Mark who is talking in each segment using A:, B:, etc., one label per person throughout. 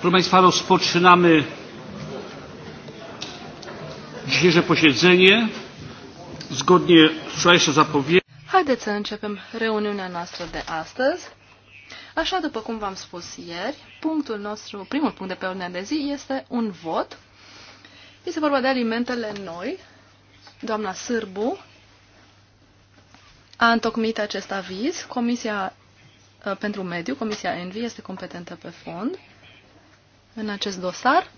A: Proszę Państwa, rozpoczynamy dzisiejsze posiedzenie. Zgodnie z wczorajszą zapowiedzią.
B: Haideți să începem reuniunea noastră de astăzi. Așa după cum v-am spus ieri, punctul nostru, primul punct de pe ordinea de zi este un vot. Este vorba de alimentele noi. Doamna Sârbu a întocmit acest aviz. Comisia uh, pentru Mediu, Comisia Envi, este competentă pe fond în acest dosar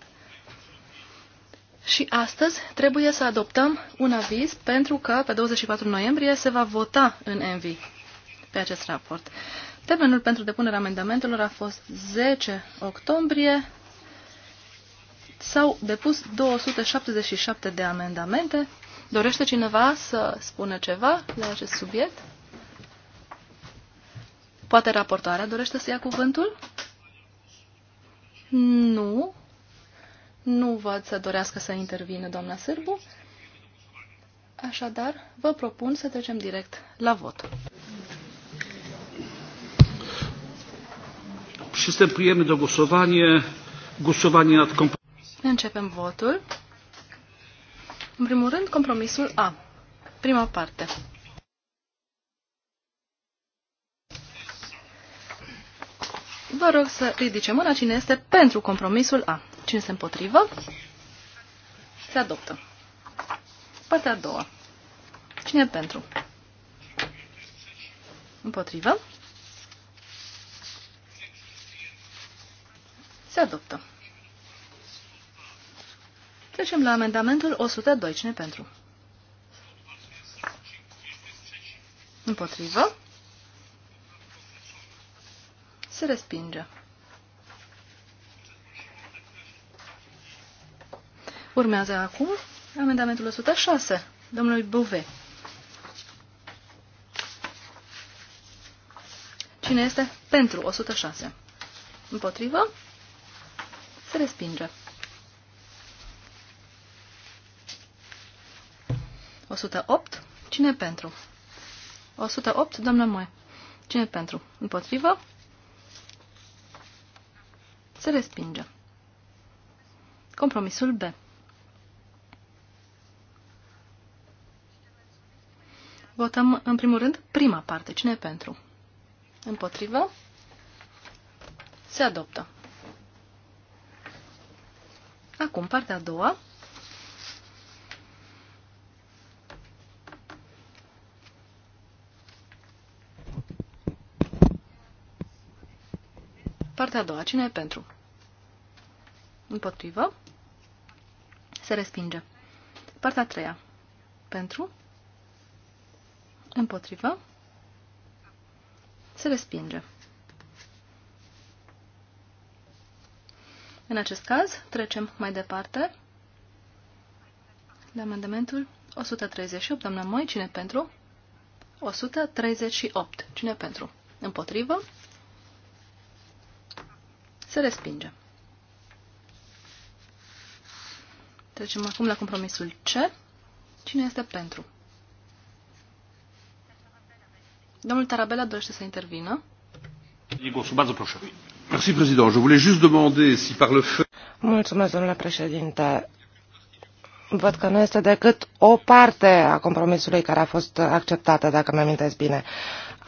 B: și astăzi trebuie să adoptăm un aviz pentru că pe 24 noiembrie se va vota în ENVI pe acest raport. Termenul pentru depunerea amendamentelor a fost 10 octombrie. S-au depus 277 de amendamente. Dorește cineva să spună ceva la acest subiect? Poate raportoarea dorește să ia cuvântul? Nu. Nu văd să dorească să intervină doamna Sârbu. Așadar, vă propun să trecem direct la vot.
A: Przystępujemy do głosowania. Głosowanie nad kompromisem.
B: Începem votul. În primul rând, compromisul A. Prima parte. Vă rog să ridice mâna cine este pentru compromisul A. Cine se împotrivă? Se adoptă. Partea a doua. Cine e pentru? Împotrivă? Se adoptă. Trecem la amendamentul 102. Cine pentru? Împotrivă? Se respinge. Urmează acum amendamentul 106, domnului Bouvet. Cine este pentru 106? Împotrivă? Se respinge. 108. Cine pentru? 108, doamnă Moe. Cine pentru? Împotrivă? Se respinge. Compromisul B. Votăm, în primul rând, prima parte. Cine e pentru? Împotrivă? Se adoptă. Acum, partea a doua. Partea a doua. Cine e pentru? Împotrivă. Se respinge. Partea a treia. Pentru. Împotrivă. Se respinge. În acest caz, trecem mai departe la amendamentul 138. Doamna Moi, cine pentru? 138. Cine pentru? Împotrivă? Se respinge. Trecem acum la compromisul C. Cine este pentru? Domnul Tarabella dorește să intervină.
A: Mulțumesc,
C: domnule președinte. Văd că nu este decât o parte a compromisului care a fost acceptată, dacă mi-amintesc bine. Uh,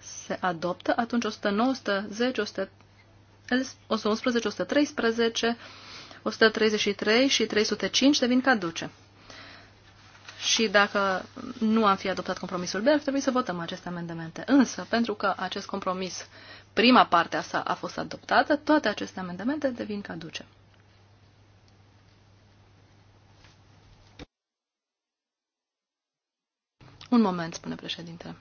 B: se adoptă, atunci 109, 110, 111, 113, 133 și 305 devin caduce. Și dacă nu am fi adoptat compromisul B, ar trebui să votăm aceste amendamente. Însă, pentru că acest compromis, prima parte a sa a fost adoptată, toate aceste amendamente devin caduce. Un moment, spune președintele.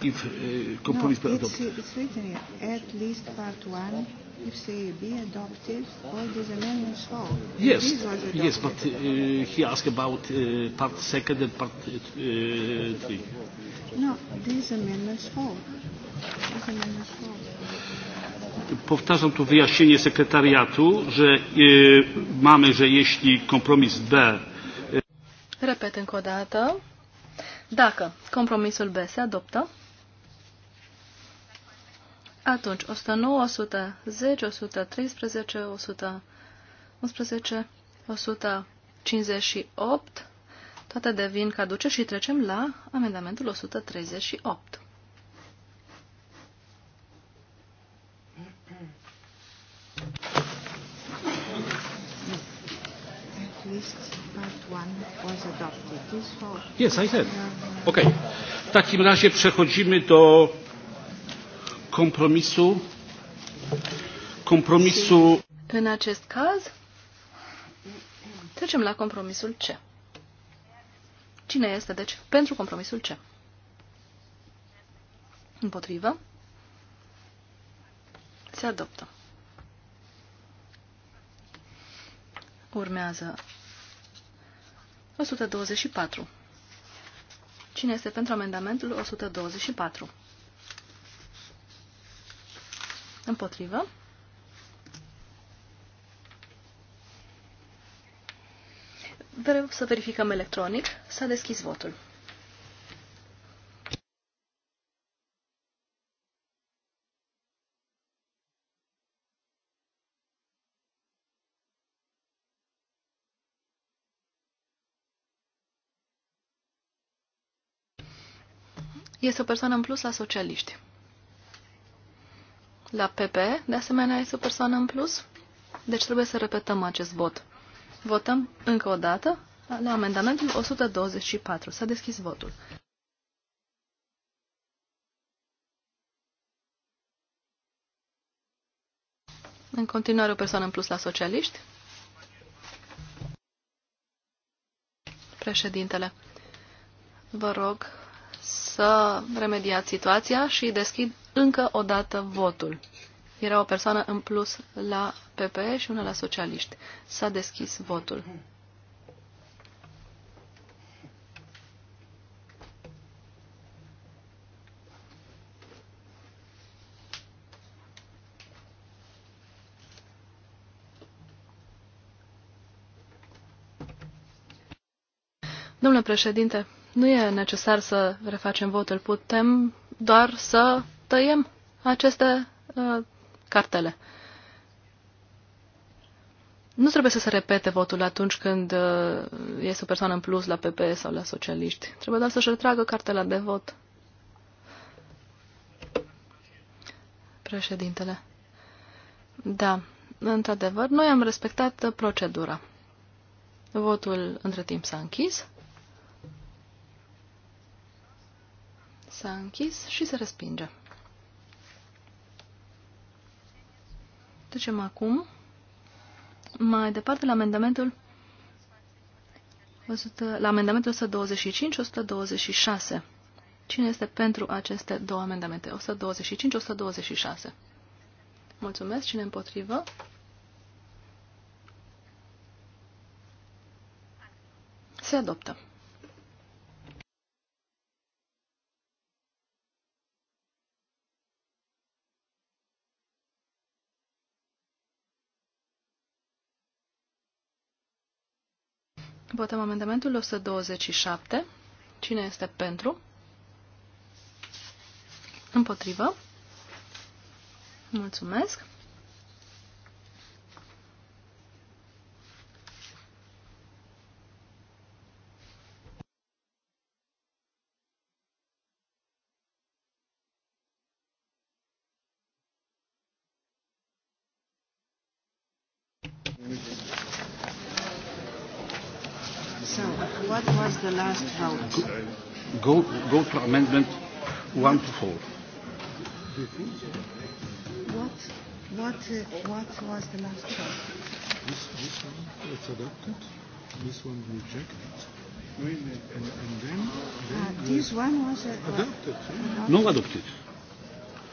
A: If uh, compromise no, it's,
B: it's written here. At least part one if CAB adopted all these
D: amendments fall. Yes, yes, but
A: uh, he asked about uh, part second and part uh, three.
D: No, these amendments fall. These amendments fall.
A: Powtarzam tu wyjaśnienie sekretariatu, że y, mamy, że jeśli kompromis B.
B: Repet încă o dată. Dacă compromisul B se adoptă, atunci 109, 110, 113, 111, 158, toate devin caduce și trecem la amendamentul 138. you.
A: Yes, I said. Okay. W takim razie przechodzimy do kompromisu. Kompromisu.
B: În acest caz, trecem la compromisul C. Cine este, deci, pentru compromisul C? Împotrivă. Se adoptă. Urmează 124. Cine este pentru amendamentul 124? Împotrivă. Vrem să verificăm electronic. S-a deschis votul. este o persoană în plus la socialiști. La PP, de asemenea, este o persoană în plus. Deci trebuie să repetăm acest vot. Votăm încă o dată la amendamentul 124. S-a deschis votul. În continuare o persoană în plus la socialiști. Președintele, vă rog să remediați situația și deschid încă o dată votul. Era o persoană în plus la PPE și una la socialiști. S-a deschis votul. Domnule președinte, nu e necesar să refacem votul. Putem doar să tăiem aceste uh, cartele. Nu trebuie să se repete votul atunci când uh, este o persoană în plus la PP sau la socialiști. Trebuie doar să-și retragă cartela de vot. Președintele. Da, într-adevăr, noi am respectat procedura. Votul între timp s-a închis. S-a închis și se respinge. Trecem acum mai departe la amendamentul, la amendamentul 125-126. Cine este pentru aceste două amendamente? 125-126. Mulțumesc. Cine împotrivă? Se adoptă. Votăm amendamentul 127. Cine este pentru? Împotrivă. Mulțumesc.
A: to
C: What, what, uh, what was the last one?
A: This, this one was adopted. This one rejected. And, and then,
D: then uh, this one was uh, adopted. Uh, No adopted.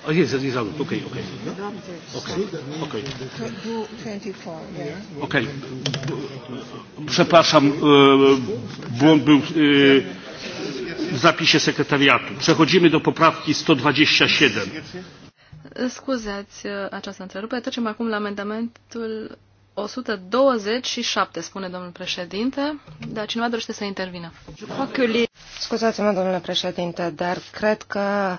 A: Oh, yes, it is adopted. Okay, okay. Adopted. Okay. okay.
D: Do 24,
A: Okay. Przepraszam, błąd był w zapisie sekretariatu. Przechodzimy do poprawki 127.
B: Scuzați această întrerupere. Trecem acum la amendamentul 127, spune domnul președinte, dar cineva dorește să intervină.
C: Scuzați-mă, domnule președinte, dar cred că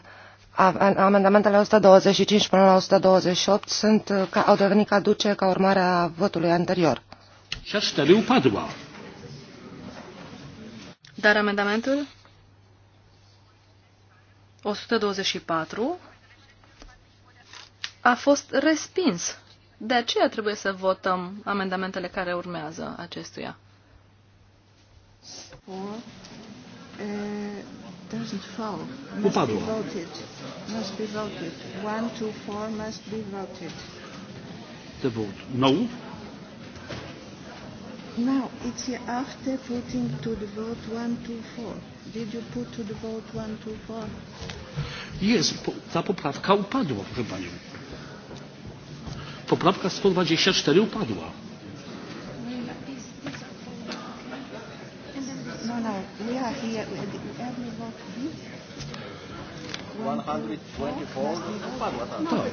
C: amendamentele 125 până la 128 sunt, uh, au devenit caduce ca urmare a votului anterior.
A: Și upadła.
B: Dar amendamentul 124 a fost respins. De aceea trebuie să votăm amendamentele care urmează acestuia. Or, Now, it's after putting to the vote 124. Did you put to the vote 124?
A: Jest, ta poprawka upadła, proszę Panią. Poprawka 124 upadła.
D: No, no, we are here.
B: Every vote
A: 124 upadła,
D: tak.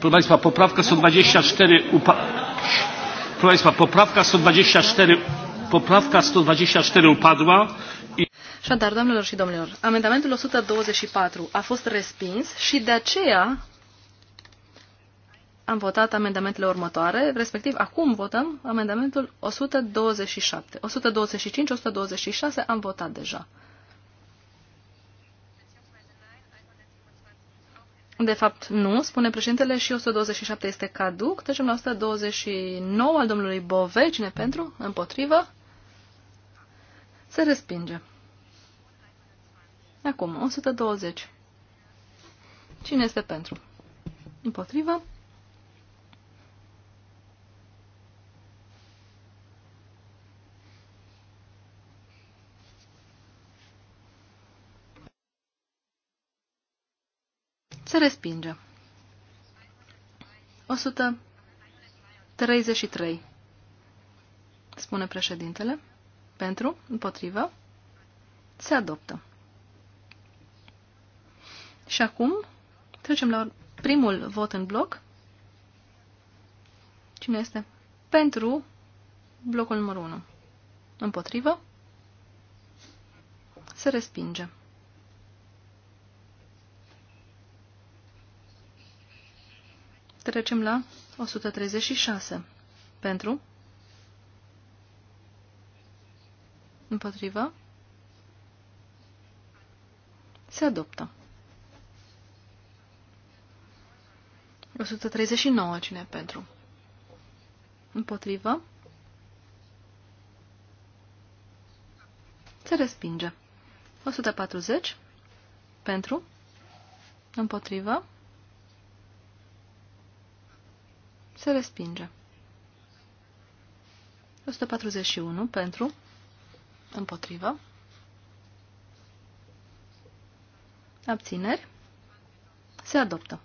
D: Proszę Państwa, poprawka 124 upa...
A: Proszę Państwa, poprawka 124 poprawka 124 upadła i
B: Așadar, doamnelor și domnilor, amendamentul 124 a fost respins și de aceea am votat amendamentele următoare, respectiv acum votăm amendamentul 127. 125, 126 am votat deja. De fapt, nu, spune președintele, și 127 este caduc. Trecem la 129 al domnului Bove. Cine pentru? Împotrivă? Se respinge. Acum, 120. Cine este pentru? Împotrivă? Se respinge. 133. Spune președintele. Pentru, împotrivă, se adoptă. Și acum trecem la primul vot în bloc. Cine este? Pentru blocul numărul 1. Împotrivă, se respinge. Trecem la 136. Pentru? împotriva Se adoptă. 139. Cine pentru? împotriva Se respinge. 140. Pentru? împotriva Se respinge. 141 pentru, împotrivă, abțineri, se adoptă.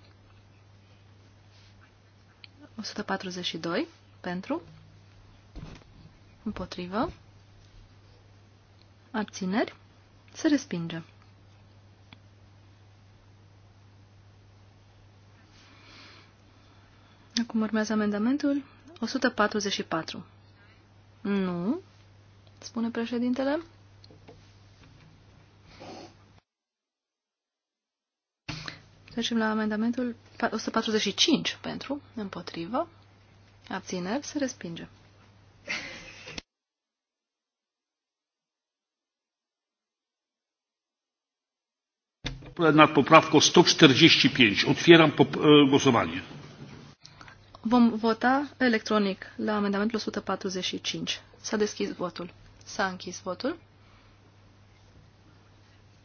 B: 142 pentru, împotrivă, abțineri, se respinge. Acum urmează amendamentul 144. Nu, spune președintele. Trecem la amendamentul 145 pentru, împotrivă, abțineri, se respinge.
A: nad poprawką 145. Otwieram pop głosowanie.
B: Vom vota electronic la amendamentul 145. S-a deschis votul. S-a închis votul.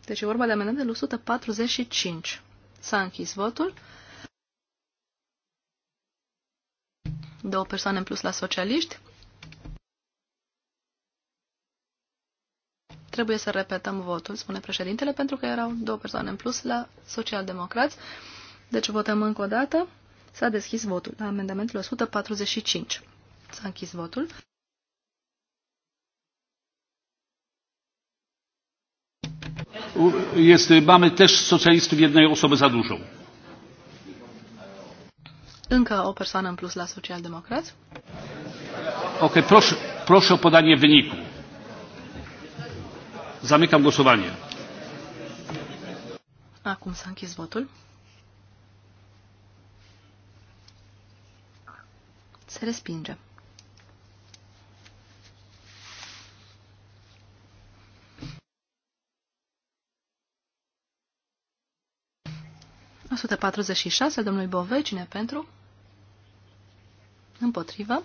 B: Deci e vorba de amendamentul 145. S-a închis votul. Două persoane în plus la socialiști. Trebuie să repetăm votul, spune președintele, pentru că erau două persoane în plus la socialdemocrați. Deci votăm încă o dată. S-a deschis votul la amendamentul 145. S-a închis votul.
A: Este, mamy też socjalistów jednej osoby za dużo.
B: Încă o persoană în plus la socialdemocrați.
A: Ok, proszę, proszę o podanie wyniku. Zamykam głosowanie.
B: Acum s-a închis votul. Se respinge. al domnului cine pentru împotrivă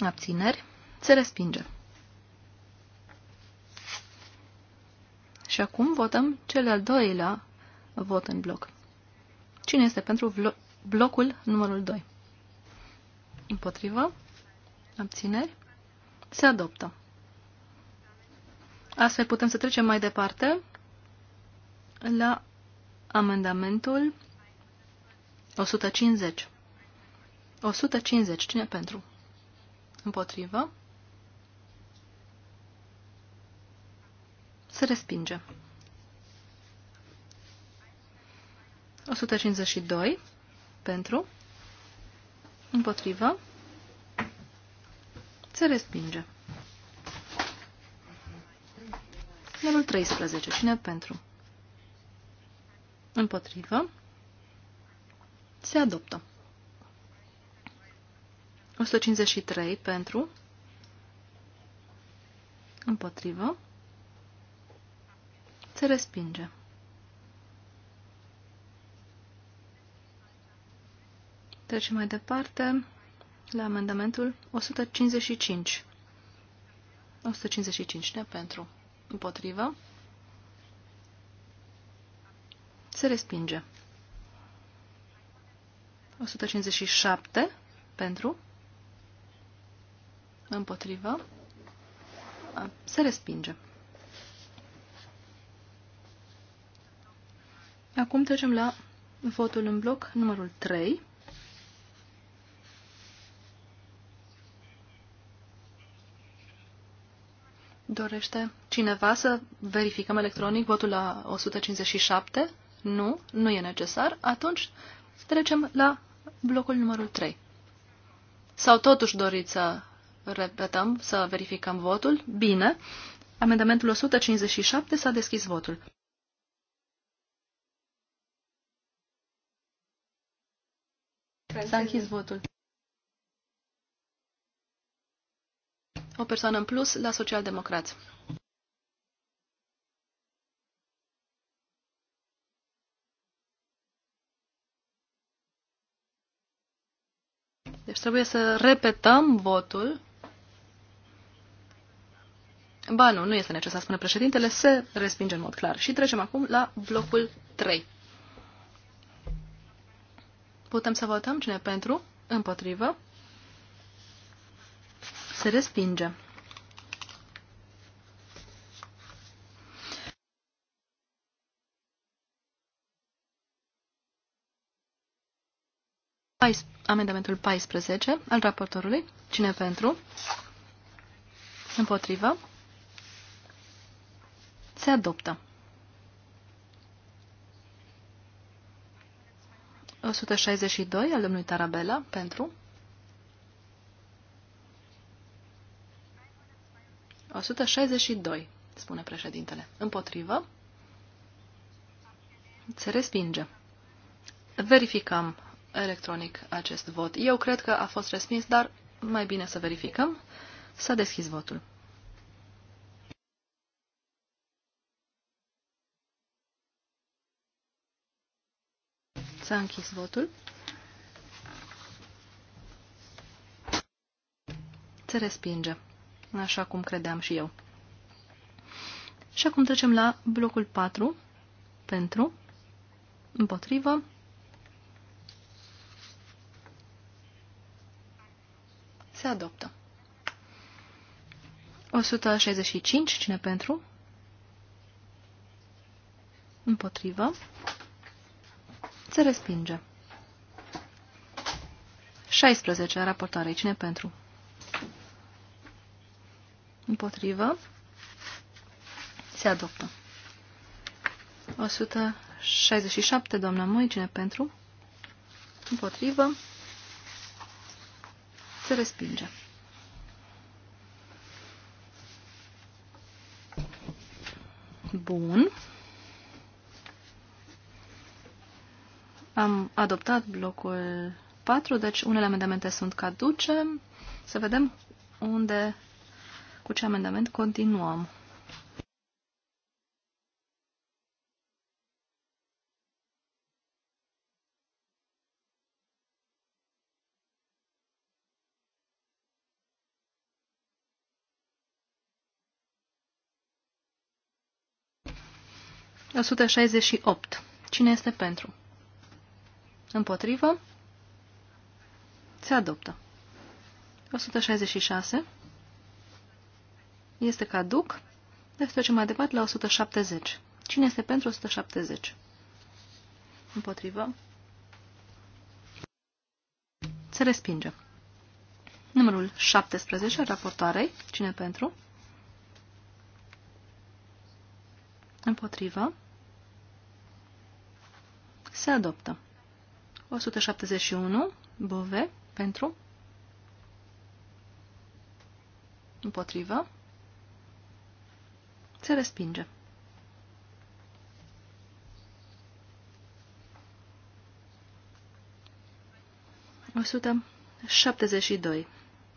B: abțineri se respinge. Și acum votăm cel al doilea vot în bloc. Cine este pentru blocul numărul 2. Împotrivă, abțineri, se adoptă. Astfel putem să trecem mai departe la amendamentul 150. 150. Cine pentru? Împotrivă. Se respinge. 152 pentru, împotrivă, se respinge. Numărul 13. Cine pentru? Împotrivă. Se adoptă. 153 pentru. Împotrivă. Se respinge. Trecem mai departe la amendamentul 155. 155, ne pentru. Împotrivă. Se respinge. 157 pentru. Împotrivă. Se respinge. Acum trecem la votul în bloc numărul 3. Dorește cineva să verificăm electronic votul la 157? Nu, nu e necesar. Atunci trecem la blocul numărul 3. Sau totuși doriți să repetăm, să verificăm votul? Bine. Amendamentul 157 s-a deschis votul. S-a închis votul. o persoană în plus la socialdemocrați. Deci trebuie să repetăm votul. Ba nu, nu este necesar, spune președintele, se respinge în mod clar. Și trecem acum la blocul 3. Putem să votăm cine pentru, împotrivă, se respinge. Amendamentul 14 al raportorului. Cine pentru? Împotrivă? Se adoptă. 162 al domnului Tarabella pentru 162, spune președintele. Împotrivă. Se respinge. Verificăm electronic acest vot. Eu cred că a fost respins, dar mai bine să verificăm. S-a deschis votul. S-a închis votul. Se respinge așa cum credeam și eu. Și acum trecem la blocul 4, pentru, împotrivă, se adoptă. 165, cine pentru? Împotrivă. Se respinge. 16, raportare, cine pentru? Împotrivă. Se adoptă. 167, doamna Moicine, pentru. Împotrivă. Se respinge. Bun. Am adoptat blocul 4, deci unele amendamente sunt caduce. Să vedem unde cu ce amendament continuăm? La 168. Cine este pentru? Împotrivă? Se adoptă. 166 este caduc, deci trecem mai departe la 170. Cine este pentru 170? Împotrivă. Se respinge. Numărul 17 al raportoarei. Cine pentru? Împotrivă. Se adoptă. 171. Bove. Pentru. Împotrivă. Se respinge. O sută șaptezeci și doi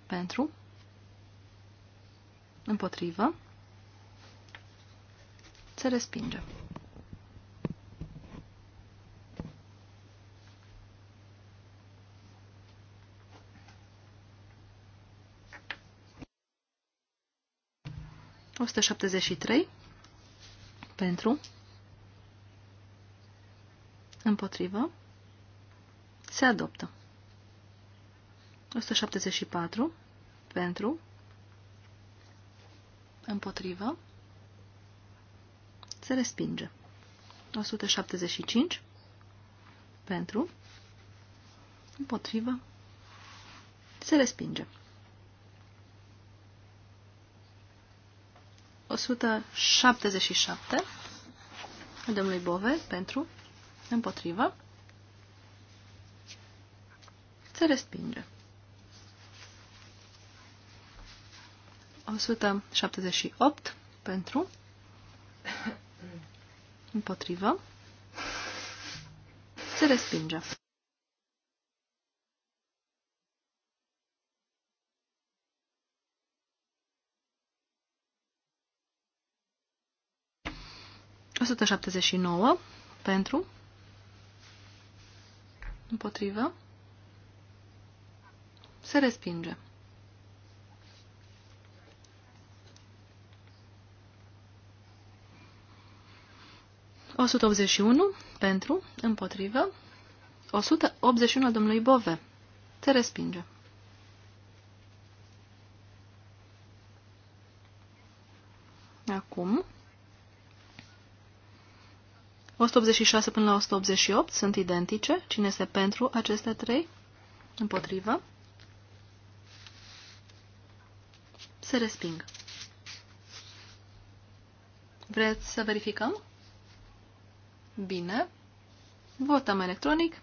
B: pentru, împotrivă, se respinge. 173 pentru, împotrivă, se adoptă. 174 pentru, împotrivă, se respinge. 175 pentru, împotrivă, se respinge. 177 domnului Bove pentru împotrivă se respinge. 178 pentru împotrivă se respinge. 179 pentru, împotrivă, se respinge. O 181 pentru, împotrivă, 181 unu domnului Bove. Se respinge. 186 până la 188 sunt identice. Cine este pentru aceste trei? Împotrivă. Se resping. Vreți să verificăm? Bine. Votăm electronic.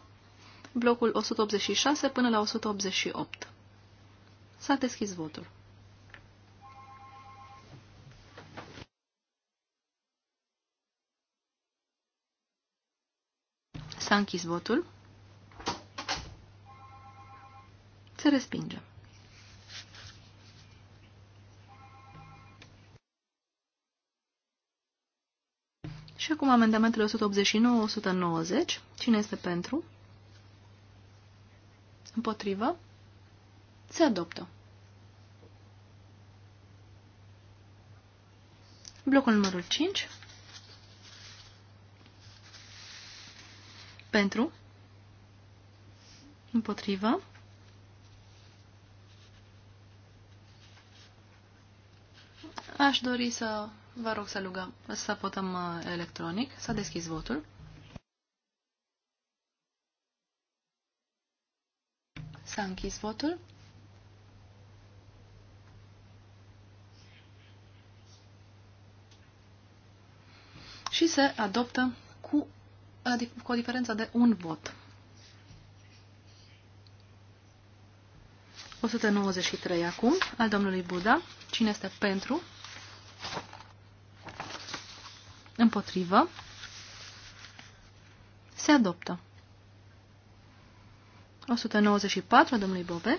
B: Blocul 186 până la 188. S-a deschis votul. S-a închis votul. Se respinge. Și acum amendamentele 189-190. Cine este pentru? Împotrivă? Se adoptă. Blocul numărul 5. Pentru. Împotrivă. Aș dori să vă rog să, lugăm, să votăm uh, electronic. S-a deschis votul. S-a închis votul. Și se adoptă cu cu o diferență de un vot. 193 acum, al domnului Buda. Cine este pentru? Împotrivă. Se adoptă. 194 al domnului Bobe.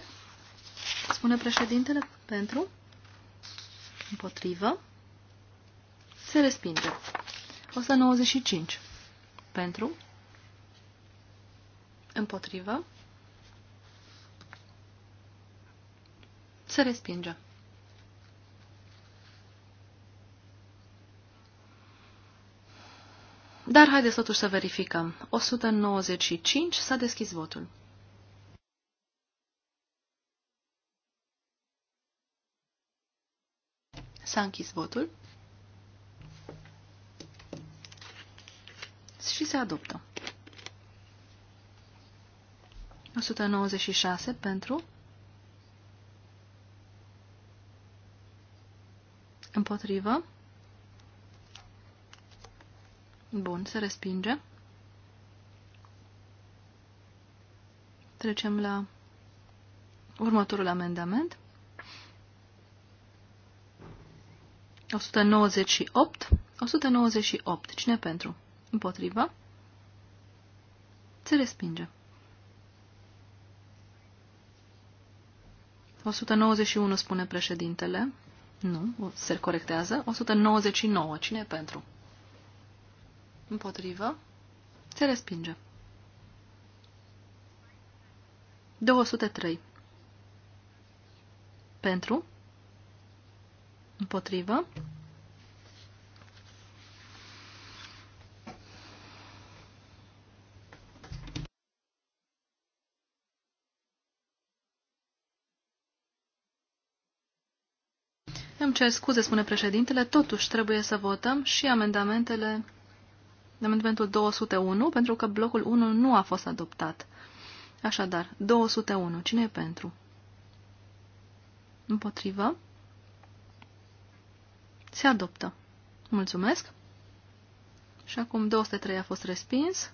B: Spune președintele pentru. Împotrivă. Se respinge. 195 pentru, împotrivă, se respinge. Dar haideți totuși să verificăm. 195 s-a deschis votul. S-a închis votul. și se adoptă. 196 pentru împotrivă. Bun, se respinge. Trecem la următorul amendament. 198. 198. Cine pentru? Împotrivă. Se respinge. 191, spune președintele. Nu, se corectează. 199. Cine e pentru? Împotrivă. Se respinge. 203. Pentru. Împotrivă. Îmi cer scuze, spune președintele, totuși trebuie să votăm și amendamentele, amendamentul 201, pentru că blocul 1 nu a fost adoptat. Așadar, 201. Cine e pentru? Împotrivă? Se adoptă. Mulțumesc. Și acum 203 a fost respins.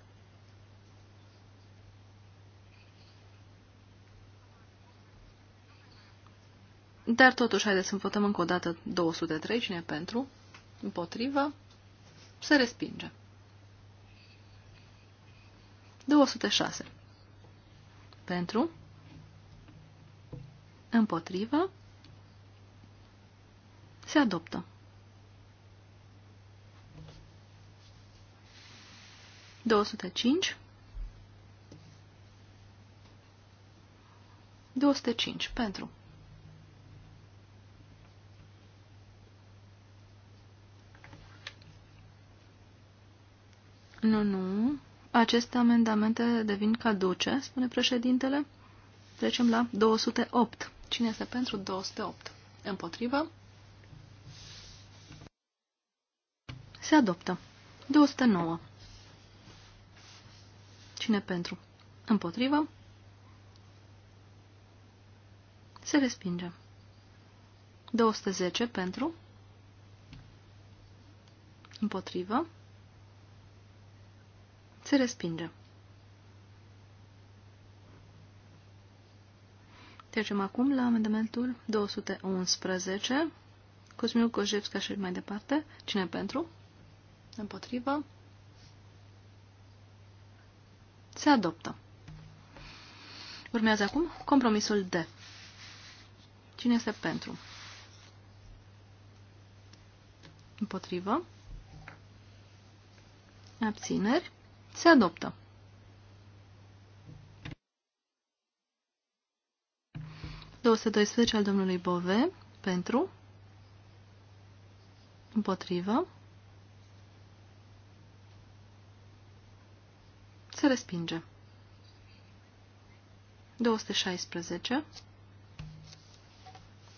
B: Dar totuși, haideți să votăm încă o dată 203, cine pentru, împotrivă, se respinge. 206. Pentru, împotrivă, se adoptă. 205 205 pentru Nu, nu. Aceste amendamente devin caduce, spune președintele. Trecem la 208. Cine este pentru 208? Împotrivă? Se adoptă. 209. Cine pentru? Împotrivă? Se respinge. 210 pentru? Împotrivă? Se respinge. Trecem acum la amendamentul 211. Cosmiu Cojevska și mai departe. Cine pentru? Împotrivă. Se adoptă. Urmează acum compromisul D. Cine este pentru? Împotrivă. Abțineri. Se adoptă. al domnului Bove pentru, împotrivă, se respinge. 216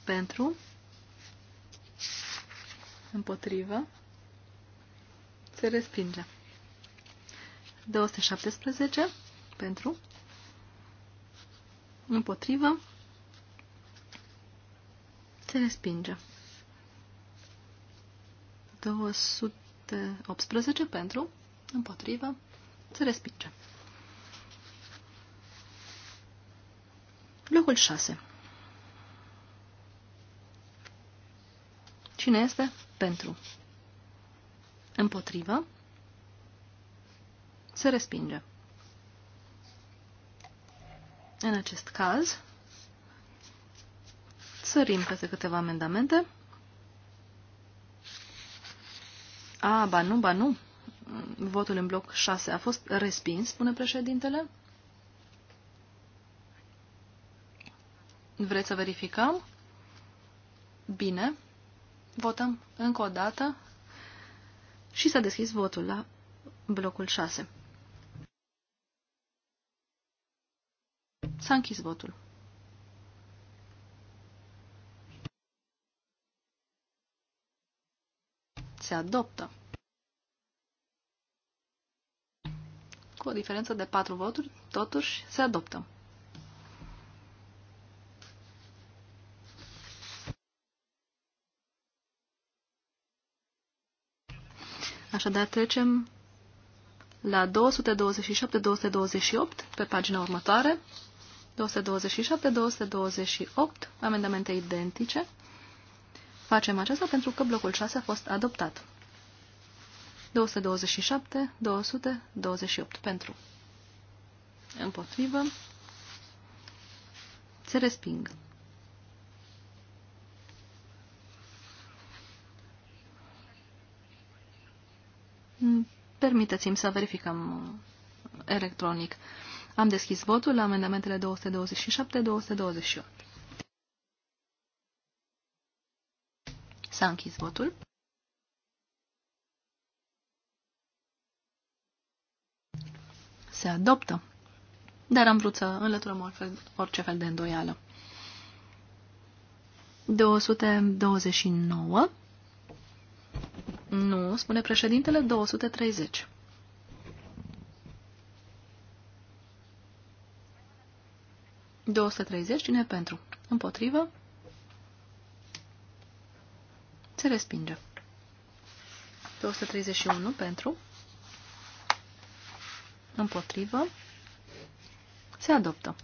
B: pentru, împotrivă, se respinge. 217 pentru, împotrivă, se respinge. 218 pentru, împotrivă, se respinge. Locul 6. Cine este pentru? Împotrivă, se respinge. În acest caz, sărim peste câteva amendamente. A, ba nu, ba nu. Votul în bloc 6 a fost respins, spune președintele. Vreți să verificăm? Bine. Votăm încă o dată și s-a deschis votul la blocul 6. S-a închis votul. Se adoptă. Cu o diferență de 4 voturi, totuși se adoptă. Așadar, trecem la 227-228 pe pagina următoare. 227-228, amendamente identice. Facem aceasta pentru că blocul 6 a fost adoptat. 227, 228 pentru. Împotrivă. Se resping. Permiteți-mi să verificăm uh, electronic. Am deschis votul la amendamentele 227-228. S-a închis votul. Se adoptă. Dar am vrut să înlăturăm orice, orice fel de îndoială. 229. Nu, spune președintele, 230. 230. Cine pentru? Împotrivă. Se respinge. 231 pentru. Împotrivă. Se adoptă.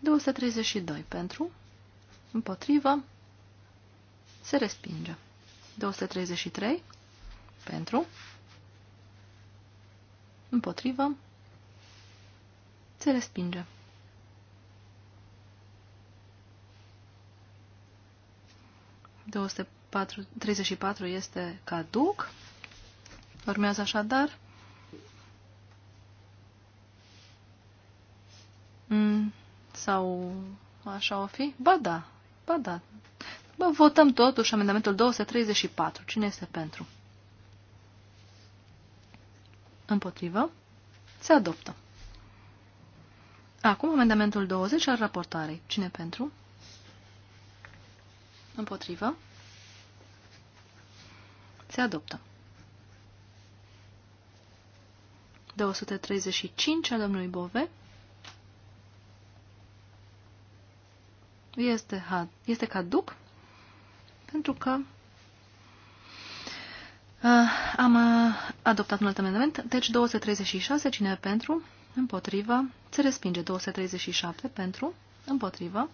B: 232 pentru. Împotrivă. Se respinge. 233 pentru. Împotrivă. Se respinge. patru 34 este caduc. Urmează așadar Mm, sau așa o fi? Ba da, ba da. Bă, votăm totuși amendamentul 234. Cine este pentru? Împotrivă? Se adoptă. Acum amendamentul 20 al raportarei. Cine pentru? Împotrivă. Se adoptă. 235 al domnului Bove. Este, este caduc pentru că uh, am uh, adoptat un alt amendament. Deci 236, cine pentru? împotrivă, se respinge 237 pentru, împotrivă,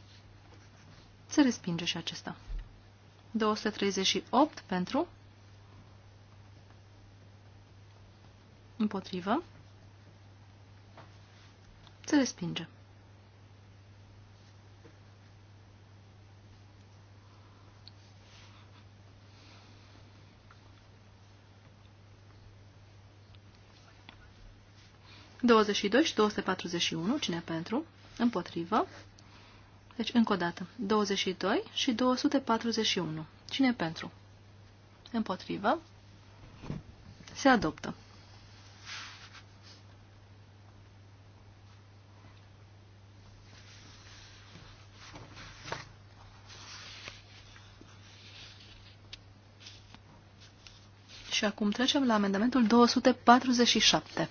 B: se respinge și acesta. 238 pentru, împotrivă, se respinge. 22 și 241, cine pentru? Împotrivă. Deci, încă o dată, 22 și 241. Cine pentru? Împotrivă. Se adoptă. Și acum trecem la amendamentul 247.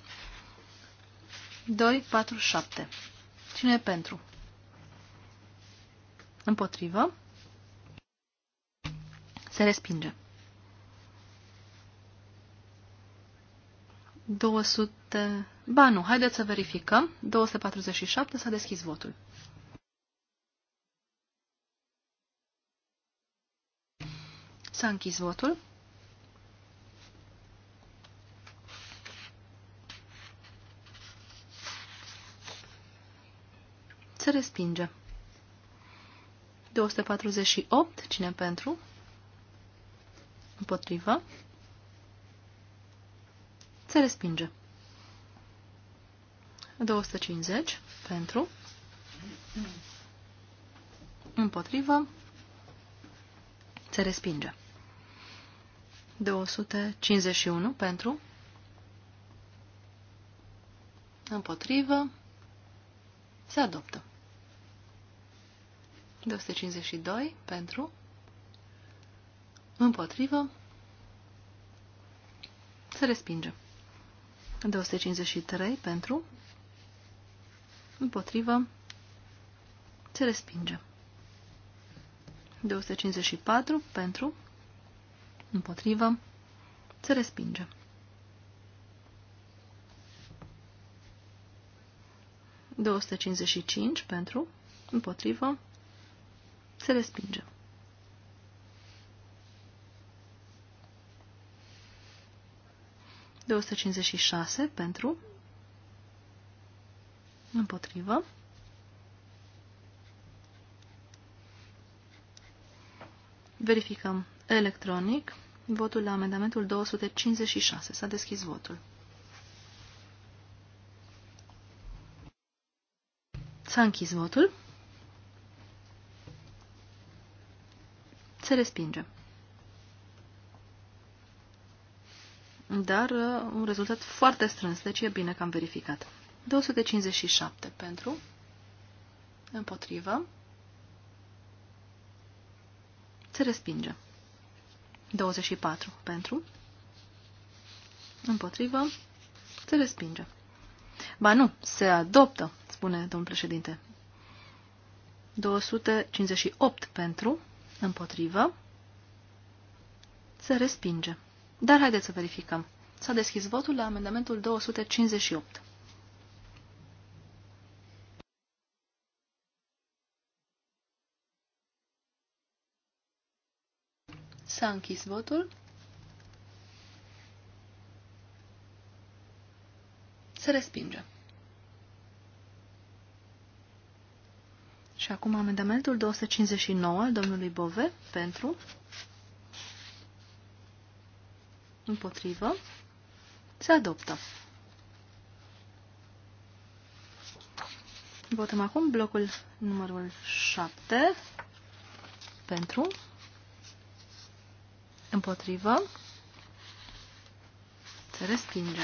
B: 2, 4, 7. Cine e pentru? Împotrivă. Se respinge. 200... Ba nu, haideți să verificăm. 247 s-a deschis votul. S-a închis votul. se respinge. 248, cine pentru? Împotrivă. Se respinge. 250, pentru. Împotrivă. Se respinge. 251, pentru. Împotrivă. Se adoptă. 252 pentru, împotrivă, se respinge. 253 pentru, împotrivă, se respinge. 254 pentru, împotrivă, se respinge. 255 pentru, împotrivă, se respinge. De 156 pentru împotrivă. Verificăm electronic votul la amendamentul 256. S-a deschis votul. S-a închis votul. se respinge. Dar uh, un rezultat foarte strâns, deci e bine că am verificat. 257 pentru, împotrivă, se respinge. 24 pentru, împotrivă, se respinge. Ba nu, se adoptă, spune domnul președinte. 258 pentru, Împotrivă. Se respinge. Dar haideți să verificăm. S-a deschis votul la amendamentul 258. S-a închis votul. Se respinge. Și acum amendamentul 259 al domnului Bove pentru împotrivă se adoptă. Votăm acum blocul numărul 7 pentru împotrivă se respinge.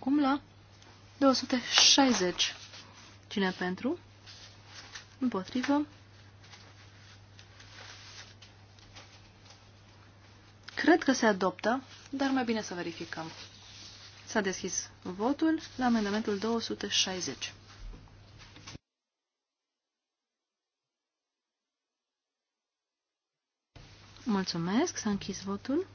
B: acum la 260. Cine pentru? Împotrivă. Cred că se adoptă, dar mai bine să verificăm. S-a deschis votul la amendamentul 260. Mulțumesc, s-a închis votul.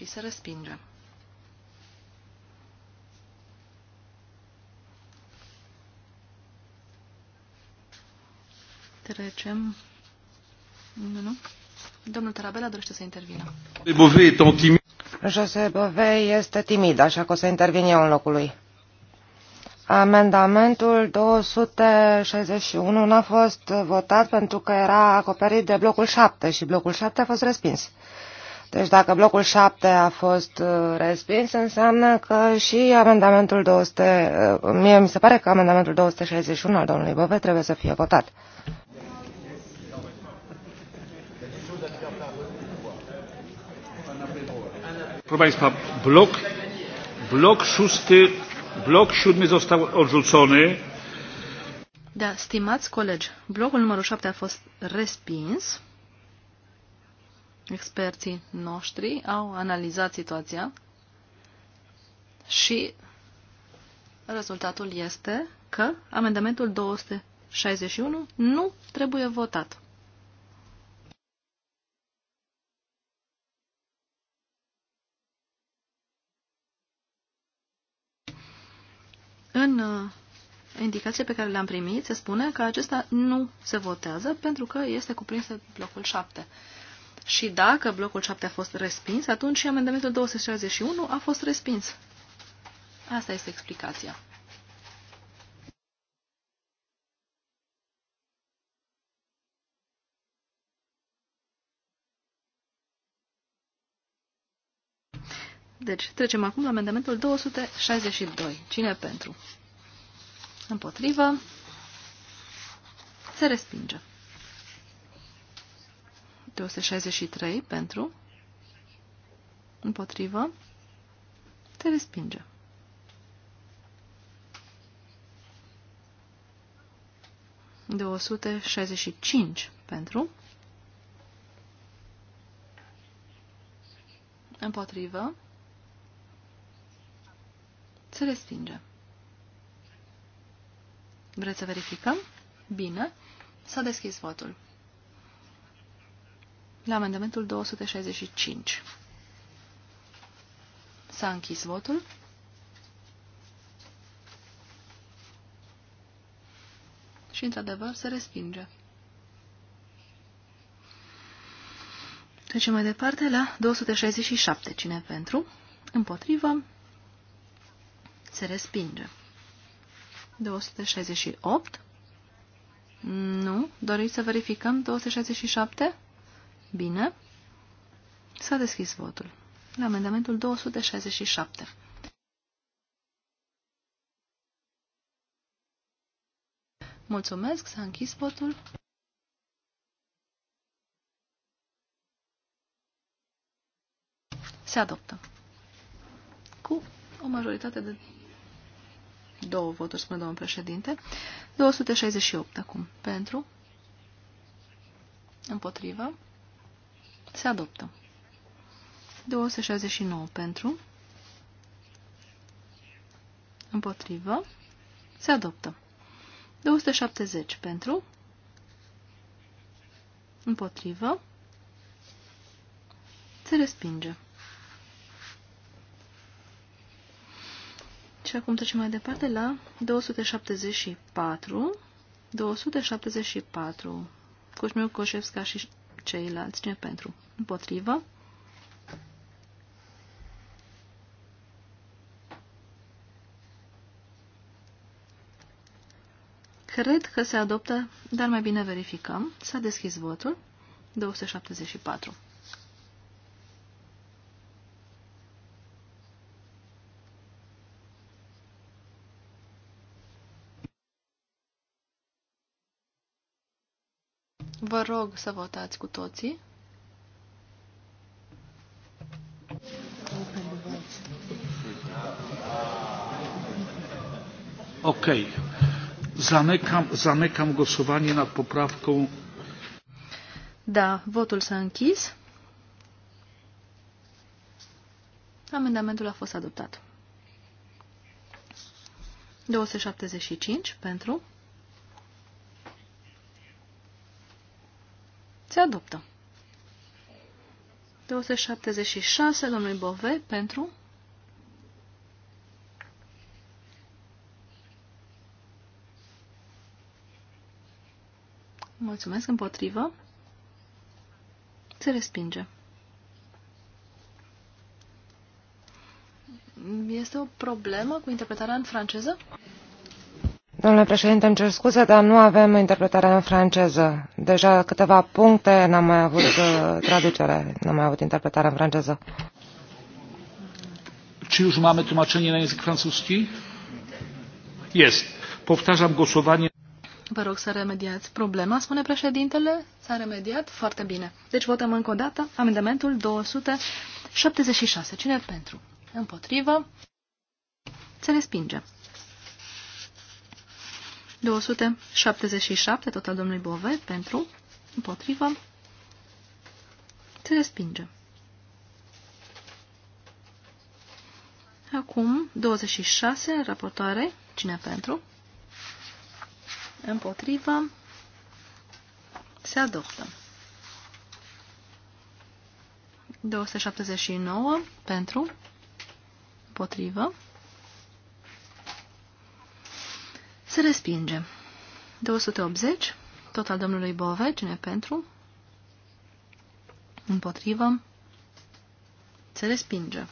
B: și se respinge. Trecem. Nu, nu. Domnul Tarabela dorește
D: să intervină.
C: José Bové este timid, așa că o să intervin eu în locul lui. Amendamentul 261 n-a fost votat pentru că era acoperit de blocul 7 și blocul 7 a fost respins. Deci dacă blocul 7 a fost uh, respins, înseamnă că și amendamentul 200, uh, mie mi se pare că amendamentul 261 al domnului Băve trebuie să fie votat.
A: Proszę Państwa, blok, blok szósty, blok siódmy został odrzucony.
B: Da, stimați colegi, blocul numărul 7 a fost respins. Experții noștri au analizat situația și rezultatul este că amendamentul 261 nu trebuie votat. În uh, indicație pe care le-am primit se spune că acesta nu se votează pentru că este cuprins în blocul 7. Și dacă blocul 7 a fost respins, atunci și amendamentul 261 a fost respins. Asta este explicația. Deci, trecem acum la amendamentul 262. Cine pentru? Împotrivă. Se respinge. 263 pentru, împotrivă, te respinge. de 165 pentru, împotrivă, se respinge. Vreți să verificăm? Bine, s-a deschis votul la amendamentul 265. S-a închis votul. Și, într-adevăr, se respinge. Trecem mai departe la 267. Cine pentru? Împotrivă. Se respinge. 268. Nu. Doriți să verificăm 267? Bine. S-a deschis votul. La amendamentul 267. Mulțumesc, s-a închis votul. Se adoptă. Cu o majoritate de două voturi, spune domnul președinte. 268 acum. Pentru. Împotrivă. Se adoptă. 269 pentru. Împotrivă. Se adoptă. 270 pentru. Împotrivă. Se respinge. Și acum trecem mai departe la 274. 274. Cosmiu Coșevska și ceilalți. Cine pentru? Împotrivă. Cred că se adoptă, dar mai bine verificăm. S-a deschis votul. 274. Vă rog să votați cu toții.
A: Ok. zamecam, zamecam głosowanie nad poprawką.
B: Da, votul s-a închis. Amendamentul a fost adoptat. 275 pentru, Se adoptă. 276, domnului Bove, pentru. Mulțumesc, împotrivă. Se respinge. Este o problemă cu interpretarea în franceză?
C: Domnule președinte, îmi cer scuze, dar nu avem interpretarea în franceză. Deja câteva puncte n-am mai avut uh, traducere, n-am mai avut interpretare în franceză.
A: Czy już mamy tłumaczenie na język francuski? Jest. Powtarzam głosowanie.
B: Vă rog să remediați problema, spune președintele. S-a remediat foarte bine. Deci votăm încă o dată amendamentul 276. Cine pentru? Împotrivă? Se respinge. 277, tot al domnului Bove, pentru, împotrivă, se respinge. Acum, 26, raportoare, cine pentru, împotrivă, se adoptă. 279, pentru, împotrivă, Se respinge. 280, tot al domnului Bove, cine pentru? Împotrivă. Se respinge.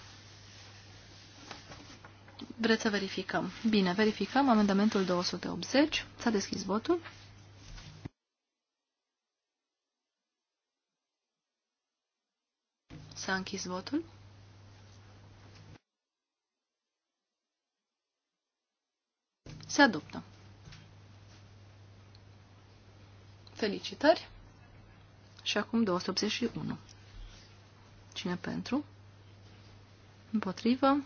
B: Vreți să verificăm? Bine, verificăm amendamentul 280. S-a deschis votul. S-a închis votul. Se adoptă. Felicitări! Și acum 281. Cine pentru? Împotrivă?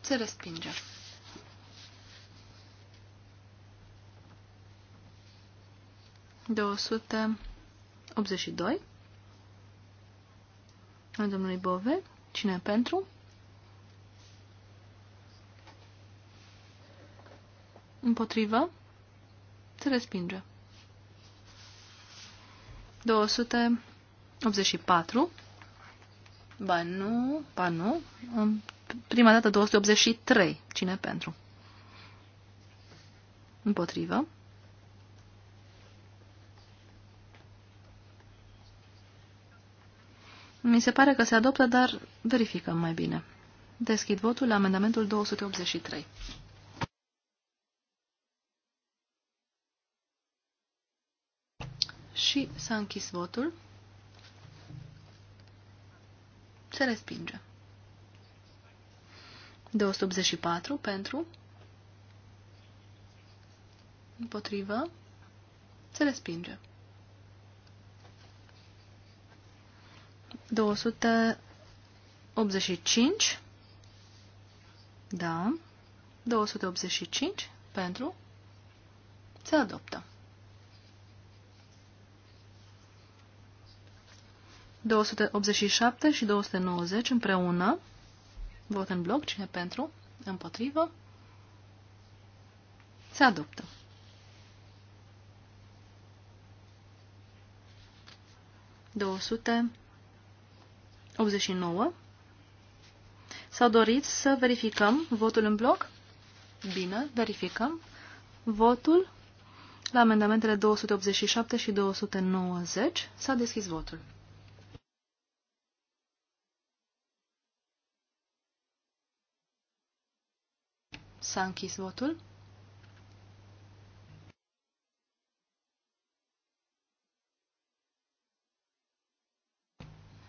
B: Se respinge. Douăsute optzeci domnului Bove. Cine pentru? Împotrivă? Se respinge. 284. Ba nu, ba nu. În prima dată 283. Cine pentru? Împotrivă. Mi se pare că se adoptă, dar verificăm mai bine. Deschid votul la amendamentul 283. Și s-a închis votul. Se respinge. 284 pentru. Împotrivă. Se respinge. 285. Da. 285 pentru. Se adoptă. 287 și 290 împreună. Vot în bloc. Cine pentru? Împotrivă. Se adoptă. Două 89. s au dorit să verificăm votul în bloc? Bine, verificăm votul la amendamentele 287 și 290. S-a deschis votul. S-a închis votul.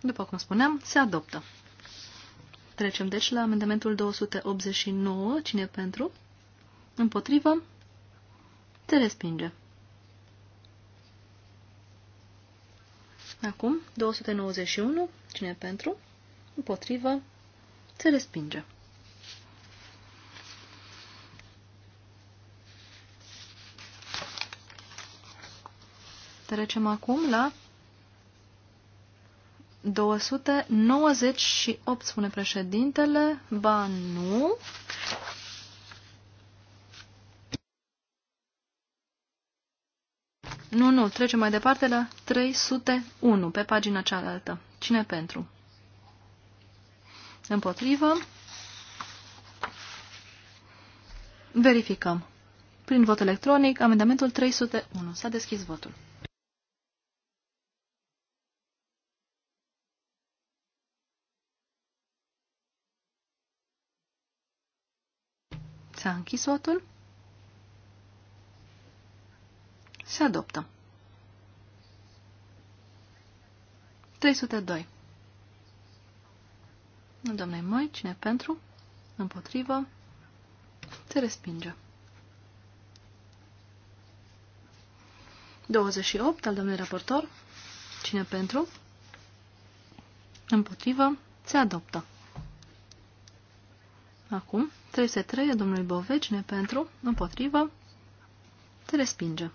B: După cum spuneam, se adoptă. Trecem deci la amendamentul 289. Cine pentru? Împotrivă? Se respinge. Acum, 291. Cine pentru? Împotrivă? Se respinge. Trecem acum la 298, spune președintele. Ba nu. Nu, nu, trecem mai departe la 301, pe pagina cealaltă. Cine pentru? Împotrivă. Verificăm. Prin vot electronic, amendamentul 301. S-a deschis votul. S-a închis votul. Se adoptă. 302. Domnule mai, cine pentru? Împotrivă. Se respinge. 28 al domnului raportor. Cine pentru? Împotrivă. Se adoptă. Acum, 303 a domnului Bovecine pentru, împotrivă, se respinge.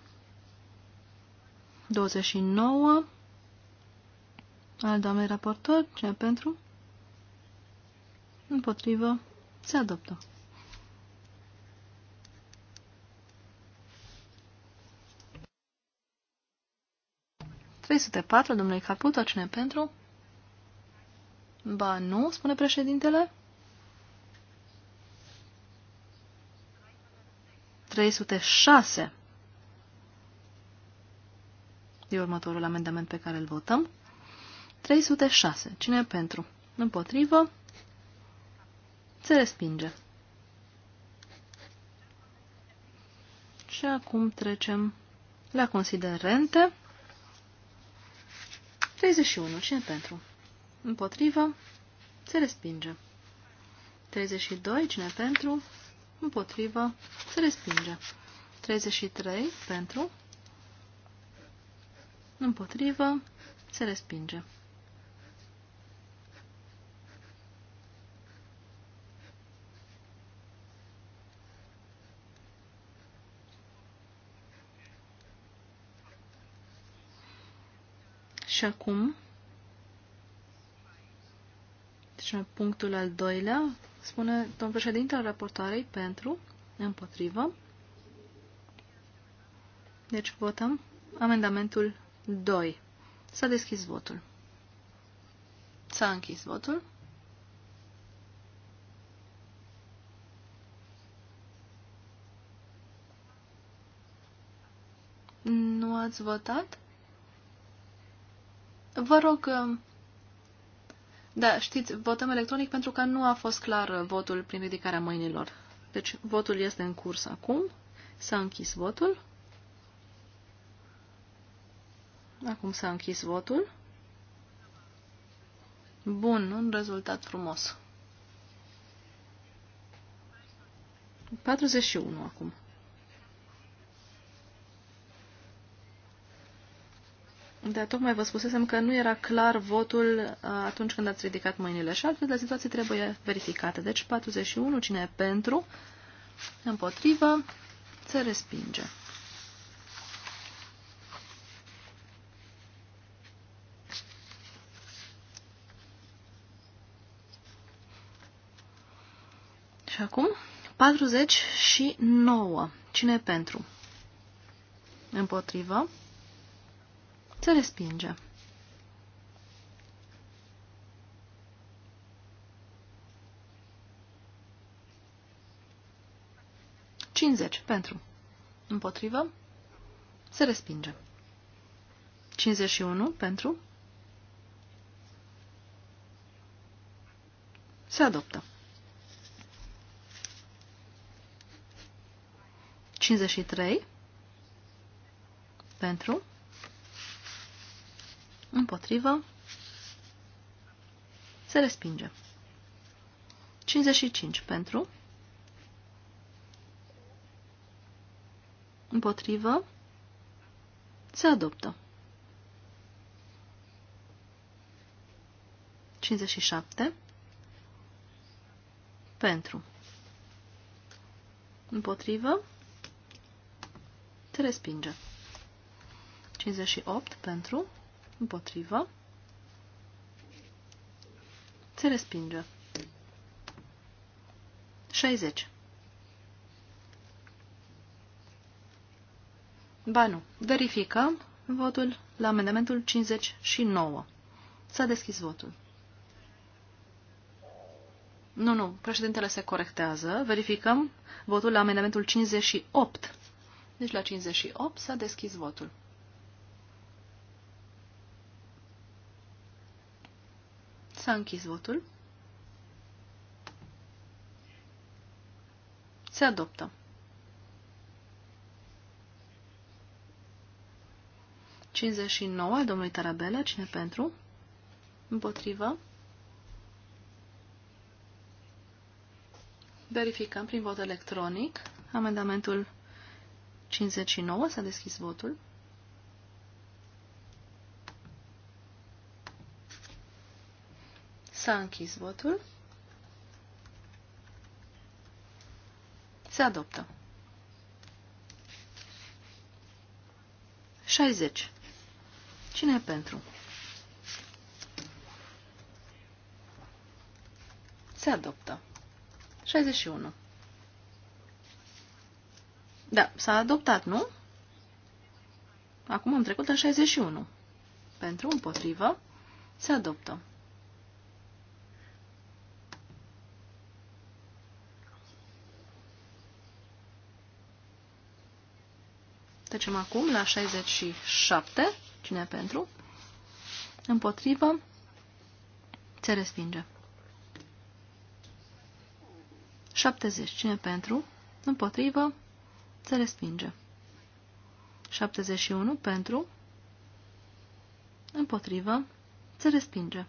B: 29 al doamnei raportor, ce pentru, împotrivă, se adoptă. patru, domnule Caputo, cine pentru? Ba nu, spune președintele. 306 e următorul amendament pe care îl votăm. 306. Cine e pentru? Împotrivă? Se respinge. Și acum trecem la considerente. 31. Cine pentru? Împotrivă? Se respinge. 32. Cine pentru? împotrivă, se respinge. 33 pentru, împotrivă, se respinge. Și acum, deci punctul al doilea, spune domnul președinte al raportoarei pentru, împotrivă. Deci votăm amendamentul 2. S-a deschis votul. S-a închis votul. Nu ați votat? Vă rog da, știți, votăm electronic pentru că nu a fost clar votul prin ridicarea mâinilor. Deci votul este în curs acum. S-a închis votul. Acum s-a închis votul. Bun, un rezultat frumos. 41 acum. Dar tocmai vă spusesem că nu era clar votul uh, atunci când ați ridicat mâinile și altfel la situație trebuie verificată. Deci 41, cine e pentru, împotrivă, se respinge. Și acum 49. Cine e pentru? Împotrivă. Se respinge. Cincizeci pentru. Împotrivă. Se respinge. și unu pentru. Se adoptă. 53 pentru Împotrivă. Se respinge. 55 pentru. Împotrivă. Se adoptă. 57. Pentru. Împotrivă. Se respinge. 58 pentru. Împotrivă. Se respinge. 60. Ba nu. Verificăm votul la amendamentul 59. S-a deschis votul. Nu, nu, președintele se corectează. Verificăm votul la amendamentul 58. Deci la 58 s-a deschis votul. S-a închis votul. Se adoptă. Cincizeci nouă al domnului Tarabela. Cine pentru? Împotrivă. Verificăm prin vot electronic. Amendamentul 59 s-a deschis votul. S-a închis votul. Se adoptă. 60. Cine e pentru? Se adoptă. 61. Da, s-a adoptat, nu? Acum am trecut la 61. Pentru, împotrivă, se adoptă. Trecem acum la 67. Cine pentru? Împotrivă. Se respinge. 70. Cine pentru? Împotrivă. Se respinge. 71. Pentru. Împotrivă. Se respinge.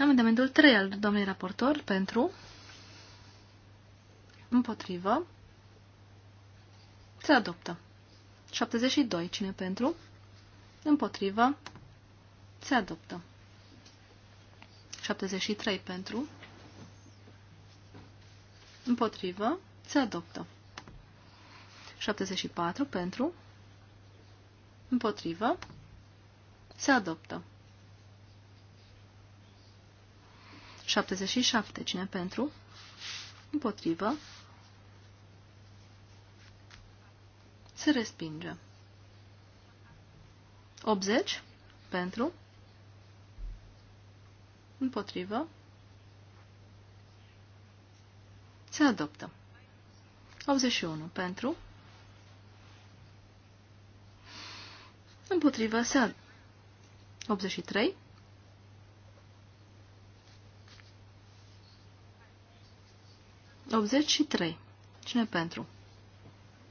B: Amendamentul 3 al domnului raportor pentru împotrivă se adoptă. 72. Cine pentru? Împotrivă. Se adoptă. 73 pentru. Împotrivă. Se adoptă. 74 pentru. Împotrivă. Se adoptă. 77. Cine pentru? Împotrivă. Se respinge. 80 pentru. Împotrivă. Se adoptă. 81 pentru. Împotrivă se adoptă. 83 83. Cine pentru?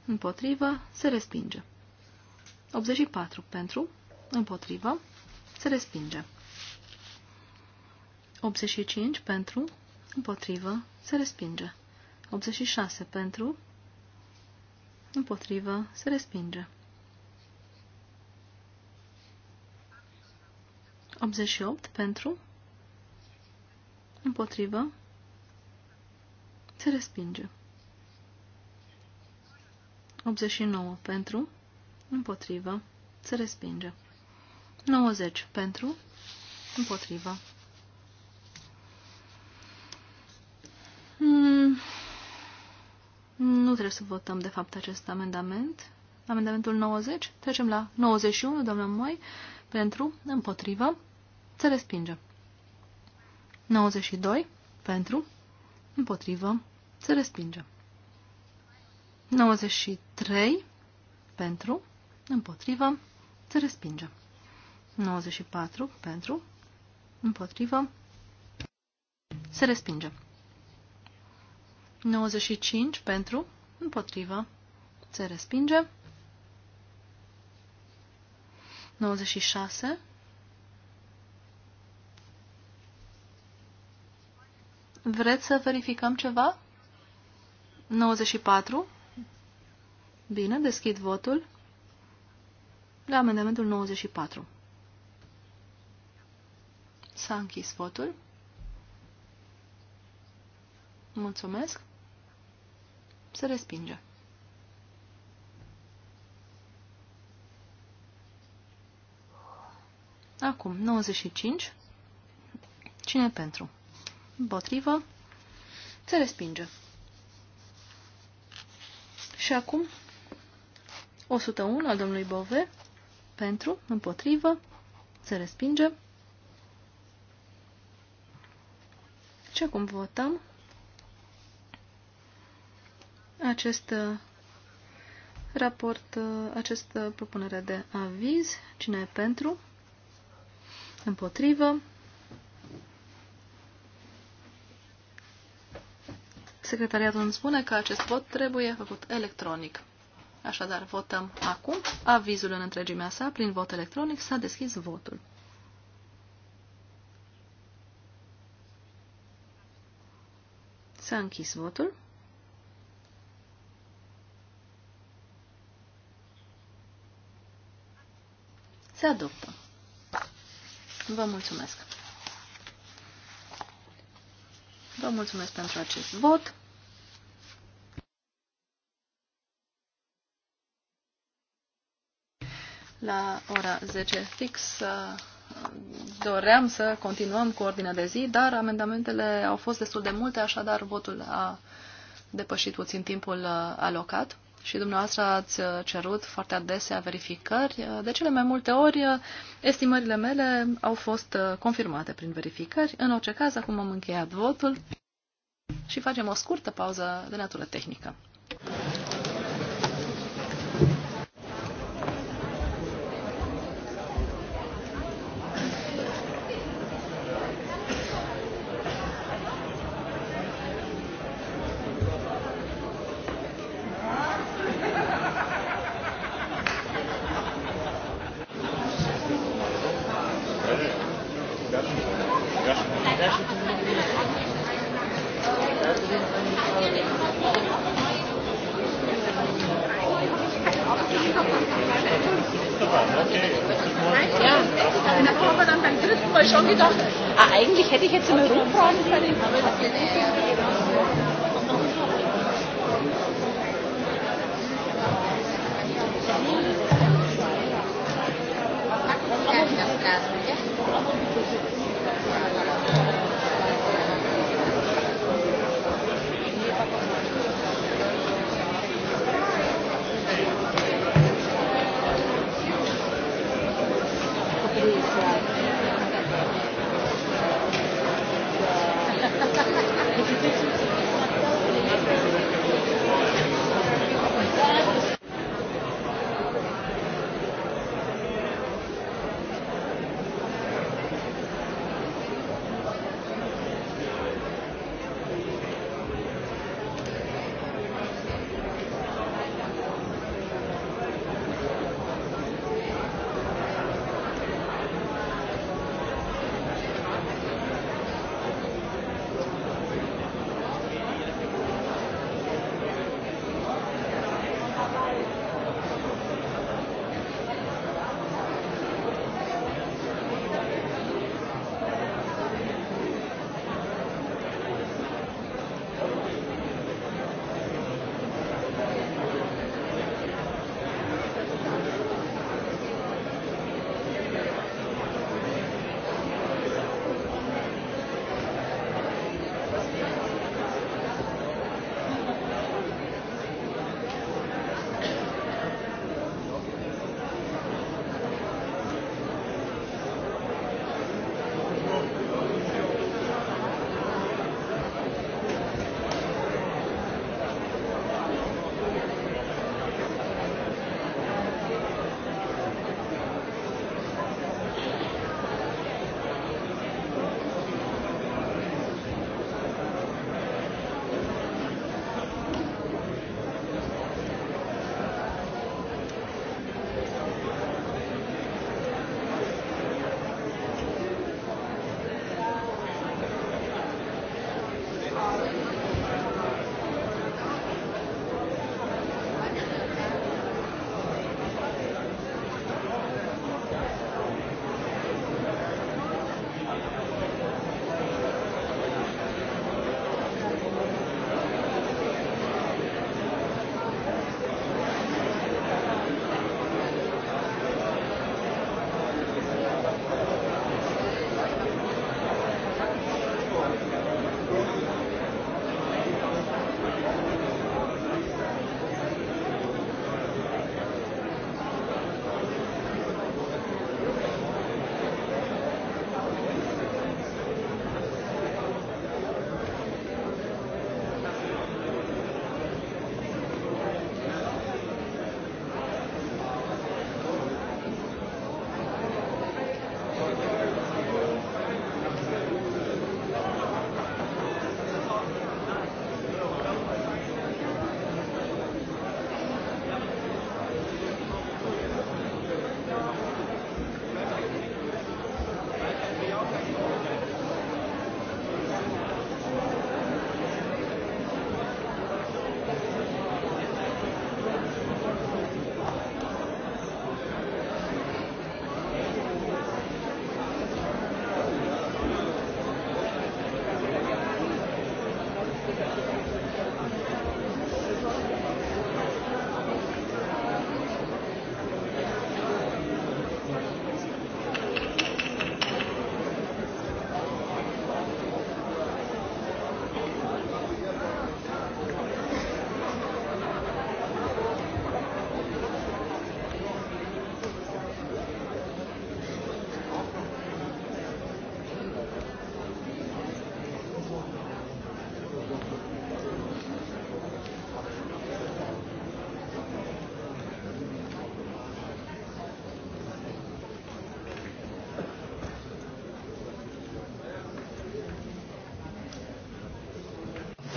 B: împotrivă, se respinge. 84 pentru, împotrivă, se respinge. 85 pentru, împotrivă, se respinge. 86 pentru, împotrivă, se respinge. 88 pentru, împotrivă, se respinge. 89 pentru, împotrivă, se respinge. 90 pentru, împotrivă. Hmm. Nu trebuie să votăm, de fapt, acest amendament. Amendamentul 90. Trecem la 91, doamna Moi, pentru, împotrivă, se respinge. 92, pentru, împotrivă, se respinge. 93 pentru, împotrivă, se respinge. 94 pentru, împotrivă, se respinge. 95 pentru, împotrivă, se respinge. 96 Vreți să verificăm ceva? 94 Bine, deschid votul la amendamentul 94. S-a închis votul. Mulțumesc. Se respinge. Acum, 95. Cine pentru? Împotrivă. Se respinge. Și acum 101 al domnului Bove, pentru, împotrivă, se respinge. Și acum votăm acest uh, raport, uh, această uh, propunere de aviz, cine e pentru, împotrivă, Secretariatul îmi spune că acest vot trebuie făcut electronic. Așadar, votăm acum avizul în întregimea sa prin vot electronic. S-a deschis votul. S-a închis votul. Se adoptă. Vă mulțumesc. Vă mulțumesc pentru acest vot. la ora 10 fix. Uh, doream să continuăm cu ordinea de zi, dar amendamentele au fost destul de multe, așadar votul a depășit puțin timpul uh, alocat și dumneavoastră ați uh, cerut foarte adesea verificări. De cele mai multe ori, estimările mele au fost confirmate prin verificări. În orice caz, acum am încheiat votul și facem o scurtă pauză de natură tehnică.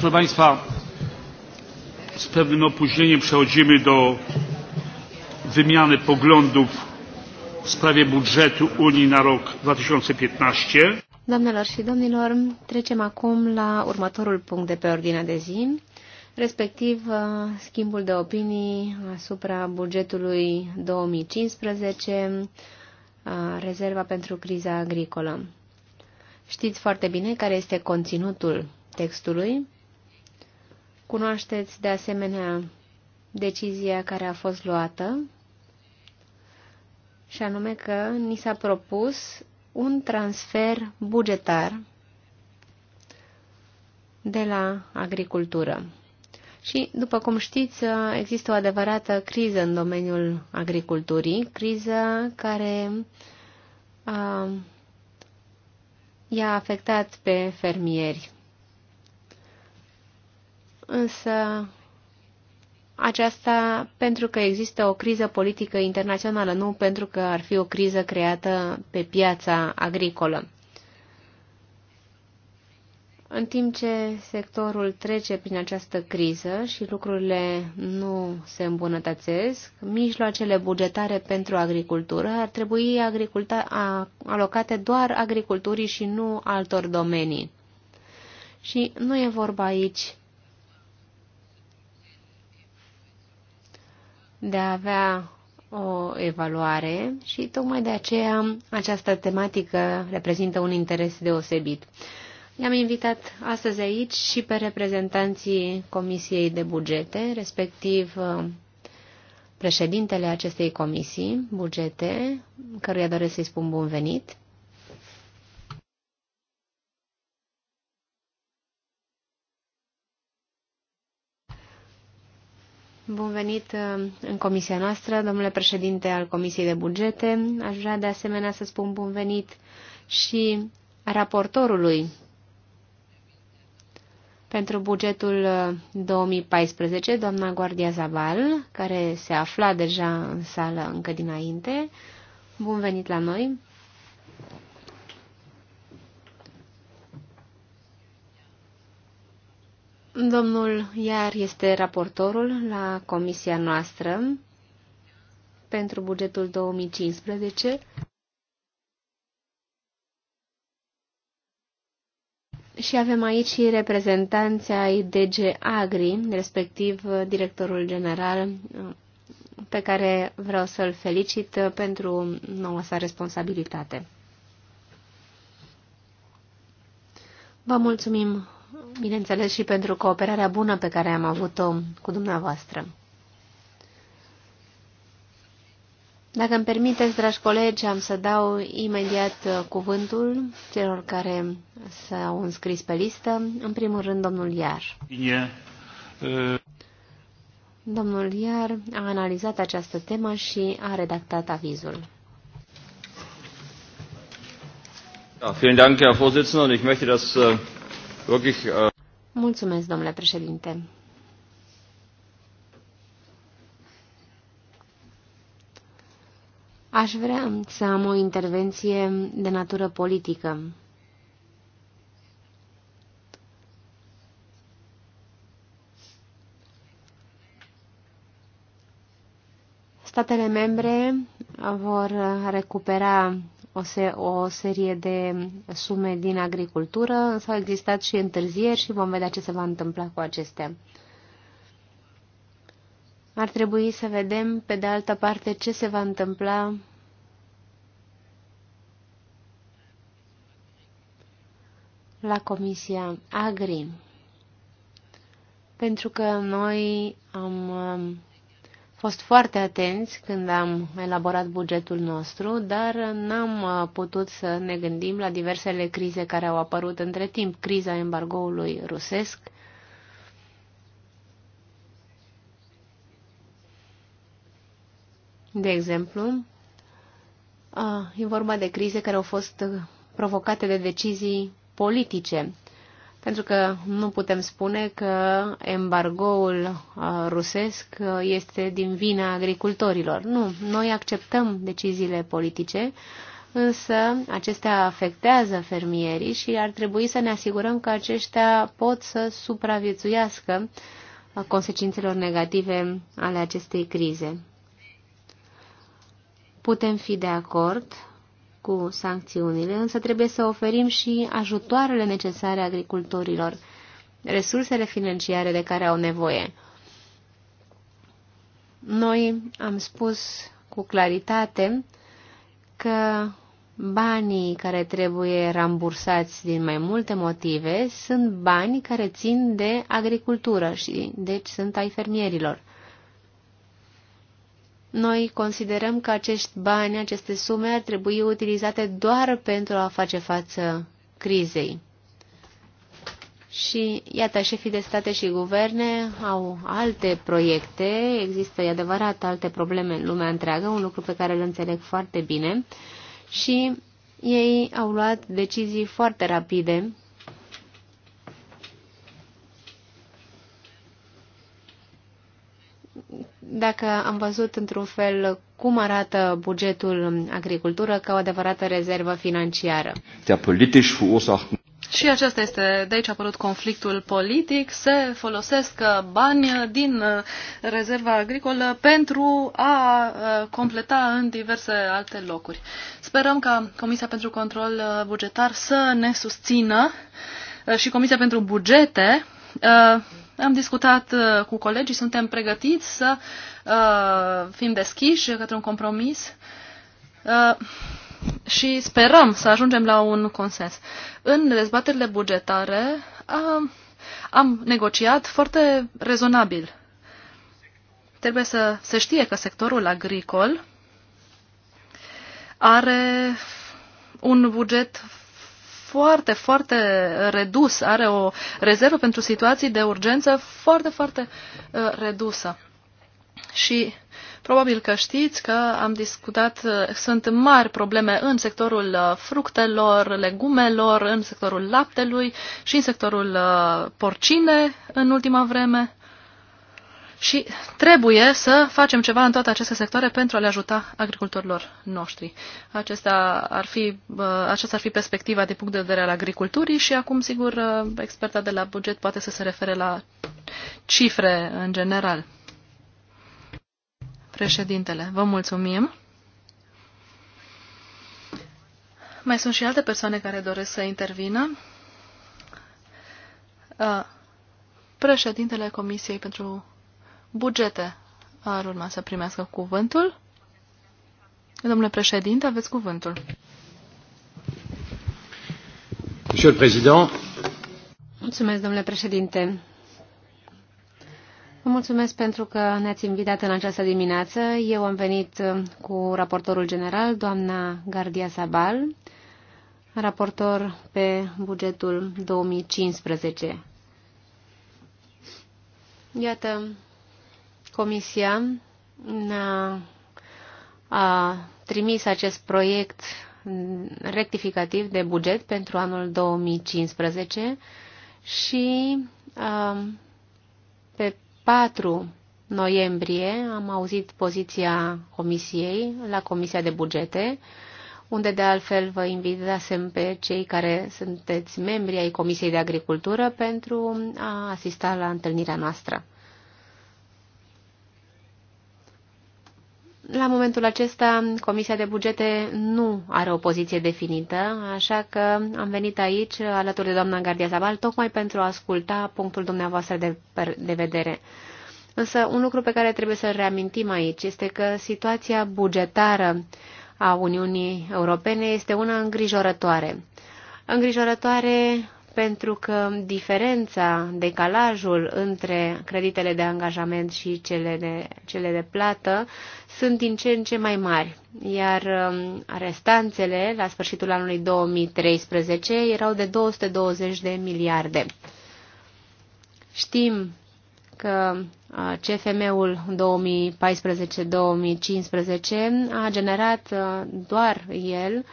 A: Proszę Państwa, z pewnym opóźnieniem przechodzimy do wymiany poglądów w sprawie budżetu Unii na rok 2015.
E: Doamnelor și domnilor, trecem acum la următorul punct de pe ordinea de zi, respectiv uh, schimbul de opinii asupra bugetului 2015, uh, rezerva pentru criza agricolă. Știți foarte bine care este conținutul textului, Cunoașteți de asemenea decizia care a fost luată și anume că ni s-a propus un transfer bugetar de la agricultură. Și, după cum știți, există o adevărată criză în domeniul agriculturii, criză care i-a afectat pe fermieri însă aceasta pentru că există o criză politică internațională, nu pentru că ar fi o criză creată pe piața agricolă. În timp ce sectorul trece prin această criză și lucrurile nu se îmbunătățesc, mijloacele bugetare pentru agricultură ar trebui alocate doar agriculturii și nu altor domenii. Și nu e vorba aici de a avea o evaluare și tocmai de aceea această tematică reprezintă un interes deosebit. I-am invitat astăzi aici și pe reprezentanții Comisiei de Bugete, respectiv uh, președintele acestei comisii, bugete, căruia doresc să-i spun bun venit, Bun venit uh, în comisia noastră, domnule președinte al Comisiei de Bugete. Aș vrea de asemenea să spun bun venit și raportorului pentru bugetul 2014, uh, doamna Guardia Zabal, care se afla deja în sală încă dinainte. Bun venit la noi! Domnul Iar este raportorul la comisia noastră pentru bugetul 2015 și avem aici și reprezentanții ai DG Agri, respectiv directorul general, pe care vreau să-l felicit pentru noua sa responsabilitate. Vă mulțumim bineînțeles, și pentru cooperarea bună pe care am avut-o cu dumneavoastră. Dacă îmi permiteți, dragi colegi, am să dau imediat cuvântul celor care s-au înscris pe listă. În primul rând, domnul Iar.
A: Bine. Uh.
E: Domnul Iar a analizat această temă și a redactat avizul.
A: Da, vielen Dank, Herr Vorsitzender, und ich möchte das äh, Uh,
E: Mulțumesc, domnule președinte. Aș vrea să am o intervenție de natură politică. Statele membre vor recupera o, se, o serie de sume din agricultură, însă au existat și întârzieri și vom vedea ce se va întâmpla cu acestea. Ar trebui să vedem, pe de altă parte, ce se va întâmpla la Comisia Agri. Pentru că noi am fost foarte atenți când am elaborat bugetul nostru, dar n-am uh, putut să ne gândim la diversele crize care au apărut între timp. Criza embargoului rusesc, de exemplu, ah, e vorba de crize care au fost uh, provocate de decizii politice pentru că nu putem spune că embargoul uh, rusesc uh, este din vina agricultorilor. Nu, noi acceptăm deciziile politice, însă acestea afectează fermierii și ar trebui să ne asigurăm că aceștia pot să supraviețuiască uh, consecințelor negative ale acestei crize. Putem fi de acord cu sancțiunile, însă trebuie să oferim și ajutoarele necesare agricultorilor, resursele financiare de care au nevoie. Noi am spus cu claritate că banii care trebuie rambursați din mai multe motive sunt bani care țin de agricultură și deci sunt ai fermierilor. Noi considerăm că acești bani, aceste sume ar trebui utilizate doar pentru a face față crizei. Și iată, șefii de state și guverne au alte proiecte, există, e adevărat, alte probleme în lumea întreagă, un lucru pe care îl înțeleg foarte bine, și ei au luat decizii foarte rapide dacă am văzut într-un fel cum arată bugetul agricultură ca o adevărată rezervă financiară. Și acesta este,
B: de aici a apărut conflictul politic, se folosesc uh, bani din uh, rezerva agricolă pentru a uh, completa în diverse alte locuri. Sperăm ca Comisia pentru Control Bugetar să ne susțină și Comisia pentru Bugete am discutat uh, cu colegii, suntem pregătiți să uh, fim deschiși către un compromis uh, și sperăm să ajungem la un consens. În dezbaterile bugetare am negociat foarte rezonabil. Trebuie să se știe că sectorul agricol are un buget foarte, foarte redus, are o rezervă pentru situații de urgență foarte, foarte uh, redusă. Și probabil că știți că am discutat, uh, sunt mari probleme în sectorul uh, fructelor, legumelor, în sectorul laptelui și în sectorul uh, porcine în ultima vreme. Și trebuie să facem ceva în toate aceste sectoare pentru a le ajuta agricultorilor noștri. Acestea ar fi, aceasta ar fi perspectiva din punct de vedere al agriculturii și acum, sigur, experta de la buget poate să se refere la cifre în general. Președintele, vă mulțumim. Mai sunt și alte persoane care doresc să intervină. Președintele Comisiei pentru Bugete ar urma să primească cuvântul. Domnule președinte, aveți
E: cuvântul.
D: Monsieur le Président.
E: Mulțumesc, domnule președinte. Vă mulțumesc pentru că ne-ați invitat în această dimineață. Eu am venit uh, cu raportorul general, doamna Gardia Sabal, raportor pe bugetul 2015. Iată, Comisia ne-a a trimis acest proiect rectificativ de buget pentru anul 2015 și a, pe 4 noiembrie am auzit poziția Comisiei la Comisia de Bugete, unde de altfel vă invitasem pe cei care sunteți membri ai Comisiei de Agricultură pentru a asista la întâlnirea noastră. La momentul acesta, Comisia de Bugete nu are o poziție definită, așa că am venit aici, alături de doamna Gardia Zabal, tocmai pentru a asculta punctul dumneavoastră de, de vedere. Însă, un lucru pe care trebuie să-l reamintim aici este că situația bugetară a Uniunii Europene este una îngrijorătoare. Îngrijorătoare pentru că diferența, decalajul între creditele de angajament și cele de, cele de plată sunt din ce în ce mai mari, iar um, restanțele la sfârșitul anului 2013 erau de 220 de miliarde. Știm că uh, CFM-ul 2014-2015 a generat uh, doar el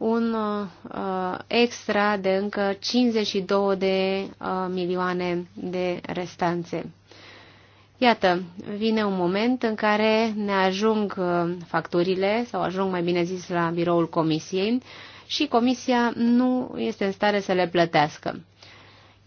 E: un uh, extra de încă 52 de uh, milioane de restanțe. Iată, vine un moment în care ne ajung uh, facturile, sau ajung mai bine zis la biroul comisiei, și comisia nu este în stare să le plătească.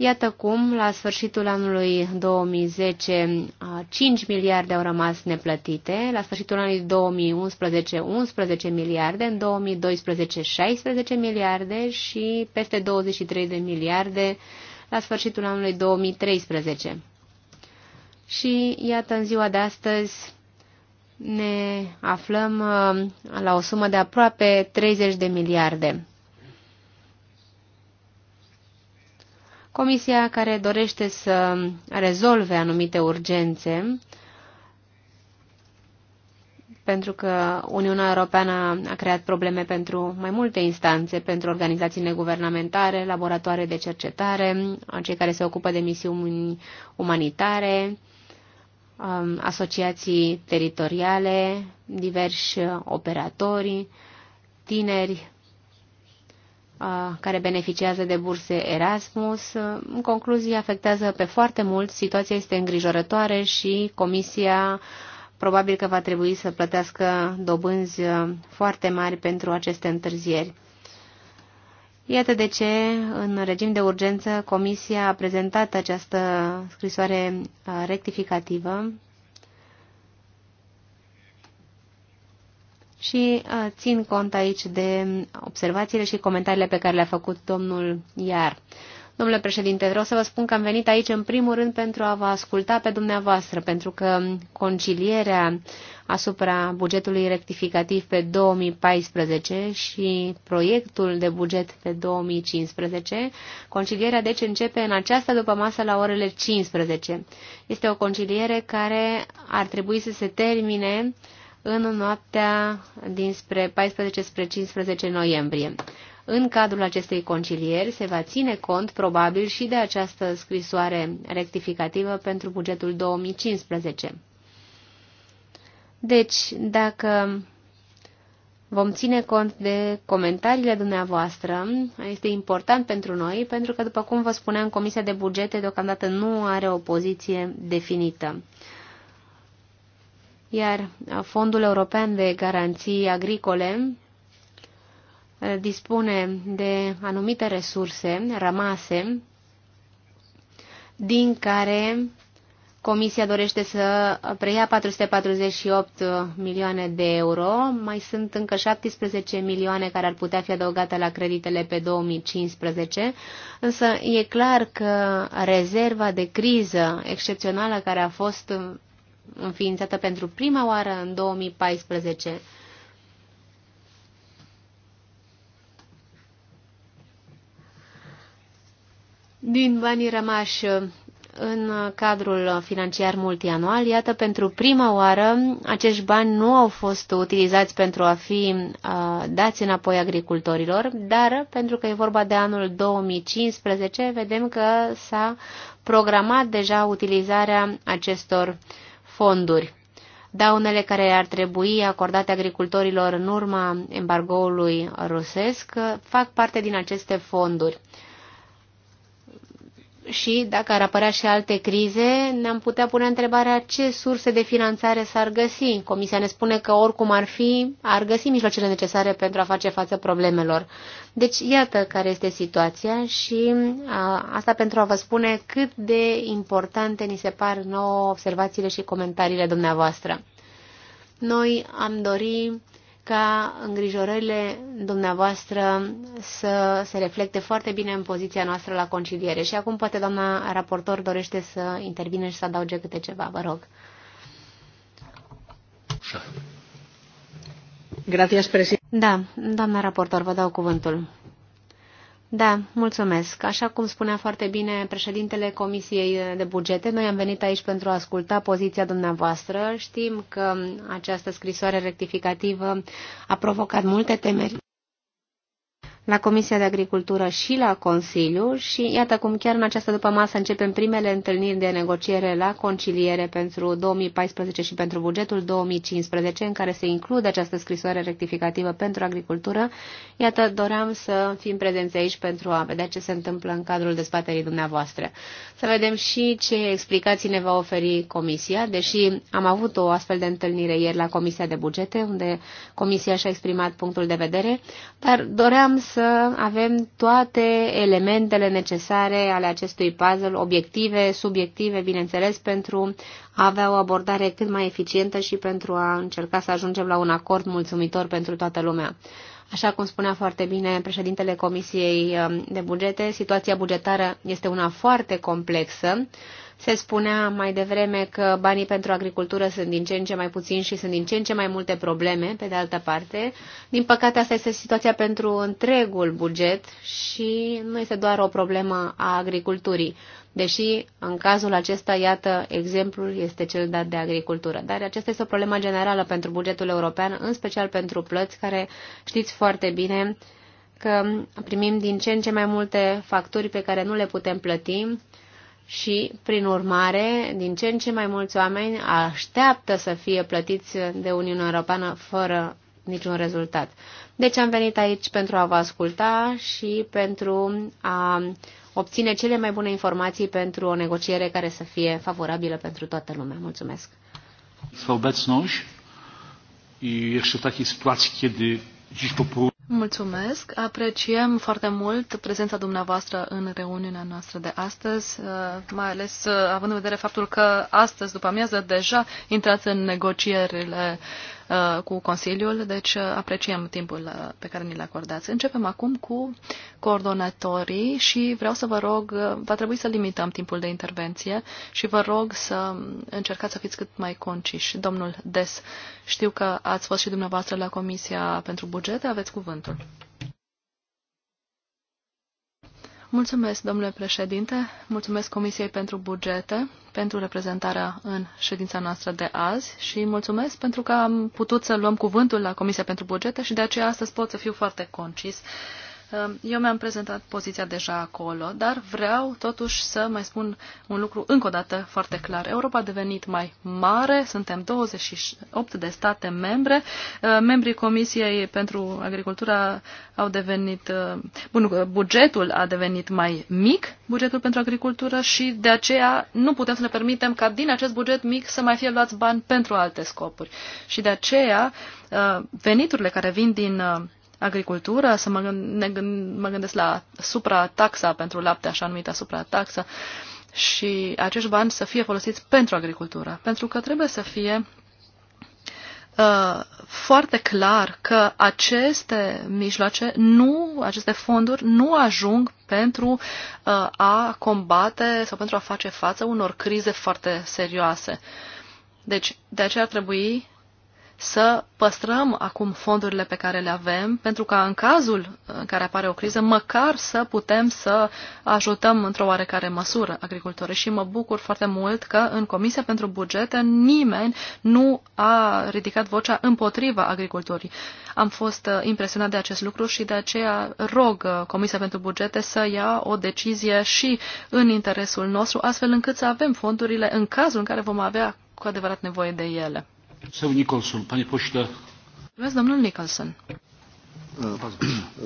E: Iată cum, la sfârșitul anului 2010, 5 miliarde au rămas neplătite, la sfârșitul anului 2011, 11 miliarde, în 2012, 16 miliarde și peste 23 de miliarde la sfârșitul anului 2013. Și iată, în ziua de astăzi ne aflăm la o sumă de aproape 30 de miliarde. Comisia care dorește să rezolve anumite urgențe, pentru că Uniunea Europeană a creat probleme pentru mai multe instanțe, pentru organizații neguvernamentare, laboratoare de cercetare, cei care se ocupă de misiuni umanitare, um, asociații teritoriale, diversi operatori, tineri, care beneficiază de burse Erasmus. În concluzie, afectează pe foarte mult, situația este îngrijorătoare și Comisia probabil că va trebui să plătească dobânzi foarte mari pentru aceste întârzieri. Iată de ce, în regim de urgență, Comisia a prezentat această scrisoare rectificativă și uh, țin cont aici de observațiile și comentariile pe care le-a făcut domnul Iar. Domnule președinte, vreau să vă spun că am venit aici în primul rând pentru a vă asculta pe dumneavoastră, pentru că concilierea asupra bugetului rectificativ pe 2014 și proiectul de buget pe 2015, concilierea deci începe în această după masă la orele 15. Este o conciliere care ar trebui să se termine uh, în noaptea dinspre 14 spre 15 noiembrie. În cadrul acestei concilieri se va ține cont probabil și de această scrisoare rectificativă pentru bugetul 2015. Deci, dacă vom ține cont de comentariile dumneavoastră, este important pentru noi, pentru că, după cum vă spuneam, Comisia de Bugete deocamdată nu are o poziție definită iar Fondul European de Garanții Agricole eh, dispune de anumite resurse rămase din care Comisia dorește să preia 448 milioane de euro. Mai sunt încă 17 milioane care ar putea fi adăugate la creditele pe 2015, însă e clar că rezerva de criză excepțională care a fost înființată pentru prima oară în 2014. Din banii rămași în cadrul financiar multianual, iată, pentru prima oară, acești bani nu au fost utilizați pentru a fi uh, dați înapoi agricultorilor, dar pentru că e vorba de anul 2015, vedem că s-a programat deja utilizarea acestor fonduri. Daunele care ar trebui acordate agricultorilor în urma embargoului rusesc fac parte din aceste fonduri și dacă ar apărea și alte crize, ne-am putea pune întrebarea ce surse de finanțare s-ar găsi. Comisia ne spune că oricum ar fi, ar găsi mijloacele necesare pentru a face față problemelor. Deci iată care este situația și a, asta pentru a vă spune cât de importante ni se par nouă observațiile și comentariile dumneavoastră. Noi am dorit ca îngrijorările dumneavoastră să se reflecte foarte bine în poziția noastră la conciliere. Și acum poate doamna raportor dorește să intervine și să adauge câte ceva, vă rog. da, doamna raportor, vă dau cuvântul. Da, mulțumesc. Așa cum spunea foarte bine președintele Comisiei de Bugete, noi am venit aici pentru a asculta poziția dumneavoastră. Știm că această scrisoare rectificativă a provocat multe temeri la Comisia de Agricultură și la Consiliu și iată cum chiar în această după masă începem primele întâlniri de negociere la conciliere pentru 2014 și pentru bugetul 2015 în care se include această scrisoare rectificativă pentru agricultură. Iată, doream să fim prezenți aici pentru a vedea ce se întâmplă în cadrul dezbaterii dumneavoastră. Să vedem și ce explicații ne va oferi Comisia, deși am avut o astfel de întâlnire ieri la Comisia de Bugete, unde Comisia și-a exprimat punctul de vedere, dar doream să să avem toate elementele necesare ale acestui puzzle, obiective, subiective, bineînțeles, pentru a avea o abordare cât mai eficientă și pentru a încerca să ajungem la un acord mulțumitor pentru toată lumea. Așa cum spunea foarte bine președintele Comisiei um, de Bugete, situația bugetară este una foarte complexă se spunea mai devreme că banii pentru agricultură sunt din ce în ce mai puțini și sunt din ce în ce mai multe probleme, pe de altă parte. Din păcate, asta este situația pentru întregul buget și nu este doar o problemă a agriculturii. Deși, în cazul acesta, iată, exemplul este cel dat de agricultură. Dar aceasta este o problemă generală pentru bugetul european, în special pentru plăți, care știți foarte bine că primim din ce în ce mai multe facturi pe care nu le putem plăti și, prin urmare, din ce în ce mai mulți oameni așteaptă să fie plătiți de Uniunea Europeană fără niciun rezultat. Deci am venit aici pentru a vă asculta și pentru a obține cele mai bune informații pentru o negociere care să fie favorabilă pentru toată lumea. Mulțumesc!
A: Să obecność i jeszcze w takiej sytuacji, kiedy
B: Mulțumesc. Apreciem foarte mult prezența dumneavoastră în reuniunea noastră de astăzi, uh, mai ales uh, având în vedere faptul că astăzi, după amiază, deja intrați în negocierile Uh, cu Consiliul, deci uh, apreciem timpul uh, pe care ni-l acordați. Începem acum cu coordonatorii și vreau să vă rog, va trebui să limităm timpul de intervenție și vă rog să încercați să fiți cât mai conciși. Domnul Des, știu că ați fost și dumneavoastră la Comisia pentru Bugete, aveți cuvântul. Mulțumesc, domnule președinte, mulțumesc Comisiei pentru bugete, pentru reprezentarea în ședința noastră de azi și mulțumesc pentru că am putut să luăm cuvântul la Comisia pentru bugete și de aceea astăzi pot să fiu foarte concis Ehm, eu mi-am prezentat poziția deja acolo, dar vreau totuși să mai spun un lucru încă o dată foarte clar. Europa a devenit mai mare, suntem 28 de state membre, ehm, membrii Comisiei pentru Agricultura au devenit, ehm, bun, bugetul a devenit mai mic, bugetul pentru agricultură și de aceea nu putem să ne permitem ca din acest buget mic să mai fie luați bani pentru alte scopuri. Și de aceea veniturile care vin din agricultură, să mă, gând, ne gând, mă gândesc la supra-taxa pentru lapte, așa numită supra și acești bani să fie folosiți pentru agricultură, pentru că trebuie să fie uh, foarte clar că aceste mijloace, nu, aceste fonduri nu ajung pentru uh, a combate sau pentru a face față unor crize foarte serioase. Deci, de aceea ar trebui să păstrăm acum fondurile pe care le avem, pentru ca în cazul în care apare o criză, măcar să putem să ajutăm într-o oarecare măsură agricultorii. Și mă bucur foarte mult că în Comisia pentru Bugete nimeni nu a ridicat vocea împotriva agricultorii. Am fost uh, impresionat de acest lucru și de aceea rog uh, Comisia pentru Bugete să ia o decizie și în interesul nostru, astfel încât să avem fondurile în cazul în care vom avea cu adevărat nevoie de ele
A: pani
E: domnul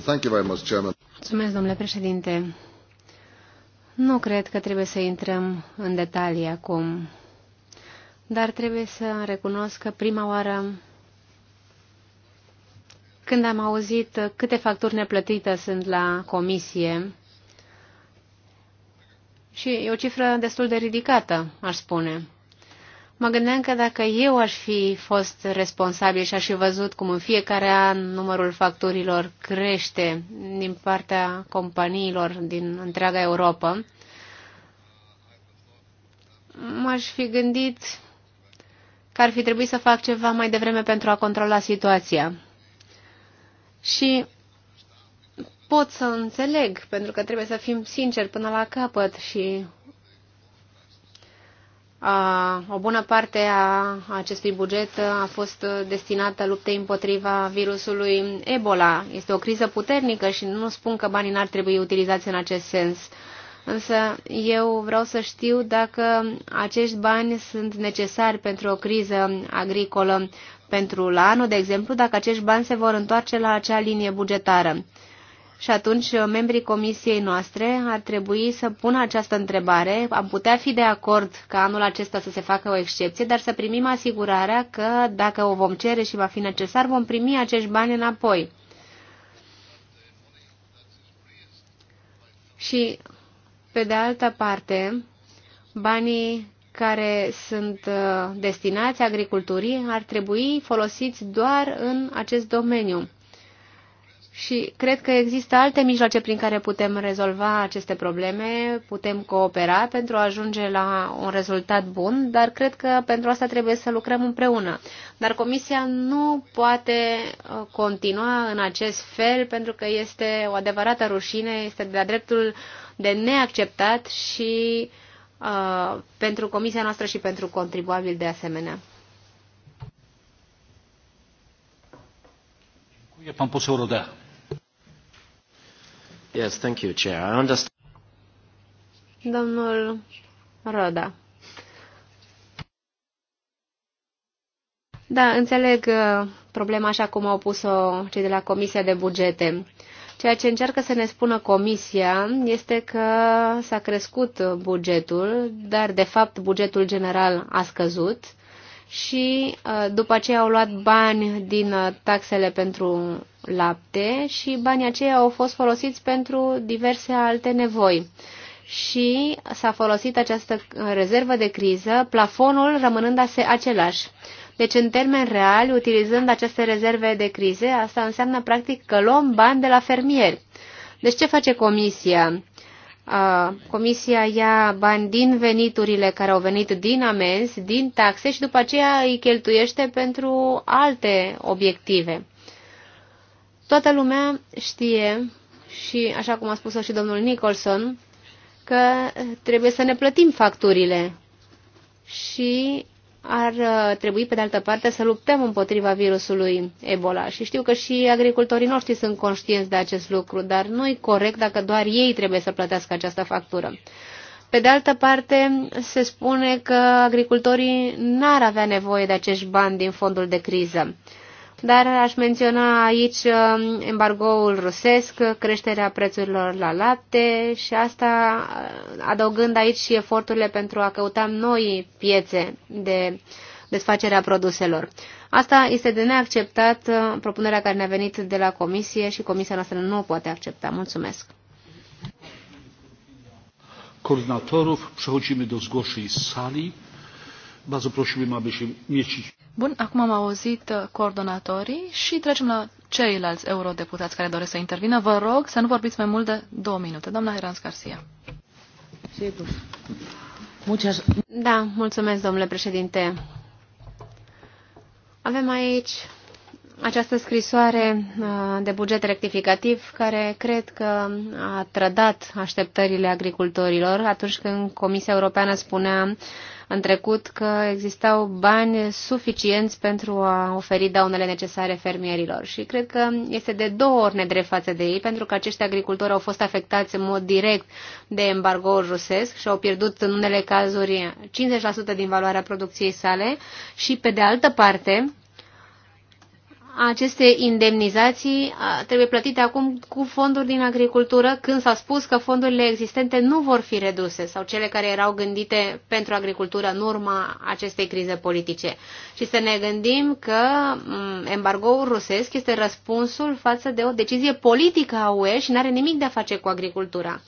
E: Thank you very much, Mulțumesc, domnule președinte. Nu cred că trebuie să intrăm în detalii acum, dar trebuie să recunosc că prima oară când am auzit câte facturi neplătite sunt la comisie, și e o cifră destul de ridicată, aș spune. Mă gândeam că dacă eu aș fi fost responsabil și aș fi văzut cum în fiecare an numărul facturilor crește din partea companiilor din întreaga Europa, m-aș fi gândit că ar fi trebuit să fac ceva mai devreme pentru a controla situația. Și pot să înțeleg, pentru că trebuie să fim sinceri până la capăt și o bună parte a acestui buget a fost destinată luptei împotriva virusului Ebola. Este o criză puternică și nu spun că banii n-ar trebui utilizați în acest sens. Însă eu vreau să știu dacă acești bani sunt necesari pentru o criză agricolă pentru la anul, de exemplu, dacă acești bani se vor întoarce la acea linie bugetară. Și atunci uh, membrii comisiei noastre ar trebui să pună această întrebare. Am putea fi de acord ca anul acesta să se facă o excepție, dar să primim asigurarea că dacă o vom cere și va fi necesar, vom primi acești bani înapoi. Și, pe de altă parte, banii care sunt uh, destinați agriculturii ar trebui folosiți doar în acest domeniu. Și cred că există alte mijloace prin care putem rezolva aceste probleme, putem coopera pentru a ajunge la un rezultat bun, dar cred că pentru asta trebuie să lucrăm împreună. Dar Comisia nu poate uh, continua în acest fel pentru că este o adevărată rușine, este de-a dreptul de neacceptat și uh, pentru Comisia noastră și pentru contribuabil de asemenea.
A: Pan poseł Rodea.
E: Yes, thank you, Chair. I understand. Domnul Roda. Da, înțeleg uh, problema așa cum au pus-o cei de la Comisia de Bugete. Ceea ce încearcă să ne spună Comisia este că s-a crescut bugetul, dar de fapt bugetul general a scăzut și uh, după aceea au luat bani din uh, taxele pentru lapte și banii aceia au fost folosiți pentru diverse alte nevoi. Și s-a folosit această uh, rezervă de criză, plafonul rămânând același. Deci, în termen real, utilizând aceste rezerve de crize, asta înseamnă practic că luăm bani de la fermieri. Deci ce face comisia? Comisia ia bani din veniturile care au venit din amenzi, din taxe și după aceea îi cheltuiește pentru alte obiective. Toată lumea știe și, așa cum a spus-o și domnul Nicholson, că trebuie să ne plătim facturile și ar uh, trebui, pe de altă parte, să luptăm împotriva virusului Ebola. Și știu că și agricultorii noștri sunt conștienți de acest lucru, dar nu e corect dacă doar ei trebuie să plătească această factură. Pe de altă parte, se spune că agricultorii n-ar avea nevoie de acești bani din fondul de criză dar aș menționa aici um, embargoul rusesc, creșterea prețurilor la lapte și asta uh, adăugând aici și eforturile pentru a căuta noi piețe de desfacerea produselor. Asta este de neacceptat, uh, propunerea care ne-a venit de la Comisie și Comisia noastră nu o poate accepta. Mulțumesc.
A: Coordynatorów przechodzimy do zgłoszeń Bardzo prosiłbym, aby się mieścić.
B: Bun, acum am auzit uh, coordonatorii și trecem la ceilalți eurodeputați care doresc să intervină. Vă rog să nu vorbiți mai mult de două minute. Doamna Herans Garcia. Sigur.
E: Da, mulțumesc, domnule președinte. Avem aici această scrisoare uh, de buget rectificativ care cred că a trădat așteptările agricultorilor atunci când Comisia Europeană spunea în trecut că existau bani suficienți pentru a oferi daunele necesare fermierilor și cred că este de două ori nedrept față de ei pentru că acești agricultori au fost afectați în mod direct de embargo rusesc și au pierdut în unele cazuri 50% din valoarea producției sale și pe de altă parte aceste indemnizații trebuie plătite acum cu fonduri din agricultură, când s-a spus că fondurile existente nu vor fi reduse sau cele care erau gândite pentru agricultură în urma acestei crize politice. Și să ne gândim că embargoul rusesc este răspunsul față de o decizie politică a UE și nu are nimic de a face cu agricultura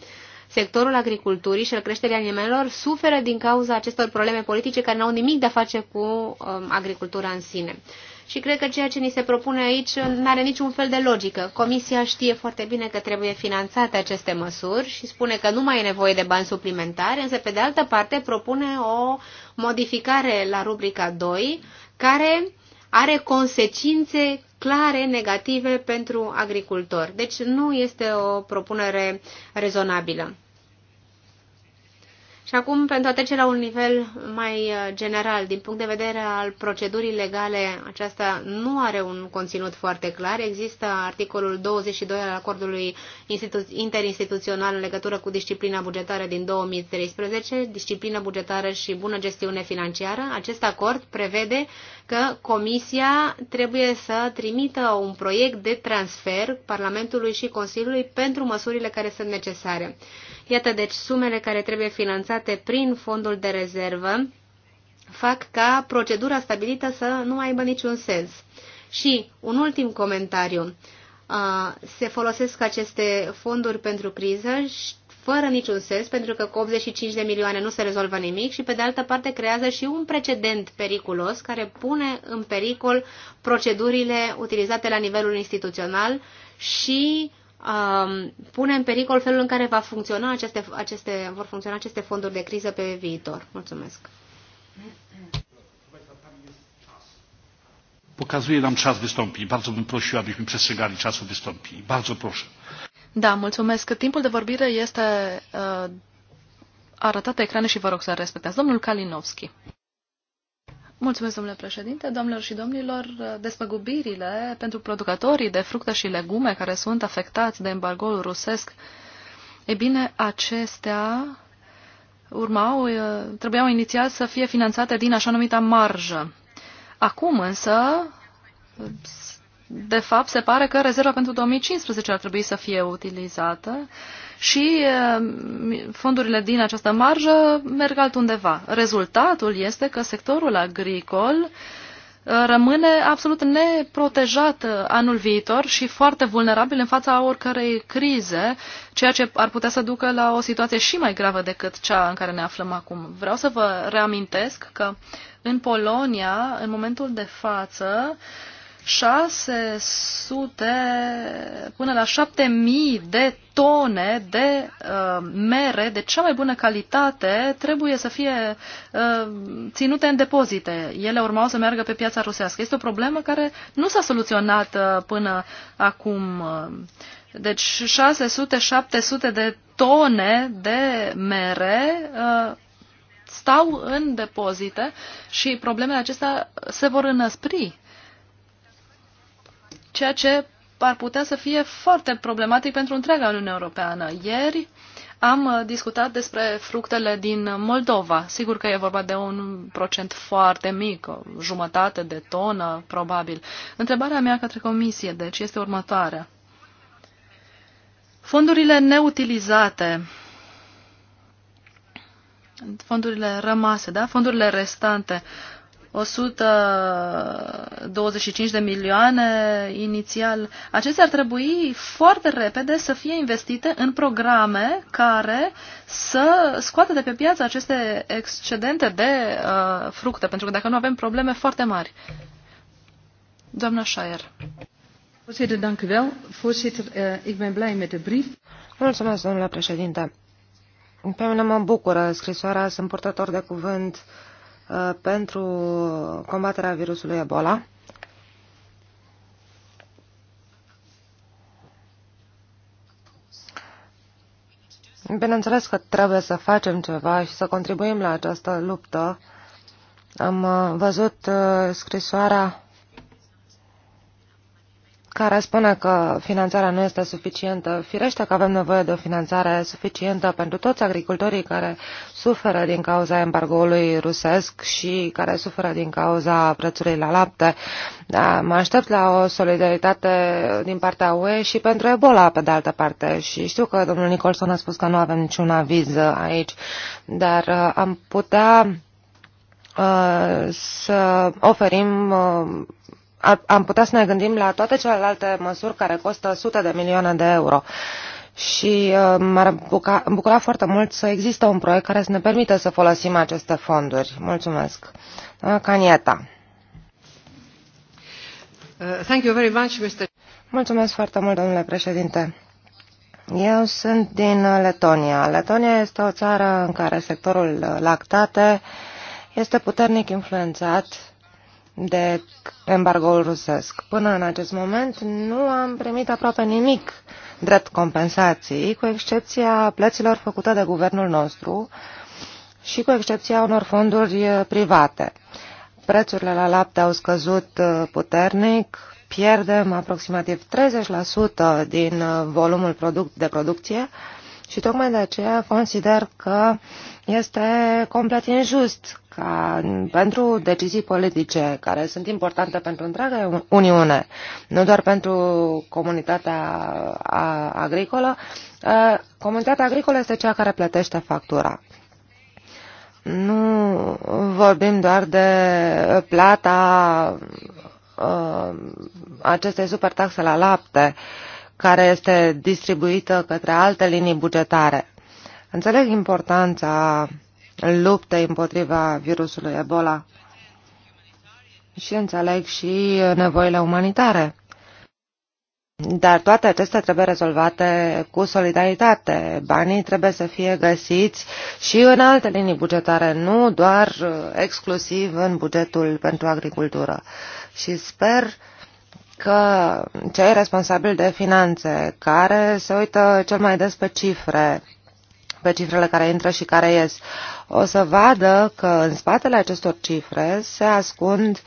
E: sectorul agriculturii și al creșterii animalelor suferă din cauza acestor probleme politice care nu au nimic de a face cu um, agricultura în sine. Și cred că ceea ce ni se propune aici nu are niciun fel de logică. Comisia știe foarte bine că trebuie finanțate aceste măsuri și spune că nu mai e nevoie de bani suplimentari, însă pe de altă parte propune o modificare la rubrica 2 care are consecințe clare negative pentru agricultori. Deci nu este o propunere rezonabilă. Și acum, pentru a trece la un nivel mai uh, general, din punct de vedere al procedurii legale, aceasta nu are un conținut foarte clar. Există articolul 22 al acordului interinstituțional în legătură cu disciplina bugetară din 2013, disciplina bugetară și bună gestiune financiară. Acest acord prevede că Comisia trebuie să trimită un proiect de transfer Parlamentului și Consiliului pentru măsurile care sunt necesare. Iată deci sumele care trebuie finanțate prin fondul de rezervă fac ca procedura stabilită să nu mai aibă niciun sens. Și un ultim comentariu. Se folosesc aceste fonduri pentru criză fără niciun sens, pentru că cu 85 de milioane nu se rezolvă nimic și, pe de altă parte, creează și un precedent periculos care pune în pericol procedurile utilizate la nivelul instituțional și Um, pune în pericol felul în care va funcționa aceste, aceste, vor funcționa aceste fonduri de criză pe viitor. Mulțumesc.
A: Pokazuje nam czas wystąpień. Bardzo bym prosił, abyśmy przestrzegali czasu wystąpień. Bardzo proszę.
B: Da, mulțumesc. Timpul de vorbire este uh, arătat pe ecrane și vă rog să respectați. Domnul Kalinowski. Mulțumesc, domnule președinte. Domnilor și domnilor, despăgubirile pentru producătorii de fructe și legume care sunt afectați de embargoul rusesc, e bine, acestea urmau, trebuiau inițial să fie finanțate din așa numita marjă. Acum însă, de fapt, se pare că rezerva pentru 2015 ar trebui să fie utilizată și uh, fondurile din această marjă merg altundeva. Rezultatul este că sectorul agricol uh, rămâne absolut neprotejat uh, anul viitor și foarte vulnerabil în fața oricărei crize, ceea ce ar putea să ducă la o situație și mai gravă decât cea în care ne aflăm acum. Vreau să vă reamintesc că în Polonia, în momentul de față, uh, 600 până la 7000 de tone de uh, mere de cea mai bună calitate trebuie să fie uh, ținute în depozite. Ele urmau să meargă pe piața rusească. Este o problemă care nu s-a soluționat uh, până acum. Uh, deci 600-700 de tone de mere uh, stau în depozite și problemele acestea se vor înăspri ceea ce ar putea să fie foarte problematic pentru întreaga Uniune Europeană. Ieri am uh, discutat despre fructele din Moldova. Sigur că e vorba de un procent foarte mic, o jumătate de tonă, probabil. Întrebarea mea către comisie, deci, este următoarea. Fondurile neutilizate, fondurile rămase, da? fondurile restante, 125 de milioane inițial, acestea ar trebui foarte repede să fie investite în programe care să scoată de pe piață aceste excedente de uh, fructe, pentru că dacă nu avem probleme foarte mari.
C: Doamna Shire. Eh, Mulțumesc, domnule președinte. Pe mine mă bucură scrisoarea, sunt purtător de cuvânt Uh, pentru combaterea virusului Ebola. Bineînțeles că trebuie să facem ceva și să contribuim la această luptă. Am uh, văzut uh, scrisoarea care spune că finanțarea nu este suficientă. Firește că avem nevoie de o finanțare suficientă pentru toți agricultorii care suferă din cauza embargoului rusesc și care suferă din cauza prețului la lapte. Da, mă aștept la o solidaritate din partea UE și pentru Ebola, pe de altă parte. Și știu că domnul Nicholson a spus că nu avem niciun aviz aici, dar uh, am putea uh, să oferim uh, am putea să ne gândim la toate celelalte măsuri care costă sute de milioane de euro. Și uh, m-ar bucura, bucura foarte mult să există un proiect care să ne permită să folosim aceste fonduri. Mulțumesc. Canieta. Uh, thank you very much, Mr. Mulțumesc foarte mult, domnule președinte. Eu sunt din Letonia. Letonia este o țară în care sectorul lactate este puternic influențat de embargoul rusesc. Până în acest moment nu am primit aproape nimic drept compensații, cu excepția plăților făcute de guvernul nostru și cu excepția unor fonduri eh, private. Prețurile la lapte au scăzut eh, puternic, pierdem aproximativ 30% din eh, volumul de producție și tocmai de aceea consider că este complet injust ca pentru decizii politice care sunt importante pentru întreaga Uniune, nu doar pentru comunitatea agricolă, comunitatea agricolă este cea care plătește factura. Nu vorbim doar de plata acestei supertaxe la lapte, uh, care este distribuită către alte linii bugetare. Înțeleg importanța luptei împotriva virusului Ebola și înțeleg și nevoile umanitare. Dar toate acestea trebuie rezolvate cu solidaritate. Banii trebuie să fie găsiți și în alte linii bugetare, nu doar uh, exclusiv în bugetul pentru agricultură. Și sper uh, că cei responsabili de finanțe, care se uită cel mai des pe cifre, pe cifrele care intră și care ies, o să vadă că în spatele acestor cifre se ascund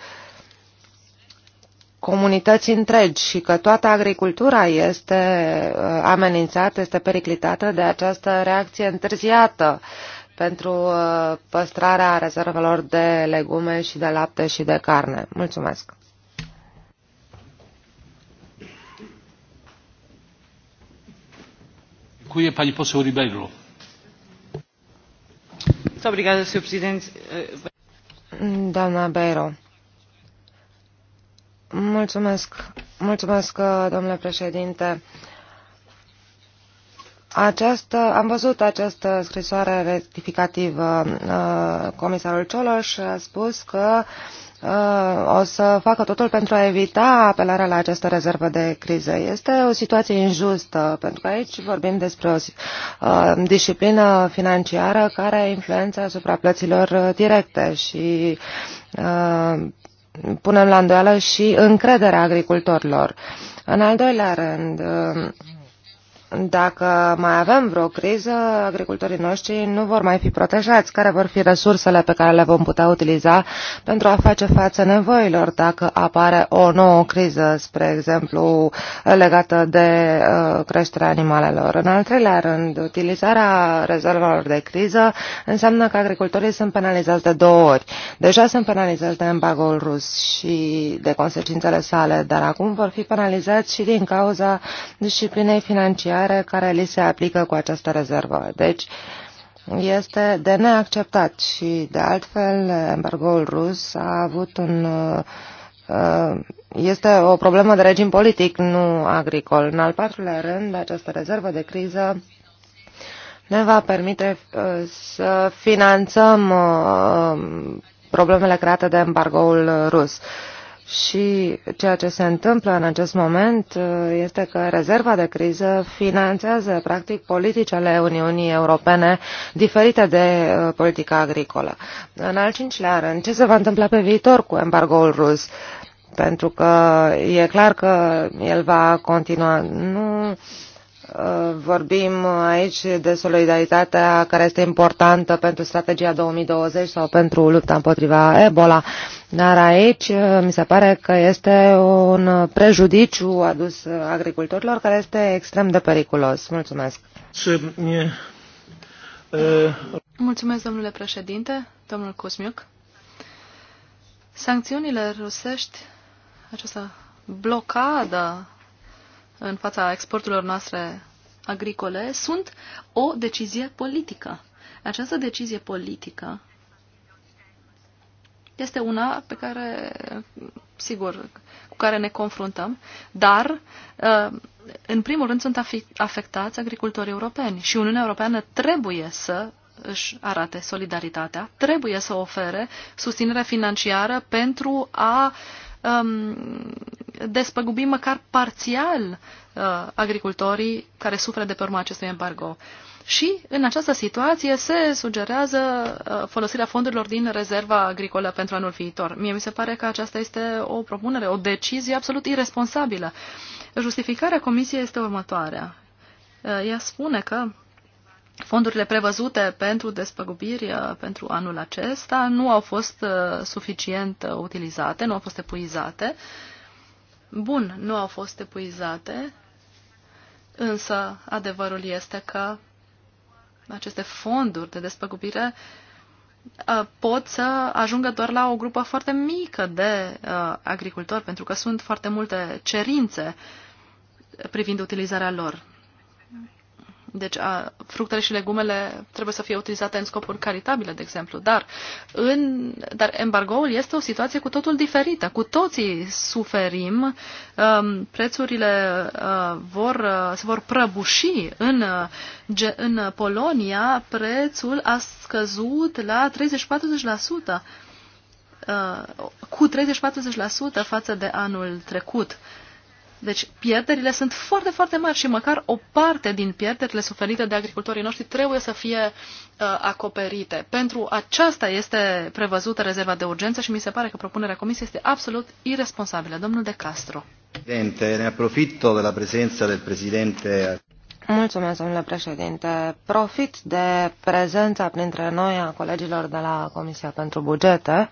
C: comunități întregi și că toată agricultura este uh, amenințată, este periclitată de această reacție întârziată pentru uh, păstrarea rezervelor de legume și de lapte și de carne. Mulțumesc!
A: Dziękuję. Pani poseł Ribeiro.
C: Doamna Beiro. Mulțumesc, mulțumesc, domnule președinte. Această, am văzut această scrisoare rectificativă. Comisarul Cioloș a spus că uh, Uh, o să facă totul pentru a evita apelarea la această rezervă de criză. Este o situație injustă, pentru că aici vorbim despre o uh, disciplină financiară care are influență asupra plăților directe și uh, punem la îndoială și încrederea agricultorilor. În al doilea rând, dacă mai avem vreo criză, agricultorii noștri nu vor mai fi protejați. Care vor fi resursele pe care le vom putea utiliza pentru a face față nevoilor dacă apare o nouă criză, spre exemplu, legată de uh, creșterea animalelor? În al treilea rând, utilizarea rezervelor de criză înseamnă că agricultorii sunt penalizați de două ori. Deja sunt penalizați de embargoul rus și de consecințele sale, dar acum vor fi penalizați și din cauza disciplinei financiare impozitare care li se aplică cu această rezervă. Deci, este de neacceptat și, de altfel, embargoul rus a avut un uh, este o problemă de regim politic, nu agricol. În al patrulea rând, această rezervă de criză ne va permite uh, să finanțăm uh, problemele create de embargoul rus. Și ceea ce se întâmplă în acest moment uh, este că rezerva de criză finanțează practic politicele Uniunii Europene diferite de uh, politica agricolă. În al cincilea rând, ce se va întâmpla pe viitor cu embargoul rus? Pentru că e clar că el va continua. Nu, Uh, vorbim aici de solidaritatea care este importantă pentru strategia 2020 sau pentru lupta împotriva Ebola, dar aici uh, mi se pare că este un prejudiciu adus agricultorilor care este extrem de periculos. Mulțumesc. Mulțumesc,
B: domnule președinte, domnul Cosmiuc. Sancțiunile rusești, această blocadă în fața exporturilor noastre agricole sunt o decizie politică. Această decizie politică este una pe care, sigur, cu care ne confruntăm, dar, uh, în primul rând, sunt afectați agricultorii europeni și Uniunea Europeană trebuie să își arate solidaritatea, trebuie să ofere susținere financiară pentru a um, despăgubim măcar parțial uh, agricultorii care suferă de pe urma acestui embargo. Și în această situație se sugerează uh, folosirea fondurilor din rezerva agricolă pentru anul viitor. Mie mi se pare că aceasta este o propunere, o decizie absolut irresponsabilă. Justificarea Comisiei este următoarea. Uh, ea spune că Fondurile prevăzute pentru despăgubiri uh, pentru anul acesta nu au fost uh, suficient uh, utilizate, nu au fost epuizate Bun, nu au fost epuizate, însă adevărul este că aceste fonduri de despăgubire uh, pot să ajungă doar la o grupă foarte mică de uh, agricultori, pentru că sunt foarte multe cerințe privind utilizarea lor. Deci a, fructele și legumele trebuie să fie utilizate în scopuri caritabile, de exemplu. Dar, în, dar embargoul este o situație cu totul diferită. Cu toții suferim, um, prețurile uh, vor, uh, se vor prăbuși. În, uh, în Polonia prețul a scăzut la 30-40%. Uh, cu 30-40% față de anul trecut. Uh, deci pierderile sunt foarte, foarte mari și măcar o parte din pierderile suferite de agricultorii noștri trebuie să fie uh, acoperite. Pentru aceasta este prevăzută rezerva de urgență și mi se pare că propunerea Comisiei este absolut irresponsabilă. Domnul De Castro.
C: Presidente, ne approfitto de la prezența del președinte. Mulțumesc, domnule președinte. Profit de prezența printre noi a colegilor de la Comisia pentru Bugete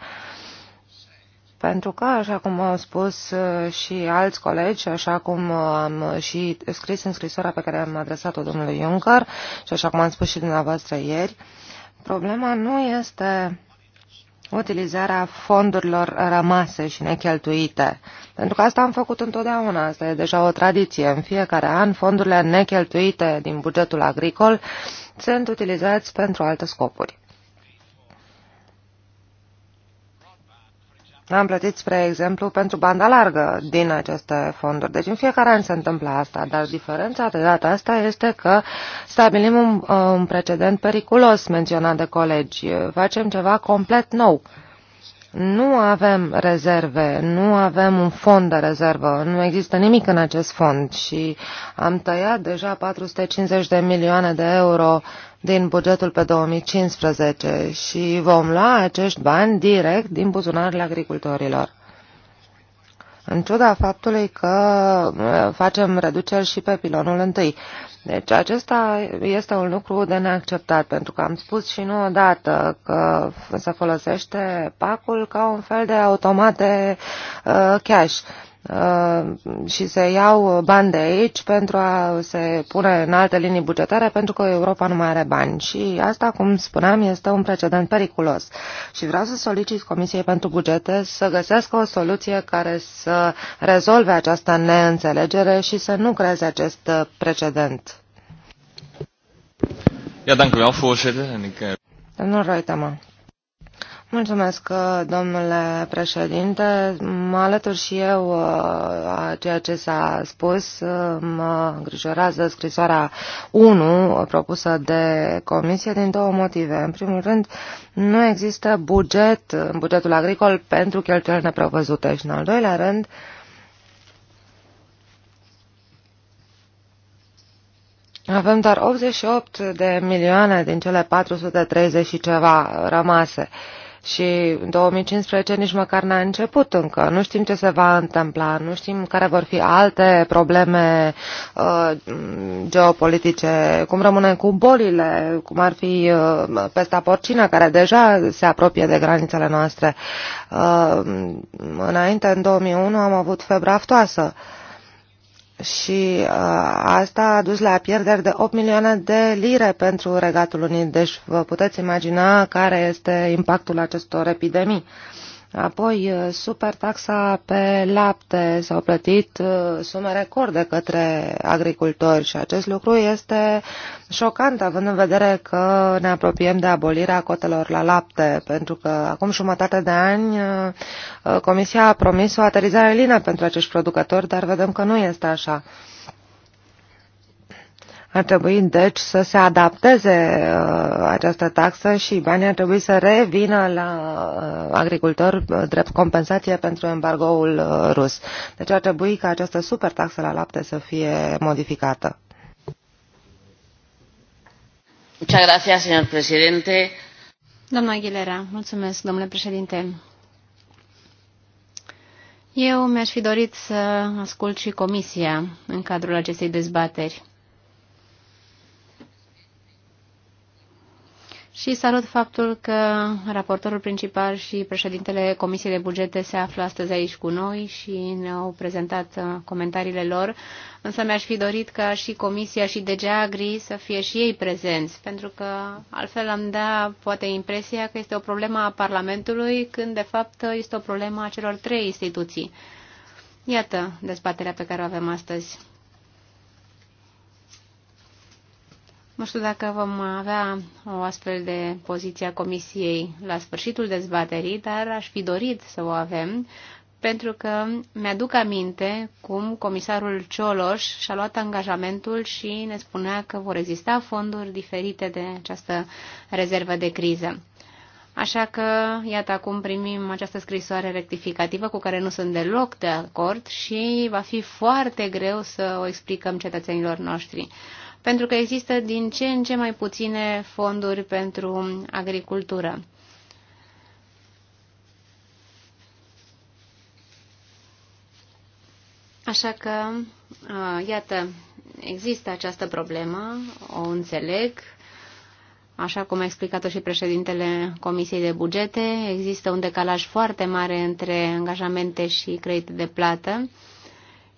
C: pentru că, așa cum au spus uh, și alți colegi, așa cum am și scris în scrisoarea pe care am adresat-o domnului Juncker și așa cum am spus și dumneavoastră ieri, problema nu este utilizarea fondurilor rămase și necheltuite. Pentru că asta am făcut întotdeauna, asta e deja o tradiție. În fiecare an, fondurile necheltuite din bugetul agricol sunt utilizați pentru alte scopuri. Am plătit, spre exemplu, pentru banda largă din aceste fonduri. Deci în fiecare an se întâmplă asta, dar diferența de data asta este că stabilim un, un precedent periculos menționat de colegi. Facem ceva complet nou. Uh, nu avem rezerve, nu avem un fond de rezervă, nu există nimic în acest fond și am tăiat deja 450 de milioane de euro din bugetul pe 2015 și vom lua acești bani direct din buzunarele agricultorilor în ciuda faptului că facem reduceri și pe pilonul întâi. Deci acesta este un lucru de neacceptat, pentru că am spus și nu odată că se folosește pacul ca un fel de automate uh, cash. Uh, și se iau bani de aici pentru a se pune în alte linii bugetare pentru că Europa nu mai are bani. Și asta, cum spuneam, este un precedent periculos. Și vreau să solicit Comisiei pentru Bugete să găsească o soluție care să rezolve această neînțelegere și să nu creeze acest precedent.
D: Ja, dank u wel, voorzitter. En eh,
C: Domnul Reutema. Mulțumesc, uh, domnule președinte. Mă alătur și eu uh, a ceea ce s-a spus. Uh, mă îngrijorează scrisoarea 1 propusă de comisie din două motive. În primul rând, nu există buget în bugetul agricol pentru cheltuieli neprevăzute și, în al doilea rând, Avem doar 88 de milioane din cele 430 și ceva rămase. Uh, și în 2015 nici măcar n-a început încă. Nu știm ce se va întâmpla, nu știm care vor fi alte probleme uh, geopolitice, cum rămânem cu bolile, cum ar fi uh, pesta porcină, care deja se apropie de granițele noastre. Uh, înainte, în 2001, am avut febra aftoasă. Uh, și uh, asta a dus la pierderi de 8 milioane de lire pentru Regatul Unit. Deci vă puteți imagina care este impactul acestor epidemii. Apoi, uh, supertaxa pe lapte s-au plătit uh, sume record de către agricultori și acest lucru este șocant, având în vedere că ne apropiem de abolirea cotelor la lapte, pentru că acum jumătate de ani uh, Comisia a promis o aterizare lină pentru acești producători, dar vedem că nu este așa. Ar trebui, deci, să se adapteze uh, această taxă și banii ar trebui să revină la uh, agricultori uh, drept compensație pentru embargoul rus. Deci ar trebui ca această supertaxă la lapte să fie modificată.
E: Muchas gracias, señor presidente. Doamna Aguilera, mulțumesc, domnule președinte. Eu mi-aș fi dorit să ascult și comisia în cadrul acestei dezbateri. și salut faptul că raportorul principal și președintele Comisiei de Bugete se află astăzi aici cu noi și ne-au prezentat uh, comentariile lor, însă mi-aș fi dorit ca și Comisia și DG Agri să fie și ei prezenți, pentru că altfel am da poate impresia că este o problemă a Parlamentului, când de fapt este o problemă a celor trei instituții. Iată dezbaterea pe care o avem astăzi. Nu știu dacă vom avea o astfel de poziție a Comisiei la sfârșitul dezbaterii, dar aș fi dorit să o avem, pentru că mi-aduc aminte cum comisarul Cioloș și-a luat angajamentul și ne spunea că vor exista fonduri diferite de această rezervă de criză. Așa că, iată, acum primim această scrisoare rectificativă cu care nu sunt deloc de acord și va fi foarte greu să o explicăm cetățenilor noștri pentru că există din ce în ce mai puține fonduri pentru agricultură. Așa că, iată, există această problemă, o înțeleg, așa cum a explicat-o și președintele Comisiei de Bugete, există un decalaj foarte mare între angajamente și credite de plată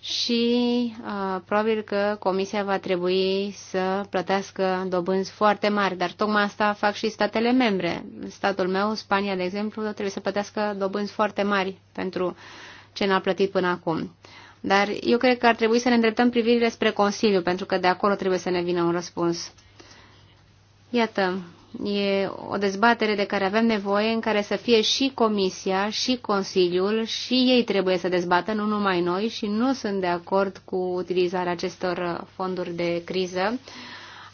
E: și uh, probabil că comisia va trebui să plătească dobânzi foarte mari, dar tocmai asta fac și statele membre. Statul meu, Spania, de exemplu, trebuie să plătească dobânzi foarte mari pentru ce n-a plătit până acum. Dar eu cred că ar trebui să ne îndreptăm privirile spre Consiliu, pentru că de acolo trebuie să ne vină un răspuns. Iată, E o dezbatere de care avem nevoie, în care să fie și Comisia, și Consiliul, și ei trebuie să dezbată, nu numai noi, și nu sunt de acord cu utilizarea acestor fonduri de criză.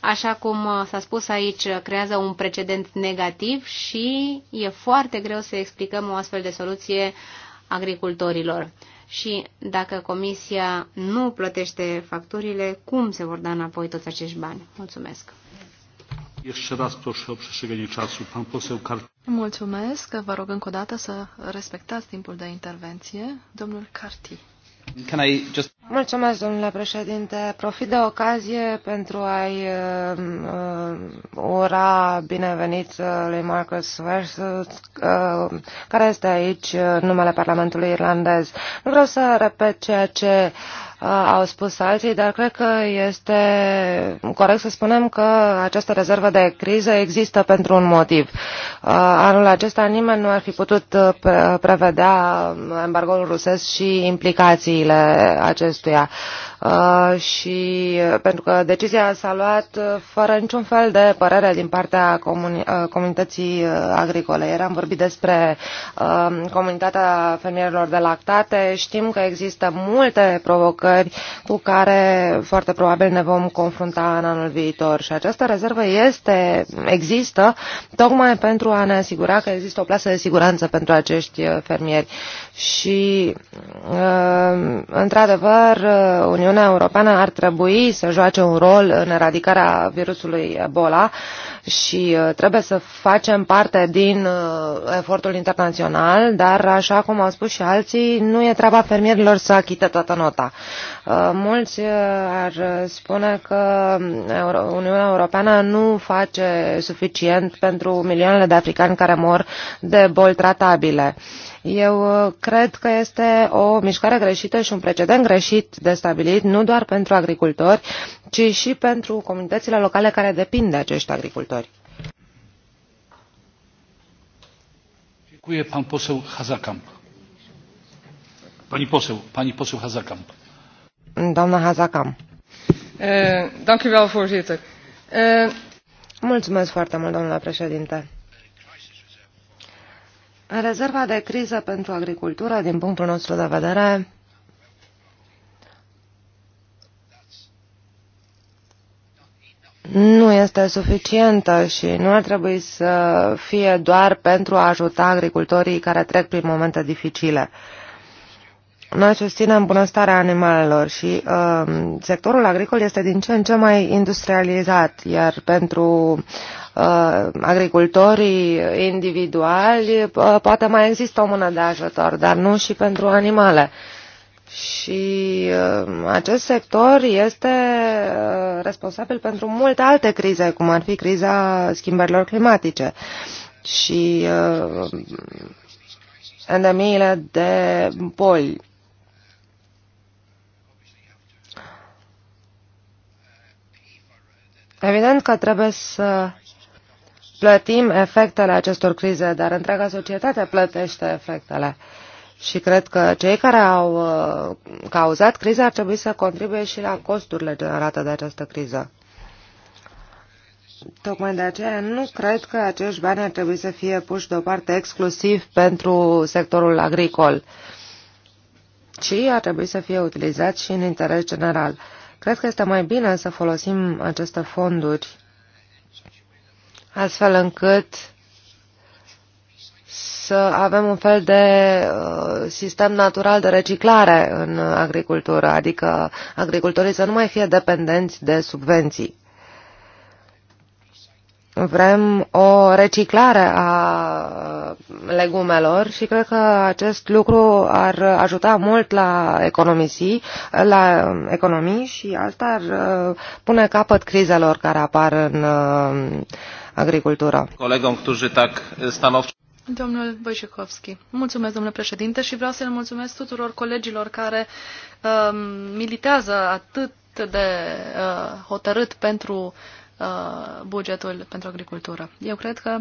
E: Așa cum s-a spus aici, creează un precedent negativ și e foarte greu să explicăm o astfel de soluție agricultorilor. Și dacă Comisia nu plătește facturile, cum se vor da înapoi toți acești bani? Mulțumesc!
A: Jeszcze raz proszę o przestrzeganie czasu. Pan poseł Kar...
B: Mulțumesc. Vă rog încă o dată să respectați timpul de intervenție. Domnul Carti. Can I just...
C: Mulțumesc, domnule președinte. Profit de ocazie pentru a-i uh, uh ura binevenit uh, lui Marcus Versus, uh, care este aici uh, numele Parlamentului Irlandez. Nu vreau să repet ceea ce uh, au spus alții, dar cred că este corect să spunem că această rezervă de criză există pentru un motiv. Anul acesta nimeni nu ar fi putut uh, prevedea uh, embargoul rusesc și implicațiile acestuia. Și uh, pentru că decizia s-a luat fără niciun fel de părere din partea comuni comunității agricole. Ieri am vorbit despre comunitatea fermierilor de lactate. Știm că există multe provocări provocări cu care foarte probabil ne vom confrunta în anul viitor. Și această rezervă este, există tocmai pentru a ne asigura că există o plasă de siguranță pentru acești uh, fermieri. Și, uh, într-adevăr, uh, Uniunea Europeană ar trebui să joace un rol în eradicarea virusului Ebola și uh, trebuie să facem parte din uh, efortul internațional, dar așa cum au spus și alții, nu e treaba fermierilor să achite toată nota. Uh, mulți ar spune că um, Uniunea Europeană nu face suficient pentru milioanele de africani care mor de boli tratabile. Eu uh, cred că este o mișcare greșită și un precedent greșit de stabilit, nu doar pentru agricultori, ci și pentru comunitățile locale care depind de acești agricultori.
A: Dziękuję pan poseł Hazakamp. Pani
C: poseł, pani poseł Hazakamp. Doamna Hazakamp. Mulțumesc foarte mult, domnule președinte. Rezerva de criză pentru agricultură, din punctul nostru de vedere, nu este suficientă și nu ar trebui să fie doar pentru a ajuta agricultorii care trec prin momente dificile. Noi susținem bunăstarea animalelor și uh, sectorul agricol este din ce în ce mai industrializat, iar pentru Uh, agricultorii individuali, uh, poate mai există o mână de ajutor, dar nu și pentru animale. Și uh, acest sector este responsabil pentru multe alte crize, cum ar fi criza schimbărilor climatice și endemiile de boli. Evident că trebuie să plătim efectele acestor crize, dar întreaga societate plătește efectele. Și cred că cei care au uh, cauzat criza ar trebui să contribuie și la costurile generate de această criză. Tocmai de aceea nu cred că acești bani ar trebui să fie puși deoparte exclusiv pentru sectorul agricol, ci ar trebui să fie utilizați și în interes general. Cred că este mai bine să folosim aceste fonduri astfel încât să avem un fel de uh, sistem natural de reciclare în agricultură, adică agricultorii să nu mai fie dependenți de subvenții. Vrem o reciclare a legumelor și cred că acest lucru ar ajuta mult la economii, la economii și asta ar uh, pune capăt crizelor care apar în uh, Agricultura.
A: Colegom, którzy tak
B: stanowczo Domnul Wojciechowski. Mulțumesc, domnule președinte, și vreau să le mulțumesc tuturor colegilor care uh, militează atât de uh, hotărât pentru uh, bugetul pentru agricultură. Eu cred că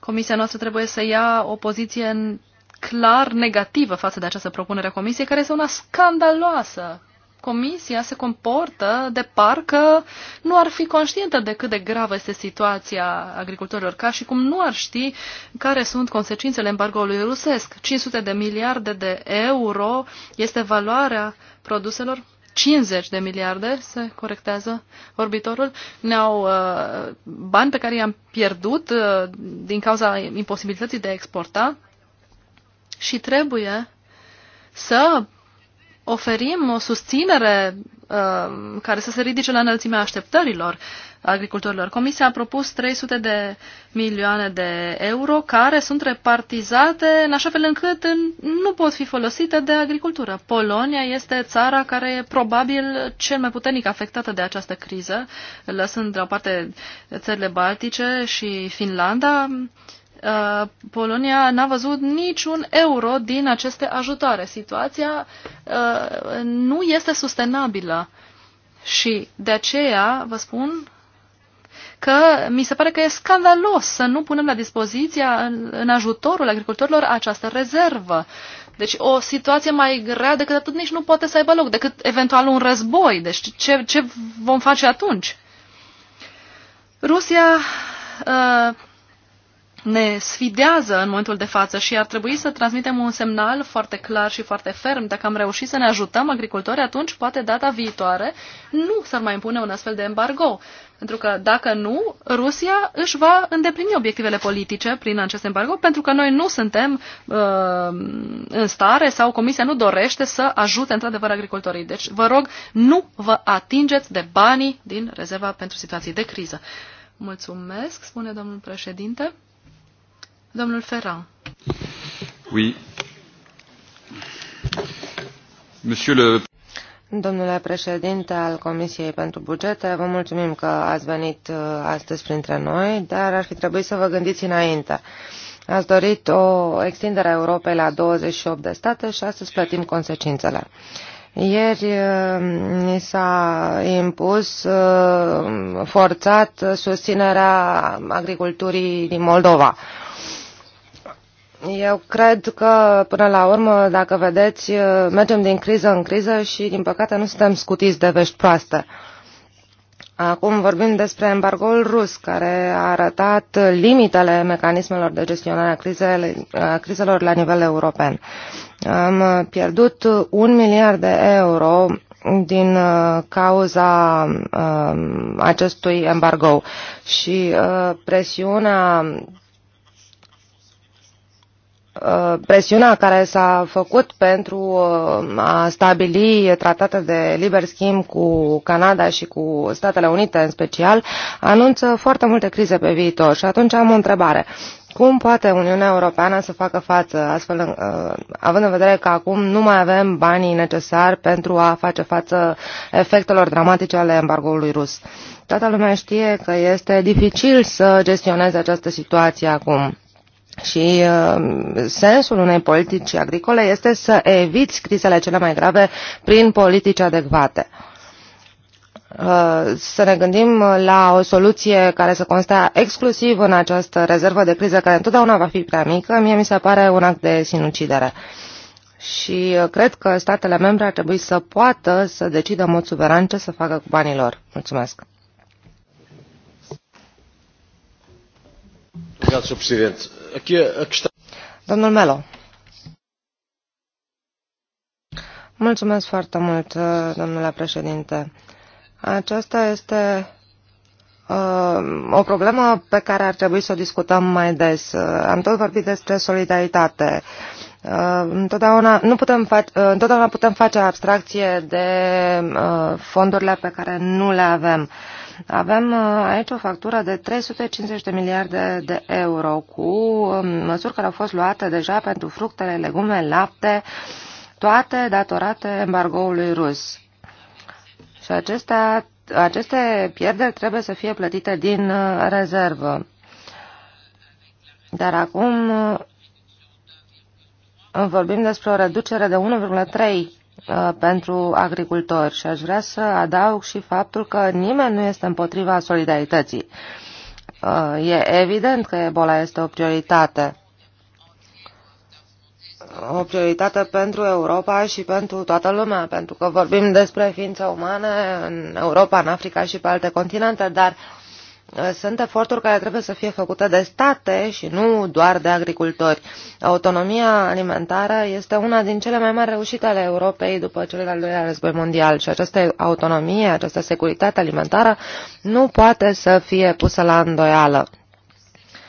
B: comisia noastră trebuie să ia o poziție clar negativă față de această propunere a comisiei, care este una scandaloasă Comisia se comportă de parcă nu ar fi conștientă de cât de gravă este situația agricultorilor, ca și cum nu ar ști care sunt consecințele embargoului rusesc. 500 de miliarde de euro este valoarea produselor 50 de miliarde, se corectează orbitorul, ne-au uh, bani pe care i-am pierdut uh, din cauza imposibilității de a exporta și trebuie să oferim o susținere uh, care să se ridice la înălțimea așteptărilor agricultorilor. Comisia a propus 300 de milioane de euro care sunt repartizate în așa fel încât nu pot fi folosite de agricultură. Polonia este țara care e probabil cel mai puternic afectată de această criză, lăsând la parte țările baltice și Finlanda. Uh, Uh, Polonia n-a văzut niciun euro din aceste ajutoare. Situația uh, nu este sustenabilă și de aceea vă spun că mi se pare că e scandalos să nu punem la dispoziția în, ajutorul agricultorilor această rezervă. Deci o situație mai grea decât atât nici nu poate să aibă loc, decât eventual un război. Deci ce, ce vom face atunci? Rusia uh, ne sfidează în momentul de față și ar trebui să transmitem un semnal foarte clar și foarte ferm. Dacă am reușit să ne ajutăm agricultorii, atunci poate data viitoare nu s-ar mai impune un astfel de embargo. Pentru că dacă nu, Rusia își va îndeplini obiectivele politice prin acest embargo, pentru că noi nu suntem uh, în stare sau Comisia nu dorește să ajute într-adevăr agricultorii. Deci, vă rog, nu vă atingeți de banii din rezerva pentru situații de criză. Mulțumesc, spune domnul președinte.
C: Domnul Ferran.
A: Oui. Monsieur le...
C: Domnule președinte al Comisiei pentru Bugete, vă mulțumim că ați venit uh, astăzi printre noi, dar ar fi trebuit să vă gândiți înainte. Ați dorit o extindere a Europei la 28 de state și astăzi plătim consecințele. Ieri uh, ni s-a impus uh, forțat susținerea agriculturii din Moldova eu cred că, până la urmă, dacă vedeți, uh, mergem din criză în criză și, din păcate, nu suntem scutiți de vești proaste. Acum vorbim despre embargoul rus, care a arătat limitele mecanismelor de gestionare a, crizelor la nivel european. Am pierdut un miliard de euro din uh, cauza um, acestui embargo și uh, presiunea Uh, presiunea care s-a făcut pentru uh, a stabili tratate de liber schimb cu Canada și cu Statele Unite în special anunță foarte multe crize pe viitor și atunci am o întrebare. Cum poate Uniunea Europeană să facă față, astfel, uh, având în vedere că acum nu mai avem banii necesari pentru a face față efectelor dramatice ale embargoului rus? Toată lumea știe că este dificil să gestioneze această situație acum și uh, sensul unei politici agricole este să eviți crizele cele mai grave prin politici adecvate. Uh, să ne gândim la o soluție care să constea exclusiv în această rezervă de criză, care întotdeauna va fi prea mică, mie mi se pare un act de sinucidere. Și uh, cred că statele membre ar trebui să poată să decidă în mod suveran ce să facă cu banii lor. Mulțumesc!
A: Obrigado, Sr.
C: Domnul Melo. Mulțumesc foarte mult, domnule președinte. Aceasta este uh, o problemă pe care ar trebui să o discutăm mai des. Am tot vorbit despre solidaritate. Uh, întotdeauna, nu putem face, uh, întotdeauna putem face abstracție de fondurile pe care nu le avem. Uh, avem uh, aici o factură de 350 de miliarde de euro cu um, măsuri care au fost luate deja pentru fructele, legume, lapte, toate datorate embargoului rus. Și acestea, aceste pierderi trebuie să fie plătite din uh, rezervă. Dar acum uh, vorbim despre o reducere de 1,3 Uh, pentru agricultori și aș vrea să adaug și faptul că nimeni nu este împotriva solidarității. Uh, e evident că ebola este o prioritate. O prioritate pentru Europa și pentru toată lumea, pentru că vorbim despre ființe umane în Europa, în Africa și pe alte continente, dar uh, Uh, sunt eforturi care trebuie să fie făcute de state și nu doar de agricultori. Autonomia alimentară este una din cele mai mari reușite ale Europei după cel de-al doilea război mondial și această autonomie, această securitate alimentară nu poate să fie pusă la îndoială.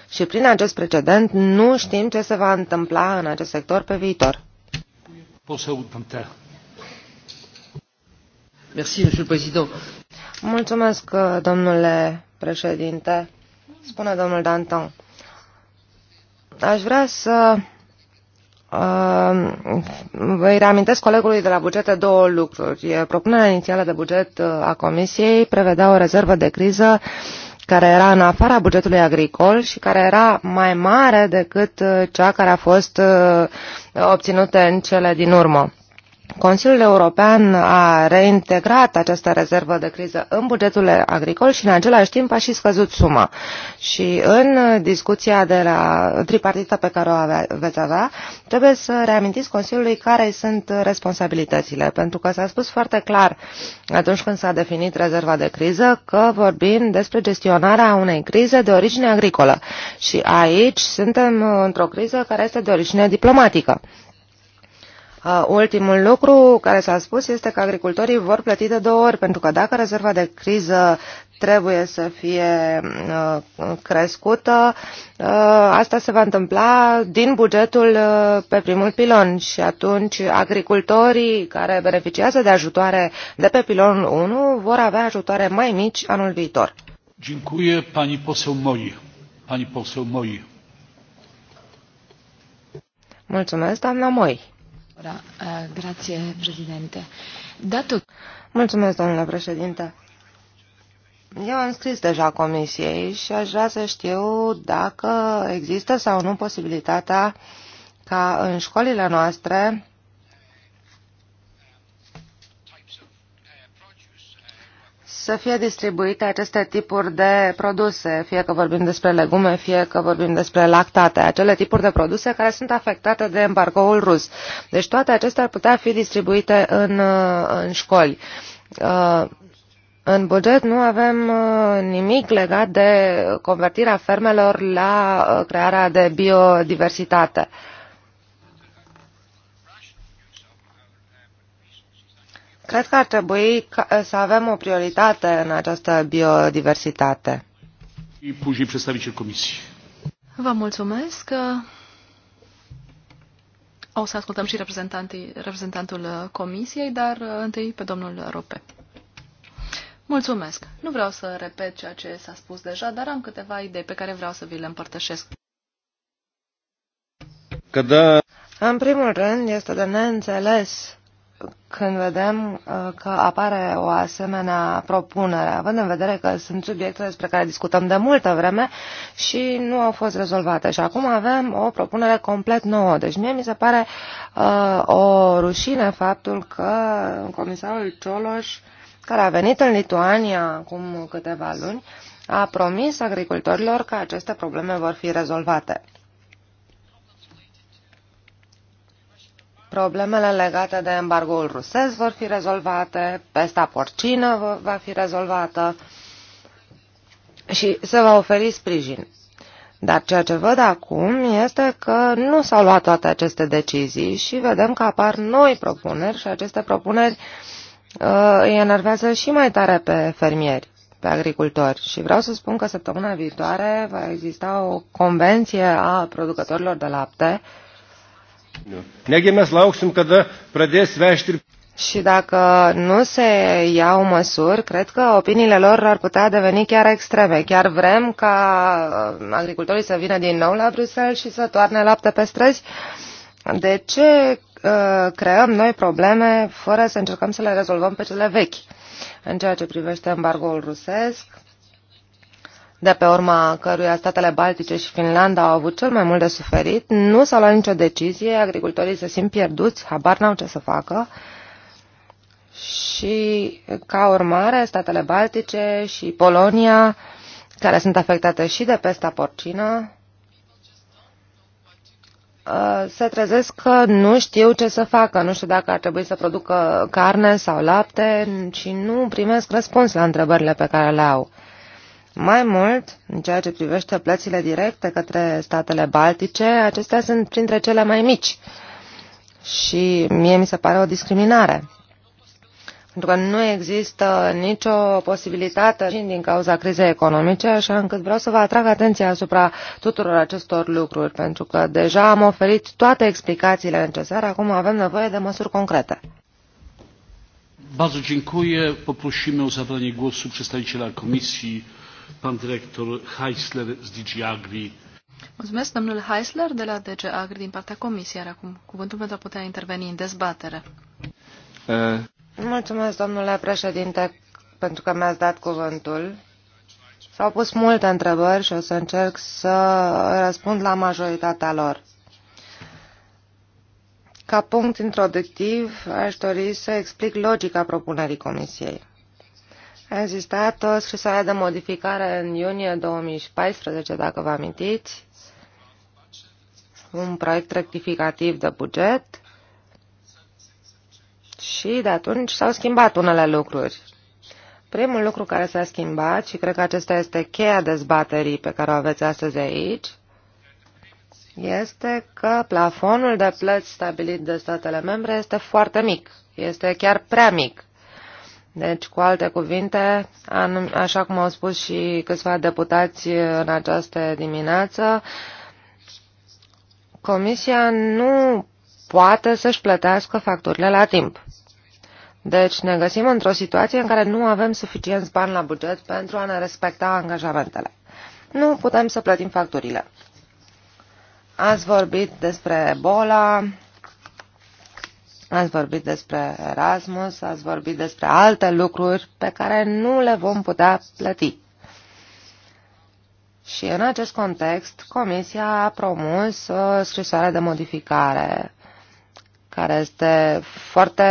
C: Și prin acest precedent nu știm ce se va întâmpla în acest sector pe viitor.
A: Merci,
B: Monsieur le Président.
C: Mulțumesc, uh, domnule președinte, spune domnul Danton. Aș vrea să uh, îi reamintesc colegului de la bugete două lucruri. Propunerea inițială de buget uh, a Comisiei prevedea o rezervă de criză care era în afara bugetului agricol și care era mai mare decât uh, cea care a fost obținută în cele din urmă. Consiliul European a reintegrat această rezervă de criză în bugetul agricol și în același timp a și scăzut suma. Și în discuția de la tripartită pe care o avea, veți avea, trebuie să reamintiți Consiliului care sunt responsabilitățile, pentru că s-a spus foarte clar atunci când s-a definit rezerva de criză că vorbim despre gestionarea unei crize de origine agricolă. Și aici suntem într-o criză care este de origine diplomatică. Ultimul lucru care s-a spus este că agricultorii vor plăti de două ori, pentru că dacă rezerva de criză trebuie să fie crescută, asta se va întâmpla din bugetul pe primul pilon și atunci agricultorii care beneficiază de ajutoare de pe pilonul 1 vor avea ajutoare mai mici anul viitor.
A: Dziękuję pani poseł Moi. Pani poseł Moi.
C: Mulțumesc, doamna Moi grație, președinte. Mulțumesc, domnule președinte. Eu am scris deja comisiei și aș vrea să știu dacă există sau nu posibilitatea ca în școlile noastre să fie distribuite aceste tipuri de produse, fie că vorbim despre legume, fie că vorbim despre lactate, acele tipuri de produse care sunt afectate de embargoul rus. Deci toate acestea ar putea fi distribuite în, în școli. Uh, în buget nu avem uh, nimic legat de convertirea fermelor la uh, crearea de biodiversitate. Cred că ar trebui eh, să avem o prioritate în această biodiversitate.
B: Vă mulțumesc. O să ascultăm și reprezentantul eh, comisiei, dar eh, întâi pe domnul Rope. Mulțumesc. Nu vreau să repet ceea ce s-a spus deja, dar am câteva idei pe care vreau să vi le împărtășesc.
C: Că da. În primul rând, este de neînțeles când vedem uh, că apare o asemenea propunere, având în vedere că sunt subiecte despre care discutăm de multă vreme și nu au fost rezolvate. Și acum avem o propunere complet nouă. Deci mie mi se pare uh, o rușine faptul că comisarul Cioloș, care a venit în Lituania acum câteva luni, a promis agricultorilor că aceste probleme vor fi rezolvate. Problemele legate de embargoul rusesc vor fi rezolvate, pesta porcină va fi rezolvată și se va oferi sprijin. Dar ceea ce văd acum este că nu s-au luat toate aceste decizii și vedem că apar noi propuneri și aceste propuneri uh, îi enervează și mai tare pe fermieri, pe agricultori. Și vreau să spun că săptămâna viitoare va exista o convenție a producătorilor de lapte uh,
A: Negi mes lauksim kada pradės vežti.
C: Și dacă nu se iau măsuri, cred că opiniile lor ar putea deveni chiar extreme. Chiar vrem ca agricultorii să vină din nou la Bruxelles și să toarne lapte pe străzi. De ce uh, creăm noi probleme fără să încercăm să le rezolvăm pe cele vechi? În ceea ce privește embargoul rusesc, de pe urma căruia statele Baltice și Finlanda au avut cel mai mult de suferit, nu s-a luat nicio decizie, agricultorii se simt pierduți, habar n-au ce să facă și, ca urmare, statele Baltice și Polonia, care sunt afectate și de pesta porcină, uh, se trezesc că nu știu ce să facă, nu știu dacă ar trebui să producă carne sau lapte și nu primesc răspuns la întrebările pe care le au. Mai mult, în ceea ce privește plățile directe către statele baltice, acestea sunt printre cele mai mici și mie mi se pare o discriminare. Pentru că nu există nicio posibilitate și din cauza crizei economice, așa încât vreau să vă atrag atenția asupra tuturor acestor lucruri, pentru că deja am oferit toate explicațiile necesare, acum avem nevoie de măsuri concrete.
A: Bardzo dziękuję. Poprosimy o zabranie głosu przedstawiciela Komisji pan director Heisler z DG Agri.
B: Mulțumesc, domnul Heisler de la DG Agri din partea comisiei, iar acum cuvântul pentru a putea interveni în dezbatere.
C: Uh. Mulțumesc, domnule președinte, pentru că mi-ați dat cuvântul. S-au pus multe întrebări și o să încerc să răspund la majoritatea lor. Ca punct introductiv, aș dori să explic logica propunerii Comisiei. A existat o scrisoare de modificare în iunie 2014, dacă vă amintiți, un proiect rectificativ de buget și de atunci s-au schimbat unele lucruri. Primul lucru care s-a schimbat, și cred că acesta este cheia dezbaterii pe care o aveți astăzi aici, este că plafonul de plăți stabilit de statele membre este foarte mic. Este chiar prea mic. Deci, cu alte cuvinte, așa cum au spus și câțiva deputați în această dimineață, Comisia nu poate să-și plătească facturile la timp. Deci ne găsim într-o situație în care nu avem suficienți bani la buget pentru a ne respecta angajamentele. Nu putem să plătim facturile. Ați vorbit despre Ebola, Ați vorbit despre Erasmus, ați vorbit despre alte lucruri pe care nu le vom putea plăti. Și în acest context, Comisia a promus o uh, scrisoare de modificare care este foarte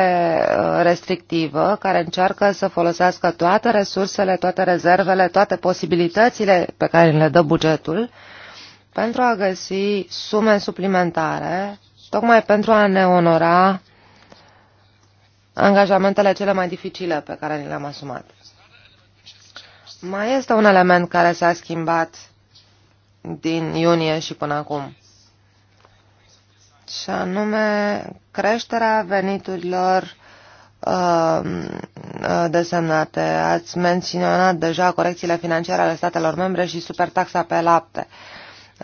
C: uh, restrictivă, care încearcă să folosească toate resursele, toate rezervele, toate posibilitățile pe care le dă bugetul pentru a găsi sume suplimentare, tocmai pentru a ne onora angajamentele cele mai dificile pe care ni le-am asumat. Mai este un element care s-a schimbat din iunie și până acum, și anume creșterea veniturilor uh, uh, desemnate. Ați menționat deja corecțiile financiare ale statelor membre și supertaxa pe lapte. Uh,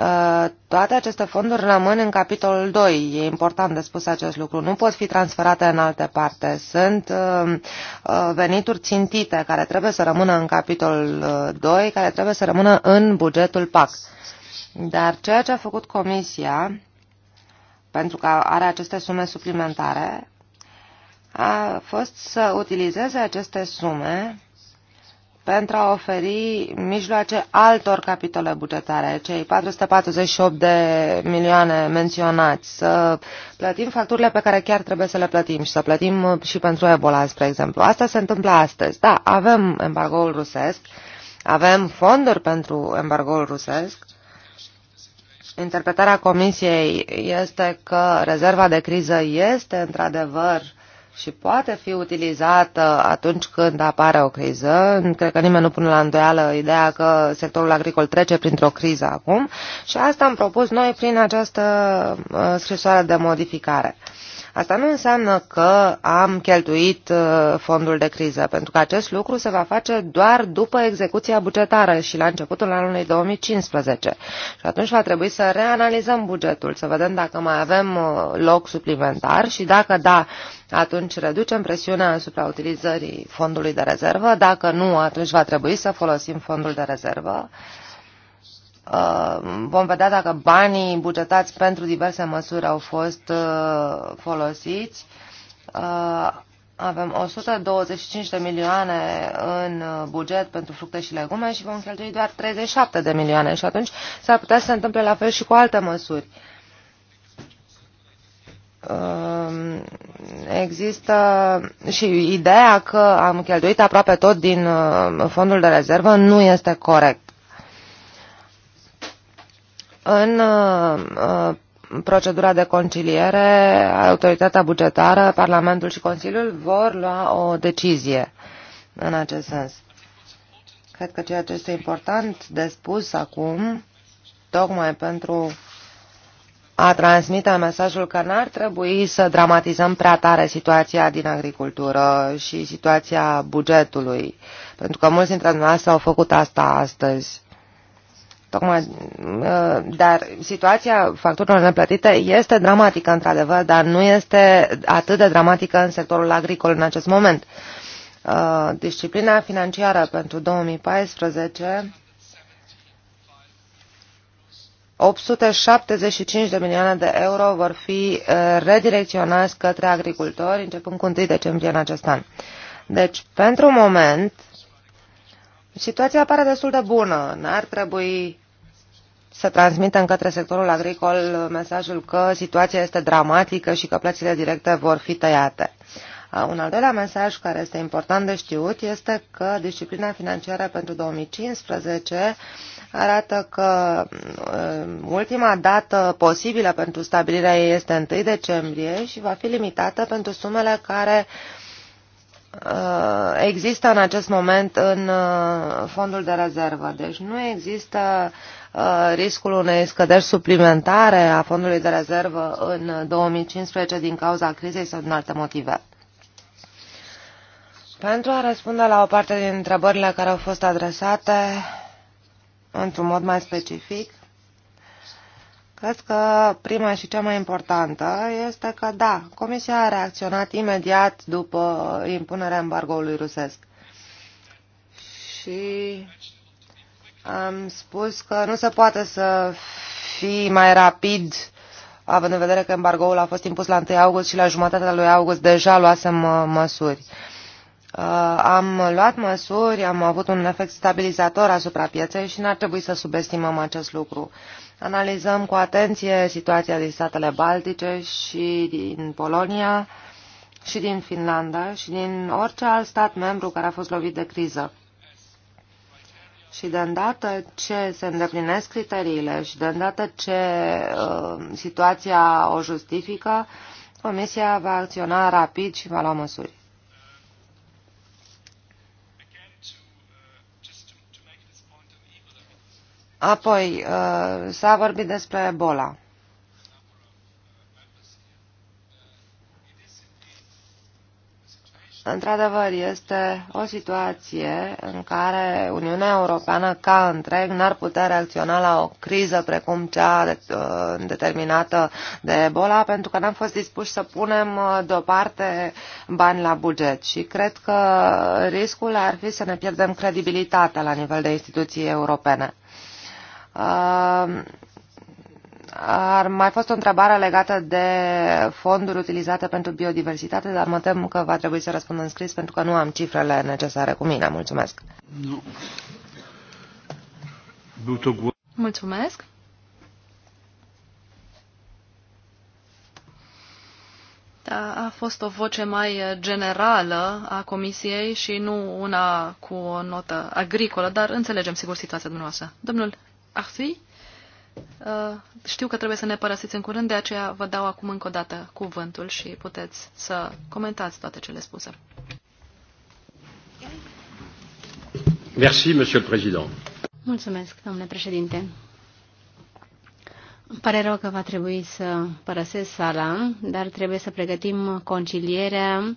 C: Uh, toate aceste fonduri rămân în capitolul 2. E important de spus acest lucru. Nu pot fi transferate în alte parte. Sunt uh, uh, venituri țintite care trebuie să rămână în capitolul 2, care trebuie să rămână în bugetul PAC. Dar ceea ce a făcut Comisia, pentru că are aceste sume suplimentare, a fost să utilizeze aceste sume pentru a oferi mijloace altor capitole bugetare, cei 448 de milioane menționați, să plătim facturile pe care chiar trebuie să le plătim și să plătim și pentru Ebola, spre exemplu. Asta se întâmplă astăzi. Da, avem embargoul rusesc, avem fonduri pentru embargoul rusesc, interpretarea Comisiei este că rezerva de criză este într-adevăr și poate fi utilizată atunci când apare o criză. Cred că nimeni nu pune la îndoială ideea că sectorul agricol trece printr-o criză acum și asta am propus noi prin această uh, scrisoare de modificare. Asta nu înseamnă că am cheltuit uh, fondul de criză, pentru că acest lucru se va face doar după execuția bugetară și la începutul anului 2015. Și atunci va trebui să reanalizăm bugetul, să vedem dacă mai avem uh, loc suplimentar și dacă da, atunci reducem presiunea asupra utilizării fondului de rezervă, dacă nu, atunci va trebui să folosim fondul de rezervă Uh, vom vedea dacă banii bugetați pentru diverse măsuri au fost uh, folosiți. Uh, avem 125 de milioane în buget pentru fructe și legume și vom cheltui doar 37 de milioane și atunci s-ar putea să se întâmple la fel și cu alte măsuri. Există și ideea că am cheltuit aproape tot din fondul de rezervă nu este corect în uh, uh, procedura de conciliere, autoritatea bugetară, Parlamentul și Consiliul vor lua o decizie în acest sens. Cred că ceea ce este important de spus acum, tocmai pentru a transmite mesajul că n-ar trebui să dramatizăm prea tare situația din agricultură și situația bugetului, pentru că mulți dintre noi au făcut asta astăzi. Tocmai, uh, dar situația facturilor neplătite este dramatică, într-adevăr, dar nu este atât de dramatică în sectorul agricol în acest moment. Uh, disciplina financiară pentru 2014 875 de milioane de euro vor fi uh, redirecționați către agricultori începând cu 1 decembrie în acest an. Deci, pentru moment, situația pare destul de bună. N-ar trebui să transmitem către sectorul agricol mesajul că situația este dramatică și că plățile directe vor fi tăiate. Un al doilea mesaj care este important de știut este că disciplina financiară pentru 2015 arată că um, ultima dată posibilă pentru stabilirea ei este 1 decembrie și va fi limitată pentru sumele care uh, există în acest moment în uh, fondul de rezervă. Deci nu există Uh, riscul unei scăderi suplimentare a fondului de rezervă în 2015 din cauza crizei sau din alte motive. Pentru a răspunde la o parte din întrebările care au fost adresate într-un mod mai specific, cred că prima și cea mai importantă este că, da, Comisia a reacționat imediat după impunerea embargoului rusesc. Și am spus că nu se poate să fii mai rapid, având în vedere că embargoul a fost impus la 1 august și la jumătatea lui august deja luasem uh, măsuri. Uh, am luat măsuri, am avut un efect stabilizator asupra pieței și n-ar trebui să subestimăm acest lucru. Analizăm cu atenție situația din statele Baltice și din Polonia și din Finlanda și din orice alt stat membru care a fost lovit de criză. Și de îndată ce se îndeplinesc criteriile și de îndată ce uh, situația o justifică, Comisia va acționa rapid și va lua măsuri. Apoi, uh, s-a vorbit despre Ebola. Într-adevăr, este o situație în care Uniunea Europeană ca întreg n-ar putea reacționa la o criză precum cea uh, determinată de Ebola, pentru că n-am fost dispuși să punem uh, deoparte bani la buget. Și cred că riscul ar fi să ne pierdem credibilitatea la nivel de instituții europene. Uh, ar mai fost o întrebare legată de fonduri utilizate pentru biodiversitate, dar mă tem că va trebui să răspund în scris pentru că nu am cifrele necesare cu mine. Mulțumesc. Nu.
B: Mulțumesc. Da, a fost o voce mai generală a Comisiei și nu una cu o notă agricolă, dar înțelegem sigur situația dumneavoastră. Domnul Arsui? Uh, știu că trebuie să ne părăsiți în curând, de aceea vă dau acum încă o dată cuvântul și puteți să comentați toate cele spuse.
D: Merci, Monsieur le Président.
E: Mulțumesc, domnule președinte. Îmi pare rău că va trebui să părăsesc sala, dar trebuie să pregătim concilierea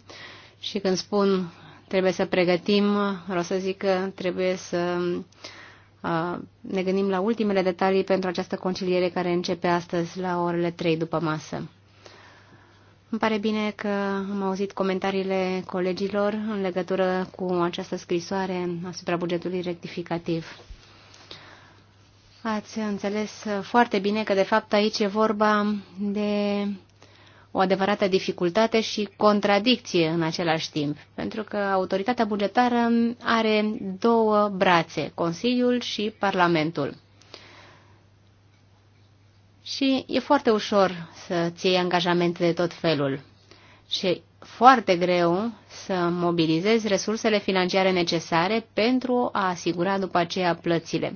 E: și când spun trebuie să pregătim, vreau să zic că trebuie să uh, ne gândim la ultimele detalii pentru această conciliere care începe astăzi la orele 3 după masă. Îmi pare bine că am auzit comentariile colegilor în legătură cu această scrisoare asupra bugetului rectificativ. Ați înțeles foarte bine că, de fapt, aici e vorba de o adevărată dificultate și contradicție în același timp, pentru că autoritatea bugetară are două brațe, Consiliul și Parlamentul. Și e foarte ușor să ții angajamente de tot felul. Și foarte greu să mobilizezi resursele financiare necesare pentru a asigura după aceea plățile.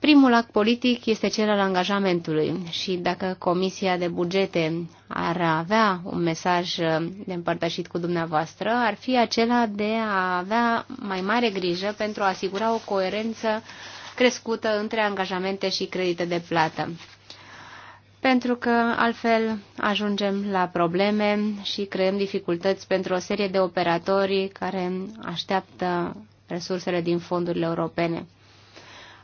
E: Primul act politic este cel al angajamentului și dacă Comisia de Bugete ar avea un mesaj uh, de împărtășit cu dumneavoastră, ar fi acela de a avea mai mare grijă pentru a asigura o coerență crescută între angajamente și credite de plată. Pentru că altfel ajungem la probleme și creăm dificultăți pentru o serie de operatori care așteaptă resursele din fondurile europene.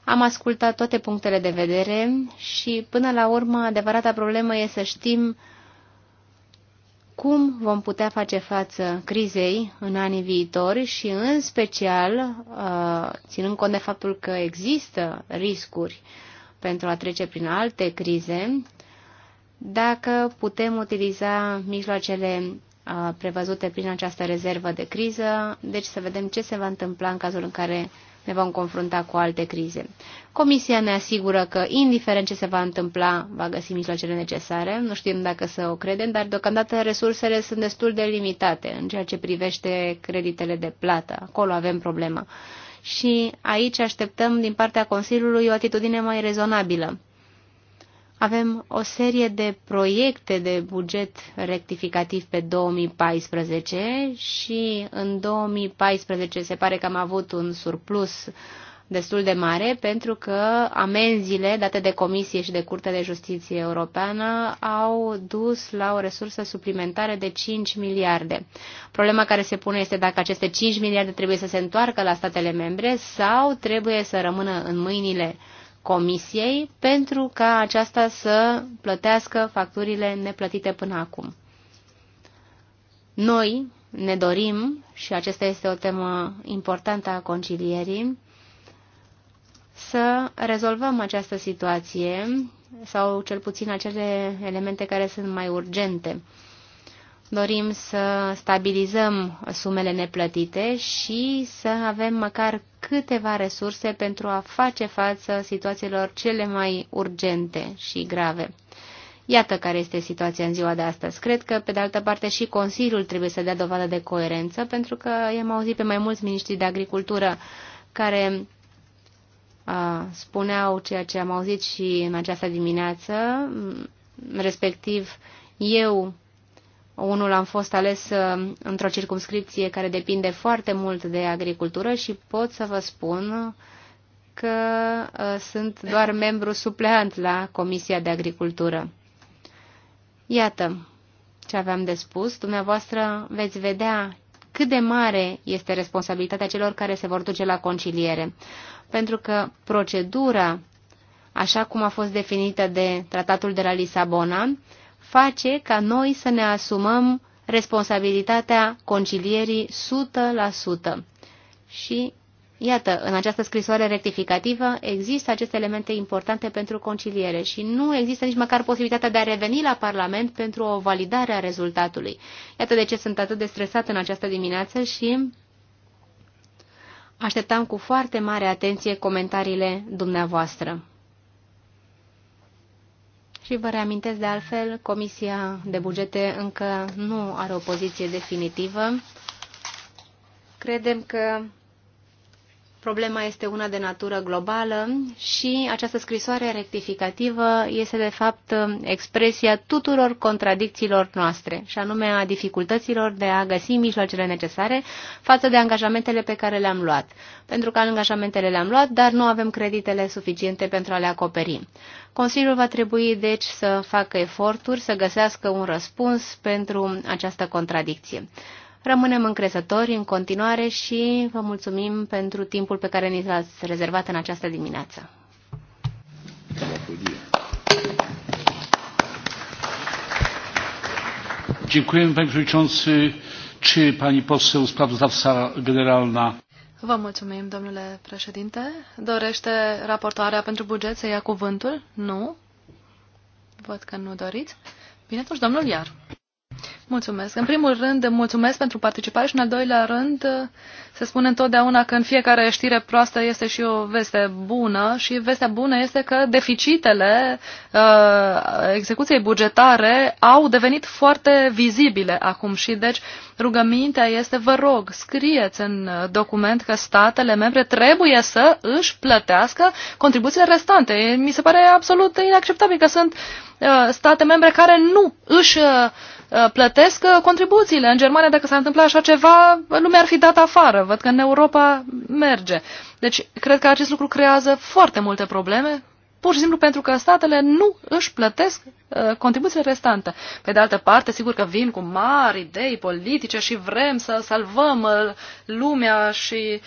E: Am ascultat toate punctele de vedere și, până la urmă, adevărata problemă e să știm cum vom putea face față crizei în anii viitori și, în special, uh, ținând cont de faptul că există riscuri pentru a trece prin alte crize, dacă putem utiliza mijloacele uh, prevăzute prin această rezervă de criză, deci să vedem ce se va întâmpla în cazul în care ne vom confrunta cu alte crize. Comisia ne asigură că, indiferent ce se va întâmpla, va găsi mijloacele necesare. Nu știm dacă să o credem, dar deocamdată resursele sunt destul de limitate în ceea ce privește creditele de plată. Acolo avem problema. Și aici așteptăm din partea Consiliului o atitudine mai rezonabilă. Avem o serie de proiecte de buget rectificativ pe 2014 și în 2014 se pare că am avut un surplus destul de mare pentru că amenziile date de Comisie și de Curtea de Justiție Europeană au dus la o resursă suplimentară de 5 miliarde. Problema care se pune este dacă aceste 5 miliarde trebuie să se întoarcă la statele membre sau trebuie să rămână în mâinile Comisiei pentru ca aceasta să plătească facturile neplătite până acum. Noi ne dorim, și acesta este o temă importantă a concilierii, să rezolvăm această situație sau cel puțin acele elemente care sunt mai urgente dorim să stabilizăm sumele neplătite și să avem măcar câteva resurse pentru a face față situațiilor cele mai urgente și grave. Iată care este situația în ziua de astăzi. Cred că, pe de altă parte, și Consiliul trebuie să dea dovadă de coerență, pentru că i-am auzit pe mai mulți miniștri de agricultură care a, spuneau ceea ce am auzit și în această dimineață, respectiv eu unul am fost ales uh, într-o circumscripție care depinde foarte mult de agricultură și pot să vă spun că uh, sunt doar membru supleant la Comisia de Agricultură. Iată ce aveam de spus. Dumneavoastră veți vedea cât de mare este responsabilitatea celor care se vor duce la conciliere. Pentru că procedura, așa cum a fost definită de Tratatul de la Lisabona, face ca noi să ne asumăm responsabilitatea concilierii 100%. Și Iată, în această scrisoare rectificativă există aceste elemente importante pentru conciliere și nu există nici măcar posibilitatea de a reveni la Parlament pentru o validare a rezultatului. Iată de ce sunt atât de stresat în această dimineață și așteptam cu foarte mare atenție comentariile dumneavoastră. Și vă reamintesc de altfel, Comisia de Bugete încă nu are o poziție definitivă. Credem că Problema este una de natură globală și această scrisoare rectificativă este de fapt expresia tuturor contradicțiilor noastre, și anume a dificultăților de a găsi mijloacele necesare față de angajamentele pe care le-am luat. Pentru că angajamentele le-am luat, dar nu avem creditele suficiente pentru a le acoperi. Consiliul va trebui, deci, să facă eforturi să găsească un răspuns pentru această contradicție. Rămânem încrezători în continuare și vă mulțumim pentru timpul pe care ni l-ați rezervat în această dimineață.
B: Vă mulțumim, domnule președinte. Dorește raportoarea pentru buget să ia cuvântul? Nu? Văd că nu doriți. Bine, atunci, domnul Iar. Mulțumesc. În primul rând, mulțumesc pentru participare și în al doilea rând, se spune întotdeauna că în fiecare știre proastă este și o veste bună și vestea bună este că deficitele uh, execuției bugetare au devenit foarte vizibile acum și deci rugămintea este, vă rog, scrieți în document că statele membre trebuie să își plătească contribuțiile restante. Mi se pare absolut inacceptabil că sunt uh, state membre care nu își uh, Uh, plătesc uh, contribuțiile. În Germania, dacă s ar întâmpla așa ceva, lumea ar fi dat afară. Văd că în Europa merge. Deci, cred că acest lucru creează foarte multe probleme, pur și simplu pentru că statele nu își plătesc uh, contribuțiile restante. Pe de altă parte, sigur că vin cu mari idei politice și vrem să salvăm lumea și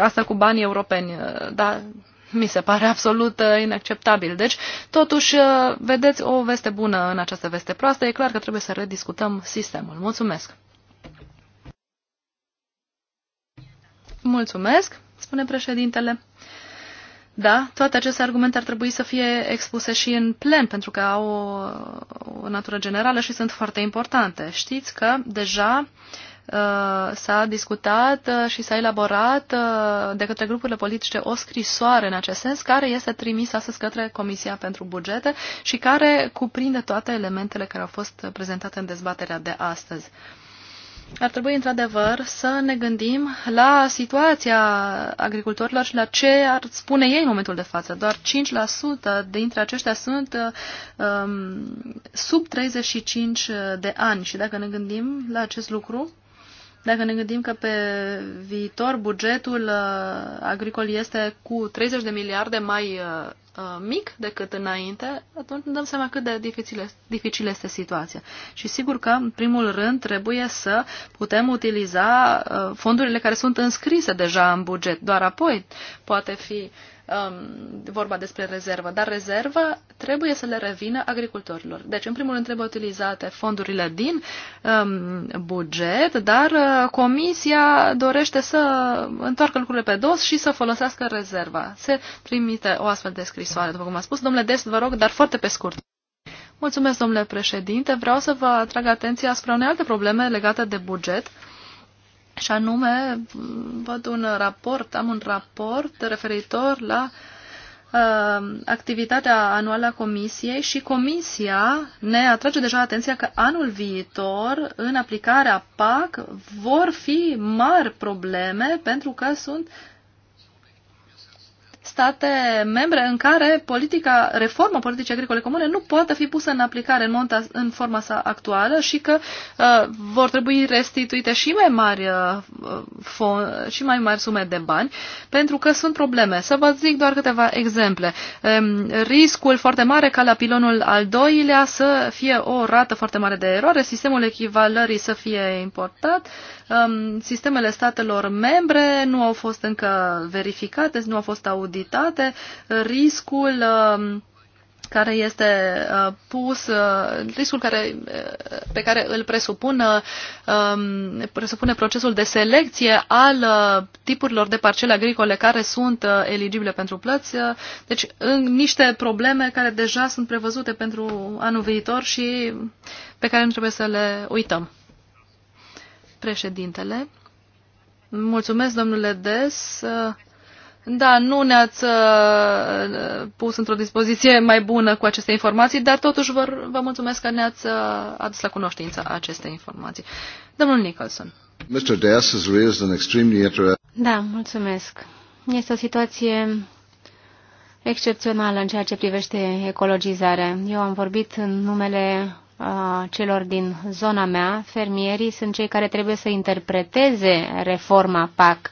B: asta cu banii europeni. Dar mi se pare absolut uh, inacceptabil. Deci, totuși, uh, vedeți o veste bună în această veste proastă. E clar că trebuie să rediscutăm sistemul. Mulțumesc! Mulțumesc, spune președintele. Da, toate aceste argumente ar trebui să fie expuse și în plen, pentru că au o, uh, o natură generală și sunt foarte importante. Știți că deja uh, Uh, s-a discutat uh, și s-a elaborat uh, de către grupurile politice o scrisoare în acest sens, care este trimisă astăzi către Comisia pentru Bugete și care cuprinde toate elementele care au fost prezentate în dezbaterea de astăzi. Ar trebui, într-adevăr, să ne gândim la situația agricultorilor și la ce ar spune ei în momentul de față. Doar 5% dintre aceștia sunt um, sub 35 de ani și dacă ne gândim la acest lucru, dacă ne gândim că pe viitor bugetul uh, agricol este cu 30 de miliarde mai uh, uh, mic decât înainte, atunci ne dăm seama cât de dificilă dificil este situația. Și sigur că, în primul rând, trebuie să putem utiliza fondurile care sunt înscrise deja în buget. Doar apoi poate fi uh, um, vorba despre rezervă, dar rezerva trebuie să le revină agricultorilor. Deci, în primul rând, trebuie utilizate fondurile din um, buget, dar uh, comisia dorește să întoarcă lucrurile pe dos și să folosească rezerva. Se trimite o astfel de scrisoare, după cum am spus. Domnule Des, vă rog, dar foarte pe scurt. Mulțumesc, domnule președinte. Vreau să vă atrag atenția asupra unei alte probleme legate de buget. Și anume, văd un raport, am un raport referitor la uh, activitatea anuală a Comisiei și Comisia ne atrage deja atenția că anul viitor, în aplicarea PAC, vor fi mari probleme pentru că sunt state membre în care politica, reforma politicii agricole comune nu poate fi pusă în aplicare în, monta, în forma sa actuală și că uh, vor trebui restituite și mai, mari, uh, fond, și mai mari sume de bani, pentru că sunt probleme. Să vă zic doar câteva exemple. Um, riscul foarte mare ca la pilonul al doilea să fie o rată foarte mare de eroare, sistemul echivalării să fie importat, uh, sistemele statelor membre nu au fost încă verificate, nu au fost auditate, riscul care este pus, riscul care, pe care îl presupune, presupune procesul de selecție al tipurilor de parcele agricole care sunt eligibile pentru plăți. Deci în niște probleme care deja sunt prevăzute pentru anul viitor și pe care nu trebuie să le uităm. Președintele, mulțumesc, domnule Des. Da, nu ne-ați uh, pus într-o dispoziție mai bună cu aceste informații, dar totuși vă, vă mulțumesc că ne-ați uh, adus la cunoștință aceste informații. Domnul Nicholson.
C: Mr. Des has raised an extremely interesting...
E: Da, mulțumesc. Este o situație excepțională în ceea ce privește ecologizarea. Eu am vorbit în numele celor din zona mea, fermierii, sunt cei care trebuie să interpreteze reforma PAC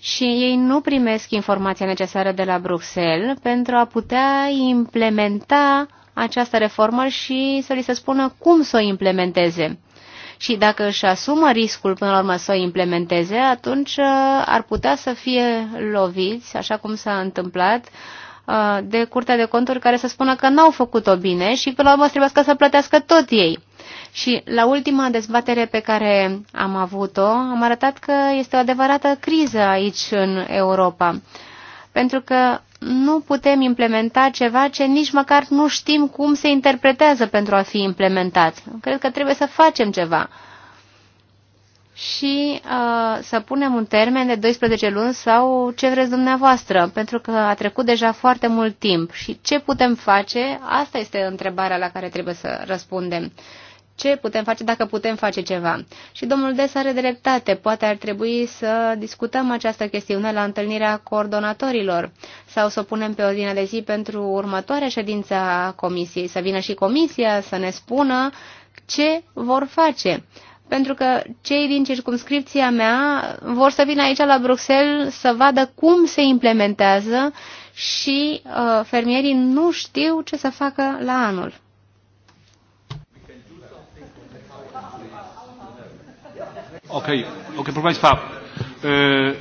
E: și ei nu primesc informația necesară de la Bruxelles pentru a putea implementa această reformă și să li se spună cum să o implementeze. Și dacă își asumă riscul până la urmă să o implementeze, atunci ar putea să fie loviți, așa cum s-a întâmplat uh, Uh, de Curtea de Conturi care să spună că n-au făcut-o bine și că la urmă trebuie să plătească tot ei. Și la ultima dezbatere pe care am avut-o, am arătat că este o adevărată criză aici în Europa. Pentru că nu putem implementa ceva ce nici măcar nu știm cum se interpretează pentru a fi implementat. Cred că trebuie să facem ceva și uh, să punem un termen de 12 luni sau ce vreți dumneavoastră, pentru că a trecut deja foarte mult timp. Și ce putem face? Asta este întrebarea la care trebuie să răspundem. Ce putem face dacă putem face ceva? Și domnul Des are dreptate. Poate ar trebui să discutăm această chestiune la întâlnirea coordonatorilor sau să o punem pe ordinea de zi pentru următoarea ședință a comisiei. Să vină și comisia să ne spună ce vor face pentru că cei din circumscripția mea vor să vină aici la Bruxelles să vadă cum se implementează și uh, fermierii nu știu ce să facă la anul.
A: Ok, ok, proszę Państwa, e,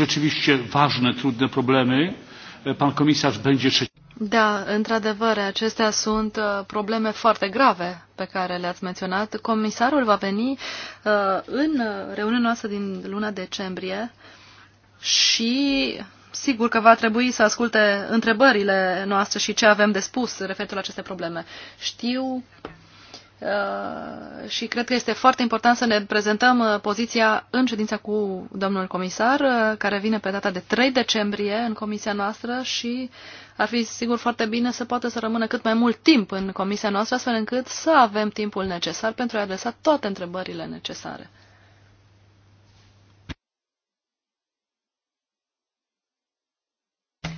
A: rzeczywiście ważne, trudne problemy. Pan komisarz będzie trzeci.
B: Da, într-adevăr, acestea sunt uh, probleme foarte grave pe care le-ați menționat. Comisarul va veni uh, în uh, reuniunea noastră din luna decembrie și sigur că va trebui să asculte întrebările noastre și ce avem de spus referitor la aceste probleme. Știu și cred că este foarte important să ne prezentăm poziția în ședința cu domnul comisar, care vine pe data de 3 decembrie în comisia noastră și uh, ar fi sigur foarte bine să poată să rămână cât mai mult timp în comisia noastră, astfel încât să avem timpul necesar pentru a adresa toate întrebările necesare.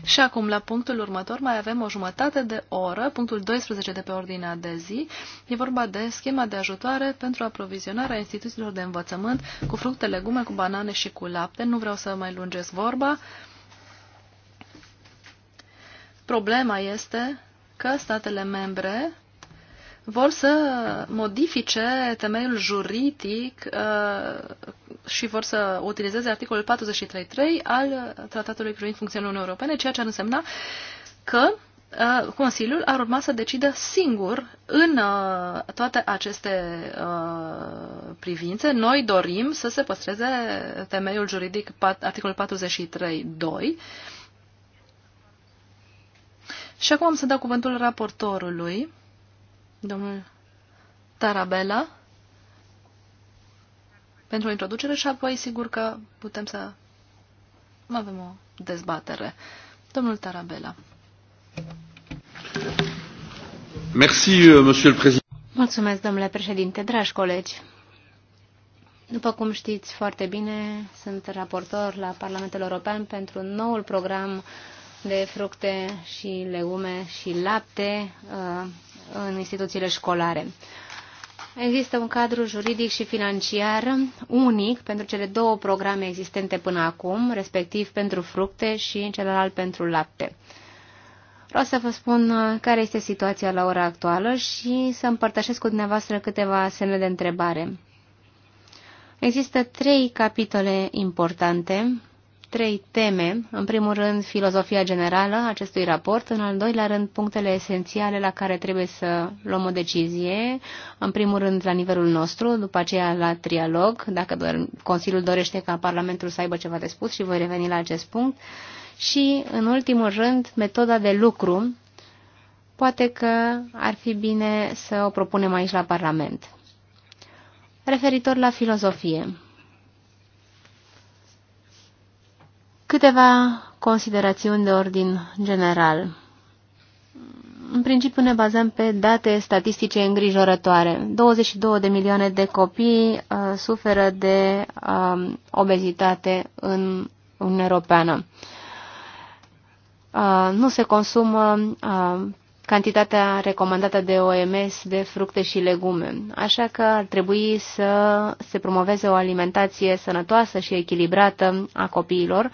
B: Și acum, la punctul următor, mai avem o jumătate de oră, punctul 12 de pe ordinea de zi. E vorba de schema de ajutoare pentru aprovizionarea instituțiilor de învățământ cu fructe, legume, cu banane și cu lapte. Nu vreau să mai lungesc vorba. Problema este că statele membre vor să modifice temeiul juridic uh, și vor să utilizeze articolul 43.3 al Tratatului privind funcțiunea Uniunii Europene, ceea ce ar însemna că uh, Consiliul ar urma să decidă singur în uh, toate aceste privințe. Noi dorim să se păstreze temeiul juridic articolul 43.2 și acum am să dau cuvântul raportorului, domnul Tarabella, pentru o introducere și apoi sigur că putem să avem o dezbatere.
E: Domnul Tarabella. Merci, euh, monsieur le président. Mulțumesc, domnule președinte, dragi colegi. După cum știți foarte bine, sunt raportor la Parlamentul European pentru noul program uh, de fructe și legume și lapte uh, în instituțiile școlare. Există un cadru juridic și financiar unic pentru cele două programe existente până acum, respectiv pentru fructe și celălalt pentru lapte. Vreau să vă spun uh, care este situația la ora actuală și să împărtășesc cu dumneavoastră câteva semne de întrebare. Există trei capitole importante trei teme. În primul rând, filozofia generală a acestui raport, în al doilea rând, punctele esențiale la care trebuie să luăm o decizie, în primul rând la nivelul nostru, după aceea la trialog, dacă Consiliul dorește ca Parlamentul să aibă ceva de spus și voi reveni la acest punct, și, în ultimul rând, metoda de lucru. Poate că ar fi bine să o propunem aici la Parlament. Referitor la filozofie. Câteva considerațiuni de ordin general. În principiu ne bazăm pe date statistice îngrijorătoare. 22 de milioane de copii uh, suferă de uh, obezitate în Uniunea Europeană. Uh, nu se consumă uh, cantitatea recomandată de OMS de fructe și legume. Așa că ar trebui să se promoveze o alimentație sănătoasă și echilibrată a copiilor,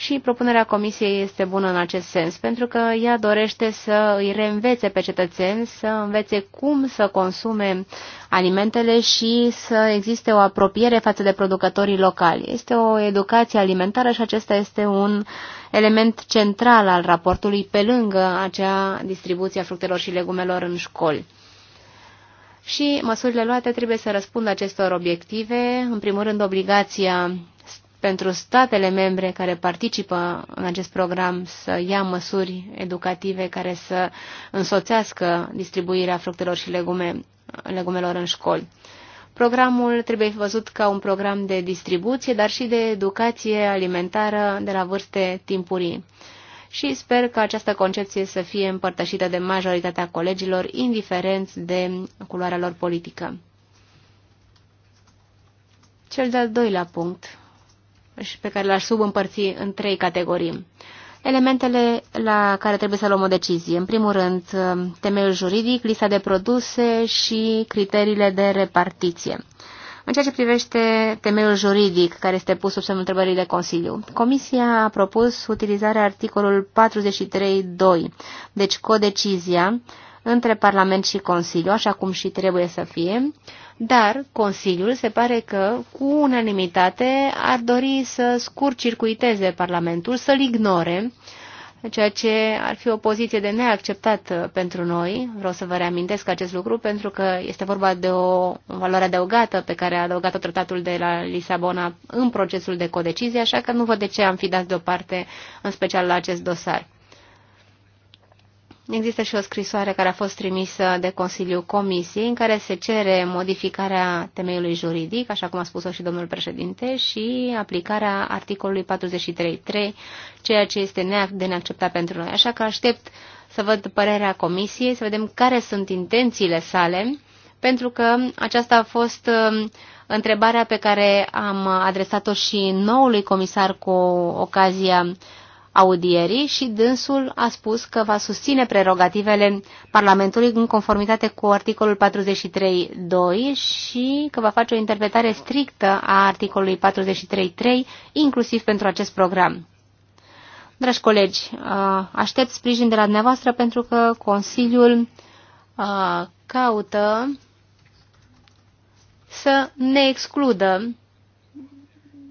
E: și propunerea comisiei este bună în acest sens, pentru că ea dorește să îi reînvețe pe cetățeni, să învețe cum să consume alimentele și să existe o apropiere față de producătorii locali. Este o educație alimentară și acesta este un element central al raportului pe lângă acea distribuție a fructelor și legumelor în școli și măsurile luate trebuie să răspundă acestor obiective, în primul rând obligația pentru statele membre care participă în acest program să ia măsuri educative care să însoțească distribuirea fructelor și legume, legumelor în școli. Programul trebuie văzut ca un program de distribuție, dar și de educație alimentară de la vârste timpurii. Și sper că această concepție să fie împărtășită de majoritatea colegilor, indiferent de culoarea lor politică. Cel de-al doilea punct și pe care le aș subîmpărți în trei categorii. Elementele la care trebuie să luăm o decizie. În primul rând, temeiul juridic, lista de produse și criteriile de repartiție. În ceea ce privește temeiul juridic care este pus sub semnul întrebării de Consiliu, Comisia a propus utilizarea articolul 43.2, deci codecizia, între Parlament și Consiliu, așa cum și trebuie să fie, dar Consiliul se pare că, cu unanimitate, ar dori să scurcircuiteze Parlamentul, să-l ignore, ceea ce ar fi o poziție de neacceptat uh, pentru noi. Vreau să vă reamintesc acest lucru pentru că este vorba de o valoare adăugată pe care a adăugat-o tratatul de la Lisabona în procesul de codecizie, așa că nu văd de ce am fi dat deoparte în special la acest dosar. Există și o scrisoare care a fost trimisă de Consiliul Comisiei în care se cere modificarea temeiului juridic, așa cum a spus-o și domnul președinte, și aplicarea articolului 43.3, ceea ce este de neacceptat pentru noi. Așa că aștept să văd părerea Comisiei, să vedem care sunt intențiile sale, pentru că aceasta a fost um, întrebarea pe care am adresat-o și noului comisar cu ocazia audierii și dânsul a spus că va susține prerogativele Parlamentului în conformitate cu articolul 43.2 și că va face o interpretare strictă a articolului 43.3, inclusiv pentru acest program. Dragi colegi, uh, aștept sprijin de la dumneavoastră pentru că Consiliul uh, caută să ne excludă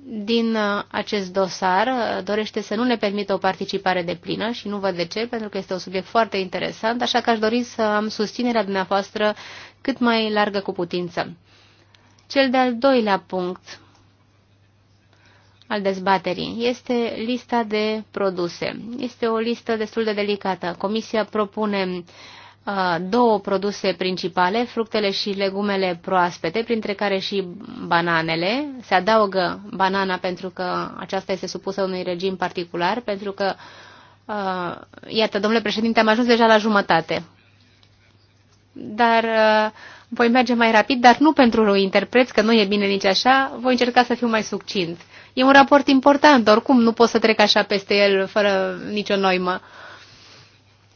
E: din uh, acest dosar uh, dorește să nu ne permită o participare de plină și nu văd de ce, pentru că este un subiect foarte interesant, așa că aș dori să am susținerea dumneavoastră cât mai largă cu putință. Cel de-al doilea punct al dezbaterii este lista de produse. Este o listă destul de delicată. Comisia propune uh, două produse principale, fructele și legumele proaspete, printre care și bananele. Se adaugă banana pentru că aceasta este supusă unui regim particular, pentru că, uh, iată, domnule președinte, am ajuns deja la jumătate. Dar uh, voi merge mai rapid, dar nu pentru interpreț, că nu e bine nici așa, voi încerca să fiu mai succint. E un raport important, oricum nu pot să trec așa peste el fără nicio noimă. Uh,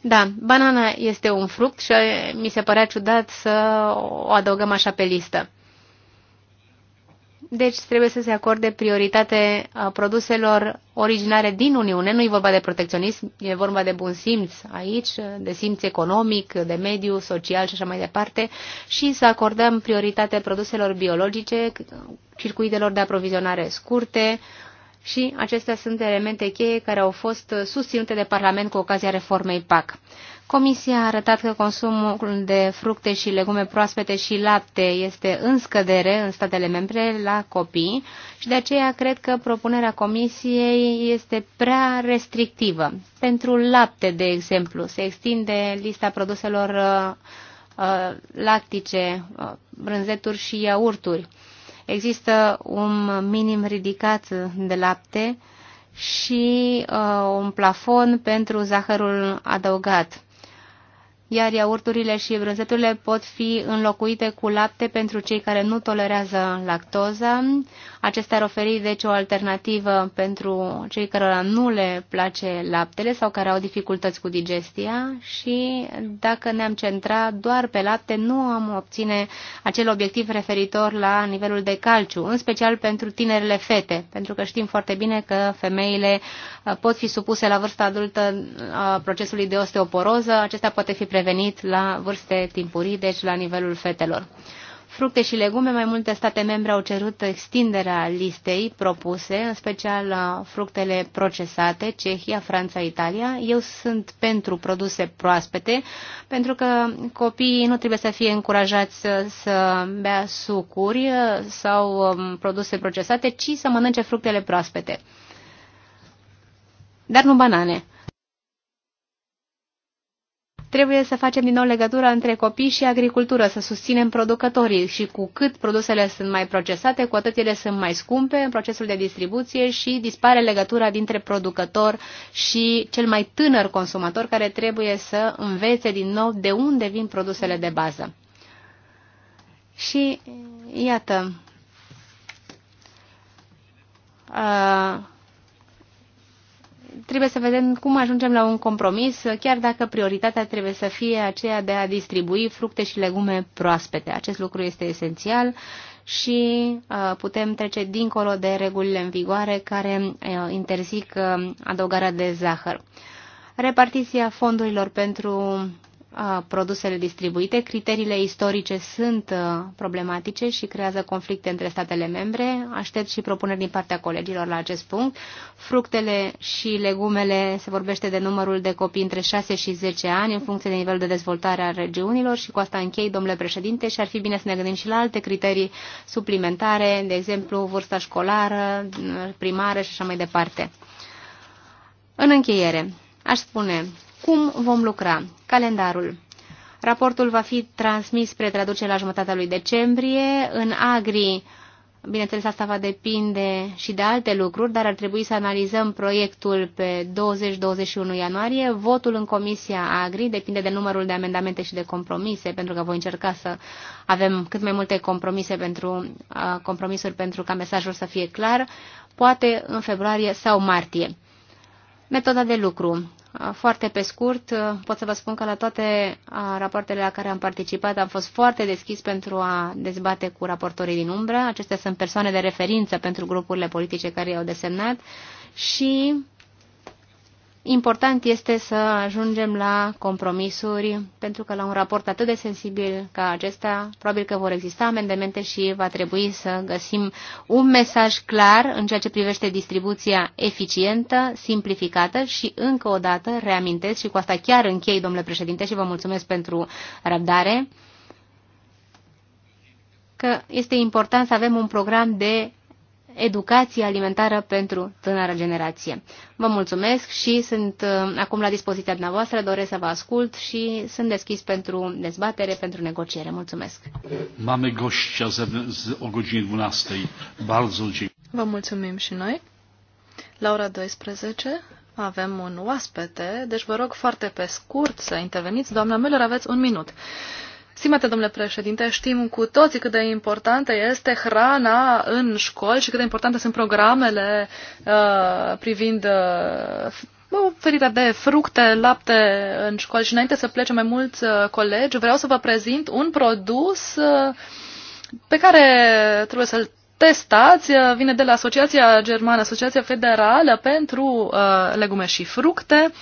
E: da, banana este un fruct și mi se părea ciudat să o adăugăm așa pe listă. Deci trebuie să se acorde prioritate a uh, produselor originare din Uniune. Nu e vorba de protecționism, e vorba de bun simț aici, de simț economic, de mediu, social și așa mai departe. Și să acordăm prioritate produselor biologice, circuitelor de aprovizionare scurte, uh, și acestea sunt elemente cheie care au fost susținute de Parlament cu ocazia reformei PAC. Comisia a arătat că consumul de fructe și legume proaspete și lapte este în scădere în statele membre la copii și de aceea cred că propunerea Comisiei este prea restrictivă. Pentru lapte, de exemplu, se extinde lista produselor uh, uh lactice, uh, brânzeturi și iaurturi. Uh, Există un minim ridicat de lapte și uh, un plafon pentru zahărul adăugat iar iaurturile și brânzeturile pot fi înlocuite cu lapte pentru cei care nu tolerează lactoza. Acestea ar oferi deci o alternativă pentru cei care nu le place laptele sau care au dificultăți cu digestia și dacă ne-am centra doar pe lapte, nu am obține acel obiectiv referitor la nivelul de calciu, în special pentru tinerele fete, pentru că știm foarte bine că femeile uh, pot fi supuse la vârsta adultă a uh, procesului de osteoporoză, acesta poate fi prevenit la vârste timpurii, deci la nivelul fetelor. Fructe și legume, mai multe state membre au cerut extinderea listei propuse, în special uh, fructele procesate, Cehia, Franța, Italia. Eu sunt pentru produse proaspete, pentru că copiii nu trebuie să fie încurajați să bea sucuri uh, sau um, produse procesate, ci să mănânce fructele proaspete. Dar nu banane. Trebuie să facem din nou legătura între copii și agricultură, să susținem producătorii și cu cât produsele sunt mai procesate, cu atât ele sunt mai scumpe în procesul de distribuție și dispare legătura dintre producător și cel mai tânăr consumator care trebuie să învețe din nou de unde vin produsele de bază. Și iată, trebuie să vedem cum ajungem la un compromis, chiar dacă prioritatea trebuie să fie aceea de a distribui fructe și legume proaspete. Acest lucru este esențial și uh, putem trece dincolo de regulile în vigoare care uh, interzic uh, adăugarea de zahăr. Repartiția fondurilor pentru produsele distribuite. Criteriile istorice sunt uh, problematice și creează conflicte între statele membre. Aștept și propuneri din partea colegilor la acest punct. Fructele și legumele se vorbește de numărul de copii între 6 și 10 ani în funcție de nivelul de dezvoltare a regiunilor și cu asta închei, domnule președinte, și ar fi bine să ne gândim și la alte criterii suplimentare, de exemplu vârsta școlară, primară și așa mai departe. În încheiere, aș spune cum vom lucra? Calendarul. Raportul va fi transmis spre traducere la jumătatea lui decembrie. În Agri, bineînțeles, asta va depinde și de alte lucruri, dar ar trebui să analizăm proiectul pe 20-21 ianuarie. Votul în Comisia Agri depinde de numărul de amendamente și de compromise, pentru că voi încerca să avem cât mai multe compromise pentru, compromisuri pentru ca mesajul să fie clar, poate în februarie sau martie. Metoda de lucru. Foarte pe scurt, pot să vă spun că la toate rapoartele la care am participat am fost foarte deschis pentru a dezbate cu raportorii din umbră. Acestea sunt persoane de referință pentru grupurile politice care i-au desemnat și Important este să ajungem la compromisuri, pentru că la un raport atât de sensibil ca acesta, probabil că vor exista amendamente și va trebui să găsim un mesaj clar în ceea ce privește distribuția eficientă, simplificată și încă o dată reamintesc și cu asta chiar închei, domnule președinte, și vă mulțumesc pentru răbdare, că este important să avem un program de educație alimentară pentru tânăra generație. Vă mulțumesc și sunt uh, acum la dispoziția dumneavoastră, doresc să vă ascult și sunt deschis pentru dezbatere, pentru negociere. Mulțumesc!
A: Mamy gościa z, o 12.
B: Vă mulțumim și noi. La ora 12 avem un oaspete, deci vă rog foarte pe scurt să interveniți. Doamna Müller, aveți un minut. Stimate domnule președinte, știm cu toții cât de importantă este hrana în școli și cât de importante sunt programele uh, privind uh, oferirea de fructe, lapte în școli. Și înainte să plece mai mulți uh, colegi, vreau să vă prezint un produs uh, pe care trebuie să-l testați. Uh, vine de la Asociația Germană, Asociația Federală pentru uh, Legume și Fructe. Uh,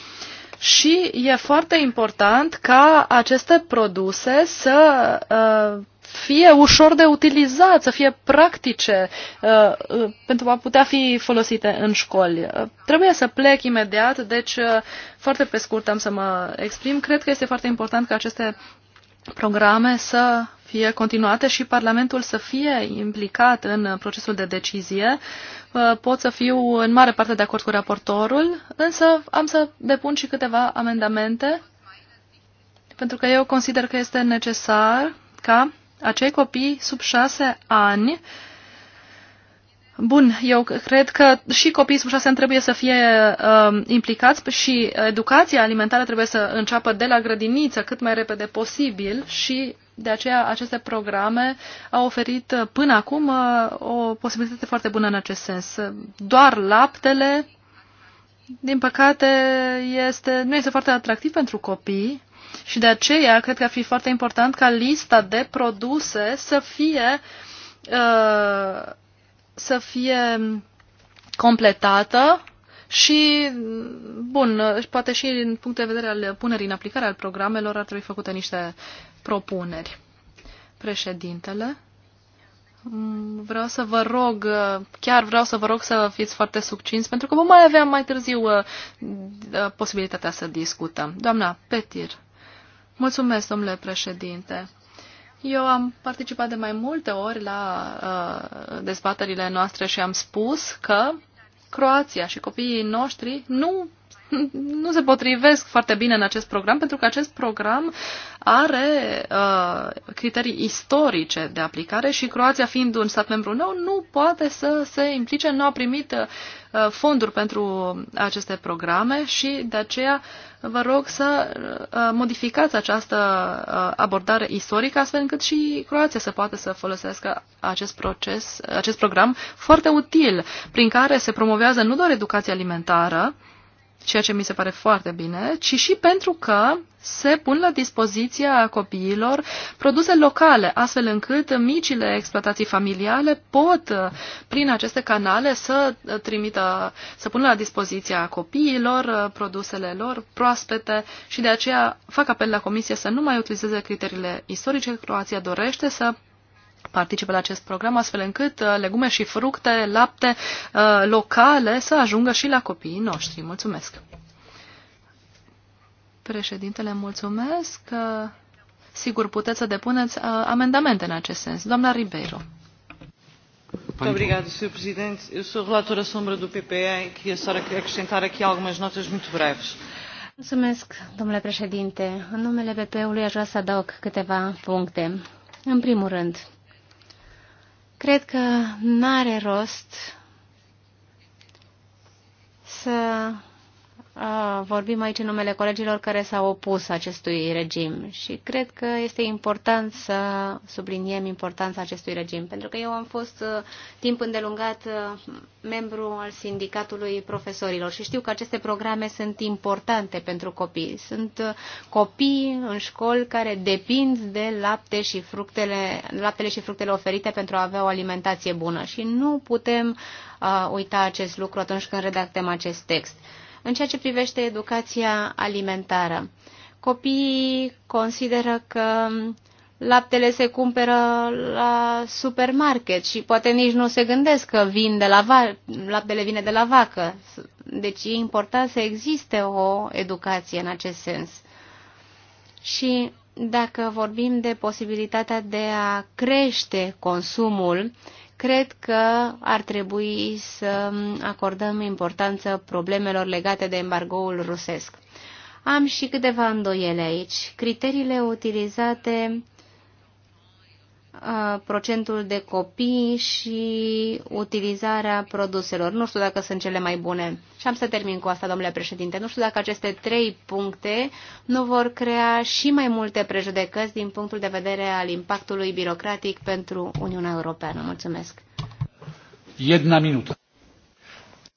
B: și e foarte important ca aceste produse să uh, fie ușor de utilizat, să fie practice uh, uh, pentru a putea fi folosite în școli. Uh, trebuie să plec imediat, deci uh, foarte pe scurt am să mă exprim. Cred că este foarte important ca aceste programe să fie continuate și Parlamentul să fie implicat în procesul de decizie. Uh, pot să fiu în mare parte de acord cu raportorul, însă am să depun și câteva amendamente, pentru că eu consider că este necesar ca acei copii sub șase ani uh, Bun, eu cred că și copiii sub șase ani trebuie să fie uh, implicați și educația alimentară trebuie să înceapă de la grădiniță cât mai repede posibil și de aceea aceste programe au oferit până acum uh, o posibilitate foarte bună în acest sens. Doar laptele, din păcate, este, nu este foarte atractiv pentru copii și de aceea cred că ar fi foarte important ca lista de produse să fie uh, să fie completată și, bun, poate și din punct de vedere al punerii în aplicare al programelor ar trebui făcute niște propuneri. Președintele, vreau să vă rog, chiar vreau să vă rog să fiți foarte succinți, pentru că vom mai avea mai târziu uh, uh, posibilitatea să discutăm. Doamna Petir, mulțumesc, domnule președinte. Eu am participat de mai multe ori la uh, dezbaterile noastre și am spus că Croația și copiii noștri nu nu se potrivesc foarte bine în acest program, pentru că acest program are uh, criterii istorice de aplicare și Croația, fiind un stat membru nou, nu poate să se implice, nu a primit uh, Uh, fonduri pentru aceste programe și de aceea vă rog să uh, modificați această uh, abordare istorică astfel încât și Croația să poată să folosească acest, proces, acest program foarte util prin care se promovează nu doar educația alimentară, ceea ce mi se pare foarte bine, ci și pentru că se pun la dispoziția copiilor produse locale, astfel încât micile exploatații familiale pot, uh, prin aceste canale, să uh, trimită, să pună la dispoziția copiilor uh, produsele lor proaspete și de aceea fac apel la Comisie să nu mai utilizeze criteriile istorice. Croația dorește să participe la acest program, astfel încât uh, legume și fructe, lapte uh, locale să ajungă și la copiii noștri. Mulțumesc! Președintele, mulțumesc! Uh, sigur, puteți să depuneți amendamente în acest sens. Doamna Ribeiro. Muito obrigada, Sr. Presidente. Eu sou relatora sombra do PPE e queria só acrescentar aqui algumas notas muito breves.
E: Mulțumesc, domnule președinte. În numele PP-ului aș vrea să adaug câteva puncte. În primul rând, Cred că n-are rost să vorbim aici în numele colegilor care s-au opus acestui regim și cred că este important să subliniem importanța acestui regim, pentru că eu am fost uh, timp îndelungat uh, membru al sindicatului profesorilor și știu că aceste programe sunt importante pentru copii. Sunt uh, copii în școli care depind de lapte și fructele, laptele și fructele oferite pentru a avea o alimentație bună și nu putem uh, uita acest lucru atunci când redactăm acest text. În ceea ce privește educația alimentară, copiii consideră că laptele se cumpără la supermarket și poate nici nu se gândesc că vin de la va- laptele vine de la vacă. Deci e important să existe o educație în acest sens. Și dacă vorbim de posibilitatea de a crește consumul, uh, cred că ar trebui să acordăm importanță problemelor legate de embargoul rusesc. Am și câteva îndoiele aici. Criteriile utilizate procentul de copii și utilizarea produselor. Nu știu dacă sunt cele mai bune. Și am să termin cu asta, domnule președinte. Nu știu dacă aceste trei puncte nu vor crea și mai multe prejudecăți din punctul de vedere al impactului birocratic pentru Uniunea Europeană. Mulțumesc.
A: Jedna minută.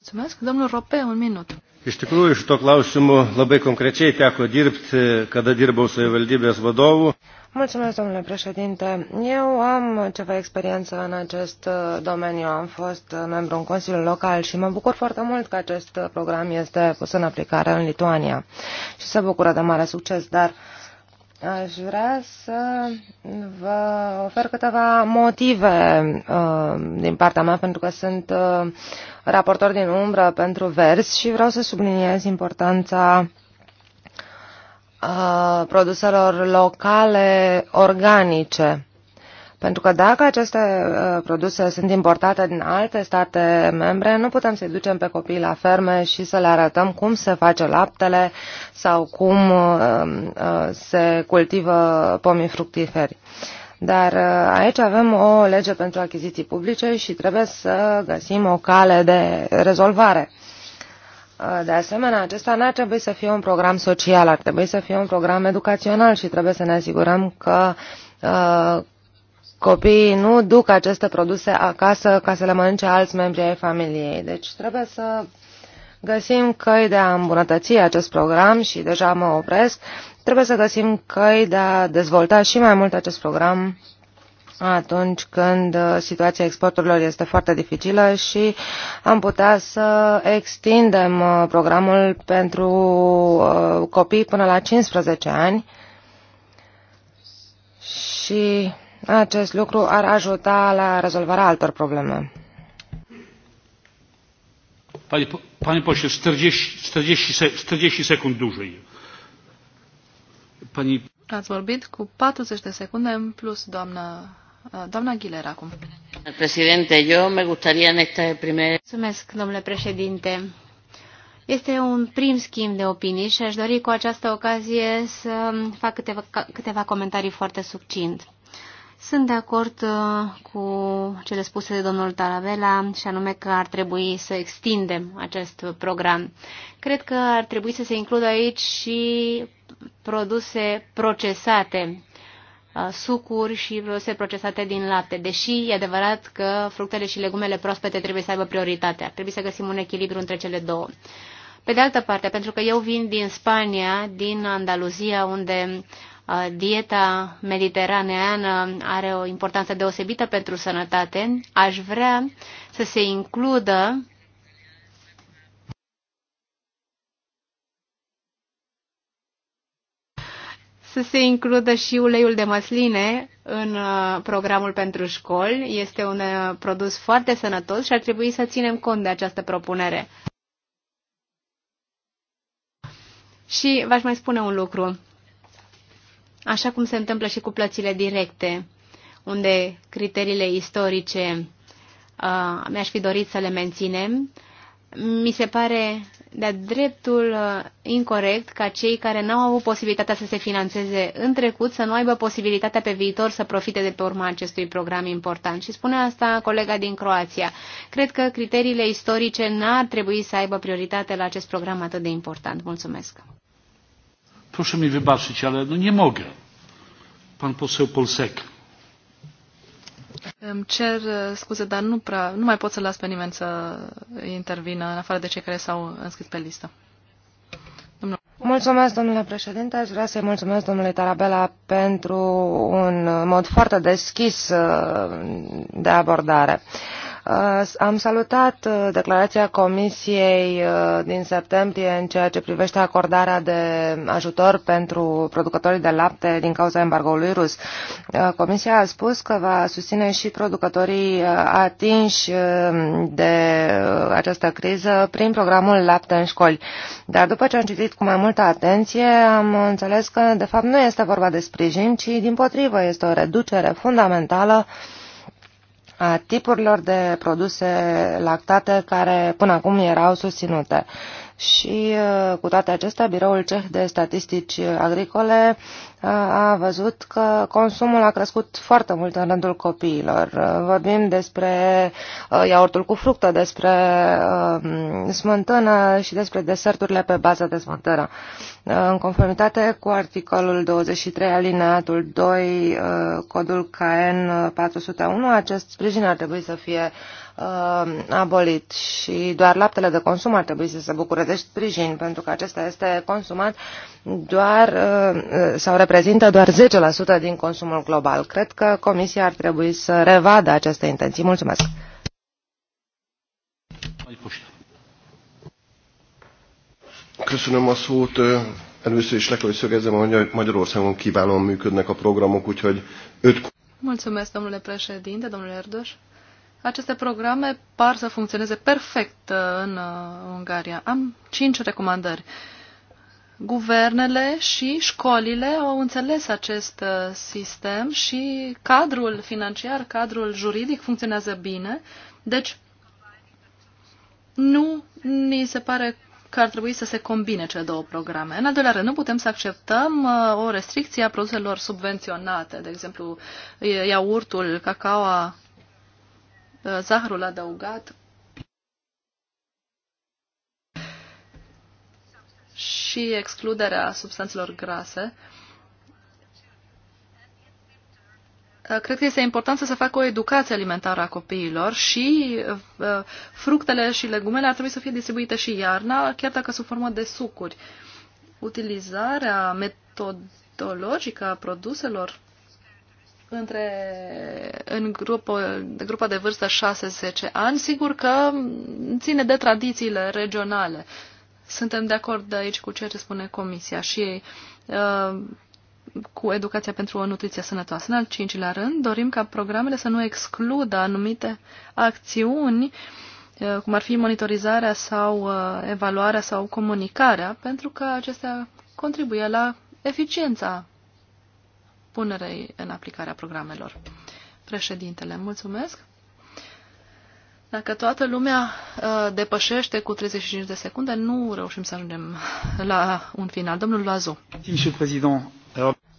E: Mulțumesc. Domnul Rope, un minut.
A: Iš tikrųjų, šito klausimu labai konkrečiai teko dirbti, kada dirbau savivaldybės vadovu.
C: Mulțumesc, domnule președinte. Eu am ceva experiență în acest uh, domeniu. Am fost uh, membru în Consiliul Local și mă bucur foarte mult că acest uh, program este pus în aplicare în Lituania și se bucură de mare succes, dar aș vrea să vă ofer câteva motive uh, din partea mea, pentru că sunt uh, raportor din umbră pentru vers și vreau să subliniez importanța uh, Uh, produselor locale organice. Pentru că dacă aceste uh, produse sunt importate din alte state membre, nu putem să-i ducem pe copii la ferme și să le arătăm cum se face laptele sau cum uh, se cultivă pomii fructiferi. Dar aici avem o lege pentru achiziții publice și trebuie să găsim o cale de rezolvare. Uh, de asemenea, acesta nu ar trebui să fie un program social, ar trebui să fie un program educațional și trebuie să ne asigurăm că uh, copiii nu duc aceste produse acasă ca să le mănânce alți membri ai familiei. Deci trebuie să găsim căi de a îmbunătăți acest program și deja mă opresc. Trebuie să găsim căi de a dezvolta și mai mult acest program atunci când uh, situația exporturilor este foarte dificilă și am putea să extindem uh, programul pentru uh, copii până la 15 ani și acest lucru ar ajuta la rezolvarea altor probleme.
A: Panie pośle, 40, 40, 40 sekund dłużej. Pani...
B: Ați vorbit cu 40 de secunde în
E: plus, doamnă Uh, doamna Aguilera, acum. Președinte, eu me gustaría în este primer... Mulțumesc, domnule președinte. Este un prim schimb de opinii și aș dori cu această ocazie să fac câteva, câteva comentarii foarte succint. Sunt de acord uh, cu cele spuse de domnul Talavela și anume că ar trebui să extindem acest program. Cred că ar trebui să se includă aici și produse procesate Uh, sucuri și produse procesate din lapte, deși e adevărat că fructele și legumele proaspete trebuie să aibă prioritatea. Trebuie să găsim un echilibru între cele două. Pe de altă parte, pentru că eu vin din Spania, din Andaluzia, unde uh, dieta mediteraneană are o importanță deosebită pentru sănătate, aș vrea să se includă să se includă și uleiul de măsline în uh, programul pentru școli. Este un uh, produs foarte sănătos și ar trebui să ținem cont de această propunere. Și v-aș mai spune un lucru. Așa cum se întâmplă și cu plățile directe, unde criteriile istorice uh, mi-aș fi dorit să le menținem, mi se pare de-a dreptul uh, incorrect ca cei care n-au avut posibilitatea să se financeze în trecut să nu aibă posibilitatea pe viitor să profite de pe urma acestui program important. Și spune asta colega din Croația. Cred că criteriile istorice n-ar trebui să aibă prioritate la acest program atât de important. Mulțumesc.
A: Proszę mi wybaczyć, ale no nie mogę. Pan poseł Polsek.
B: Îmi cer uh, scuze, dar nu, prea, nu mai pot să las pe nimeni să intervină, în afară de cei care s-au înscris pe listă.
C: Mulțumesc, domnule președinte. Aș vrea să-i mulțumesc domnului Tarabela pentru un mod foarte deschis uh, de abordare. Am salutat uh, declarația Comisiei uh, din septembrie în ceea ce privește acordarea de ajutor pentru producătorii de lapte din cauza embargoului rus. Uh, Comisia a spus că va susține și producătorii atinși de această criză prin programul Lapte în școli. Dar după ce am citit cu mai multă atenție, am înțeles că de fapt nu este vorba de sprijin, ci din potrivă este o reducere fundamentală uh, a tipurilor de produse lactate care până acum erau susținute și uh, cu toate acestea, Biroul Ceh de Statistici Agricole uh, a văzut că consumul a crescut foarte mult în rândul copiilor. Uh, vorbim despre iaurtul cu fructă, despre smântână și despre deserturile pe bază de smântână. În conformitate cu articolul 23 alineatul 2, codul KN 401, acest sprijin ar trebui să fie uh, abolit și doar laptele de consum ar trebui să se bucure de sprijin, pentru că acesta este consumat doar uh, uh sau reprezintă doar 10% din consumul global. Cred că Comisia ar trebui să revadă aceste intenții. Mulțumesc!
D: Köszönöm a szót. Először is le kell, hogy szögezzem, hogy Magyarországon kiválóan működnek a programok, úgyhogy öt...
B: Mulțumesc, domnule președinte, domnule Erdős aceste programe par să funcționeze perfect uh, în uh, Ungaria. Am cinci recomandări. Guvernele și școlile au înțeles acest uh, sistem și cadrul financiar, cadrul juridic funcționează bine. Deci, nu ni se pare că ar trebui să se combine cele două programe. În al doilea rând, nu putem să acceptăm o restricție a produselor subvenționate, de exemplu iaurtul, cacaoa, Uh, zahărul adăugat. și excluderea substanțelor grase. Uh, cred că este important să se facă o educație alimentară a copiilor și uh, fructele și legumele ar trebui să fie distribuite și iarna, chiar dacă sub formă de sucuri. Utilizarea metodologică a produselor între, în de grupa de vârstă 6-10 ani, sigur că ține de tradițiile regionale. Suntem de acord aici cu ceea ce spune Comisia și uh, cu educația pentru o nutriție sănătoasă. În al cincilea rând, dorim ca programele să nu excludă anumite acțiuni, uh, cum ar fi monitorizarea sau uh, evaluarea sau comunicarea, pentru că acestea contribuie la eficiența punerei în aplicarea programelor. Președintele, mulțumesc! Dacă toată lumea uh, depășește cu 35 de secunde, nu reușim să ajungem la un
C: final. Domnul Lazu.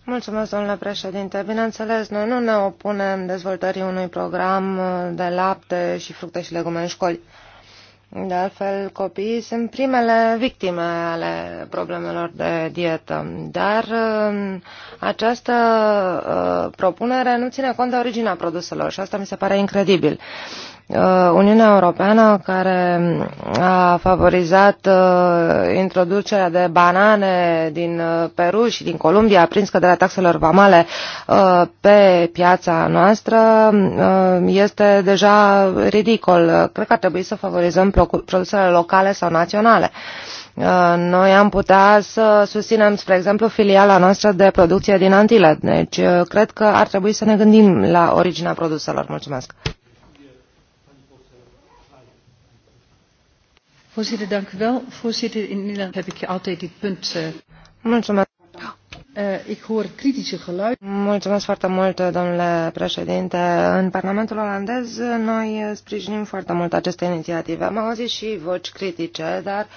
C: Mulțumesc, domnule președinte. Bineînțeles, noi nu ne opunem dezvoltării unui program uh, de lapte și fructe și legume în școli. De altfel, copiii sunt primele victime ale problemelor de dietă, dar um, această uh, propunere nu ține cont de originea produselor și asta mi se pare incredibil. Uh, Uniunea Europeană care a favorizat uh, introducerea de banane din uh, Peru și din Columbia prin scăderea taxelor vamale pe piața noastră este deja ridicol. Cred că ar trebui să favorizăm produsele locale sau naționale. Noi am putea să susținem, spre exemplu, filiala noastră de producție din Antile. Deci, cred că ar trebui să ne gândim la originea produselor. Mulțumesc! Voorzitter, ik hoor kritische geluid. Mulțumesc foarte mult, domnule președinte. În Parlamentul olandez noi sprijinim foarte mult aceste inițiative. Am auzit și voci critice, dar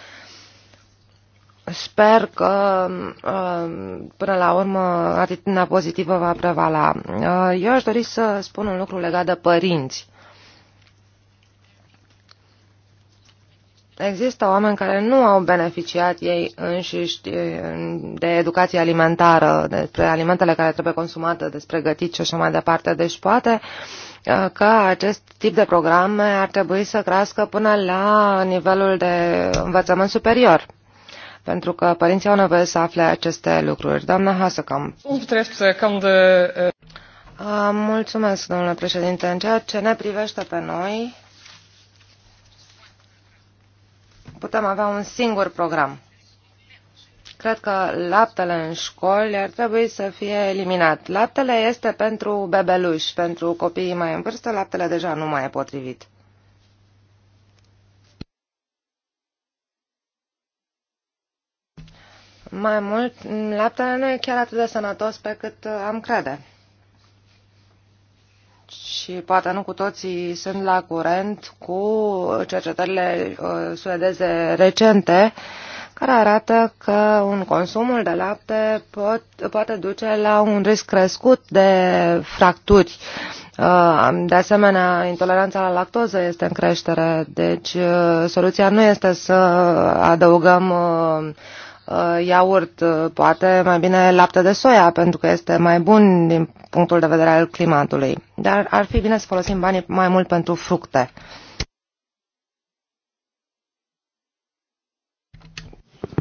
C: sper că eh, până la urmă atitudinea pozitivă va prevala. Eh, eu aș dori să spun un lucru legat de părinți. Există oameni care nu au beneficiat ei înșiși de educație alimentară, despre alimentele care trebuie consumate, despre gătit și așa mai departe. Deci poate că acest tip de programe ar trebui să crească până la nivelul de învățământ superior pentru că părinții au nevoie să afle aceste lucruri. Doamna Hasăcam. Mulțumesc, domnule președinte. În ceea ce ne privește pe noi, putem avea un singur program. Cred că laptele în școli ar trebui să fie eliminat. Laptele este pentru bebeluși, pentru copiii mai în vârstă, laptele deja nu mai e potrivit. Mai mult, laptele nu e chiar atât de sănătos pe cât am crede și poate nu cu toții sunt la curent cu cercetările uh, suedeze recente care arată că un consumul de lapte pot, poate duce la un risc crescut de fracturi. Uh, de asemenea, intoleranța la lactoză este în creștere, deci uh, soluția nu este să adăugăm iaurt, poate mai bine lapte de soia, pentru că este mai bun din punctul de vedere al climatului. Dar ar fi bine să folosim banii mai mult pentru fructe.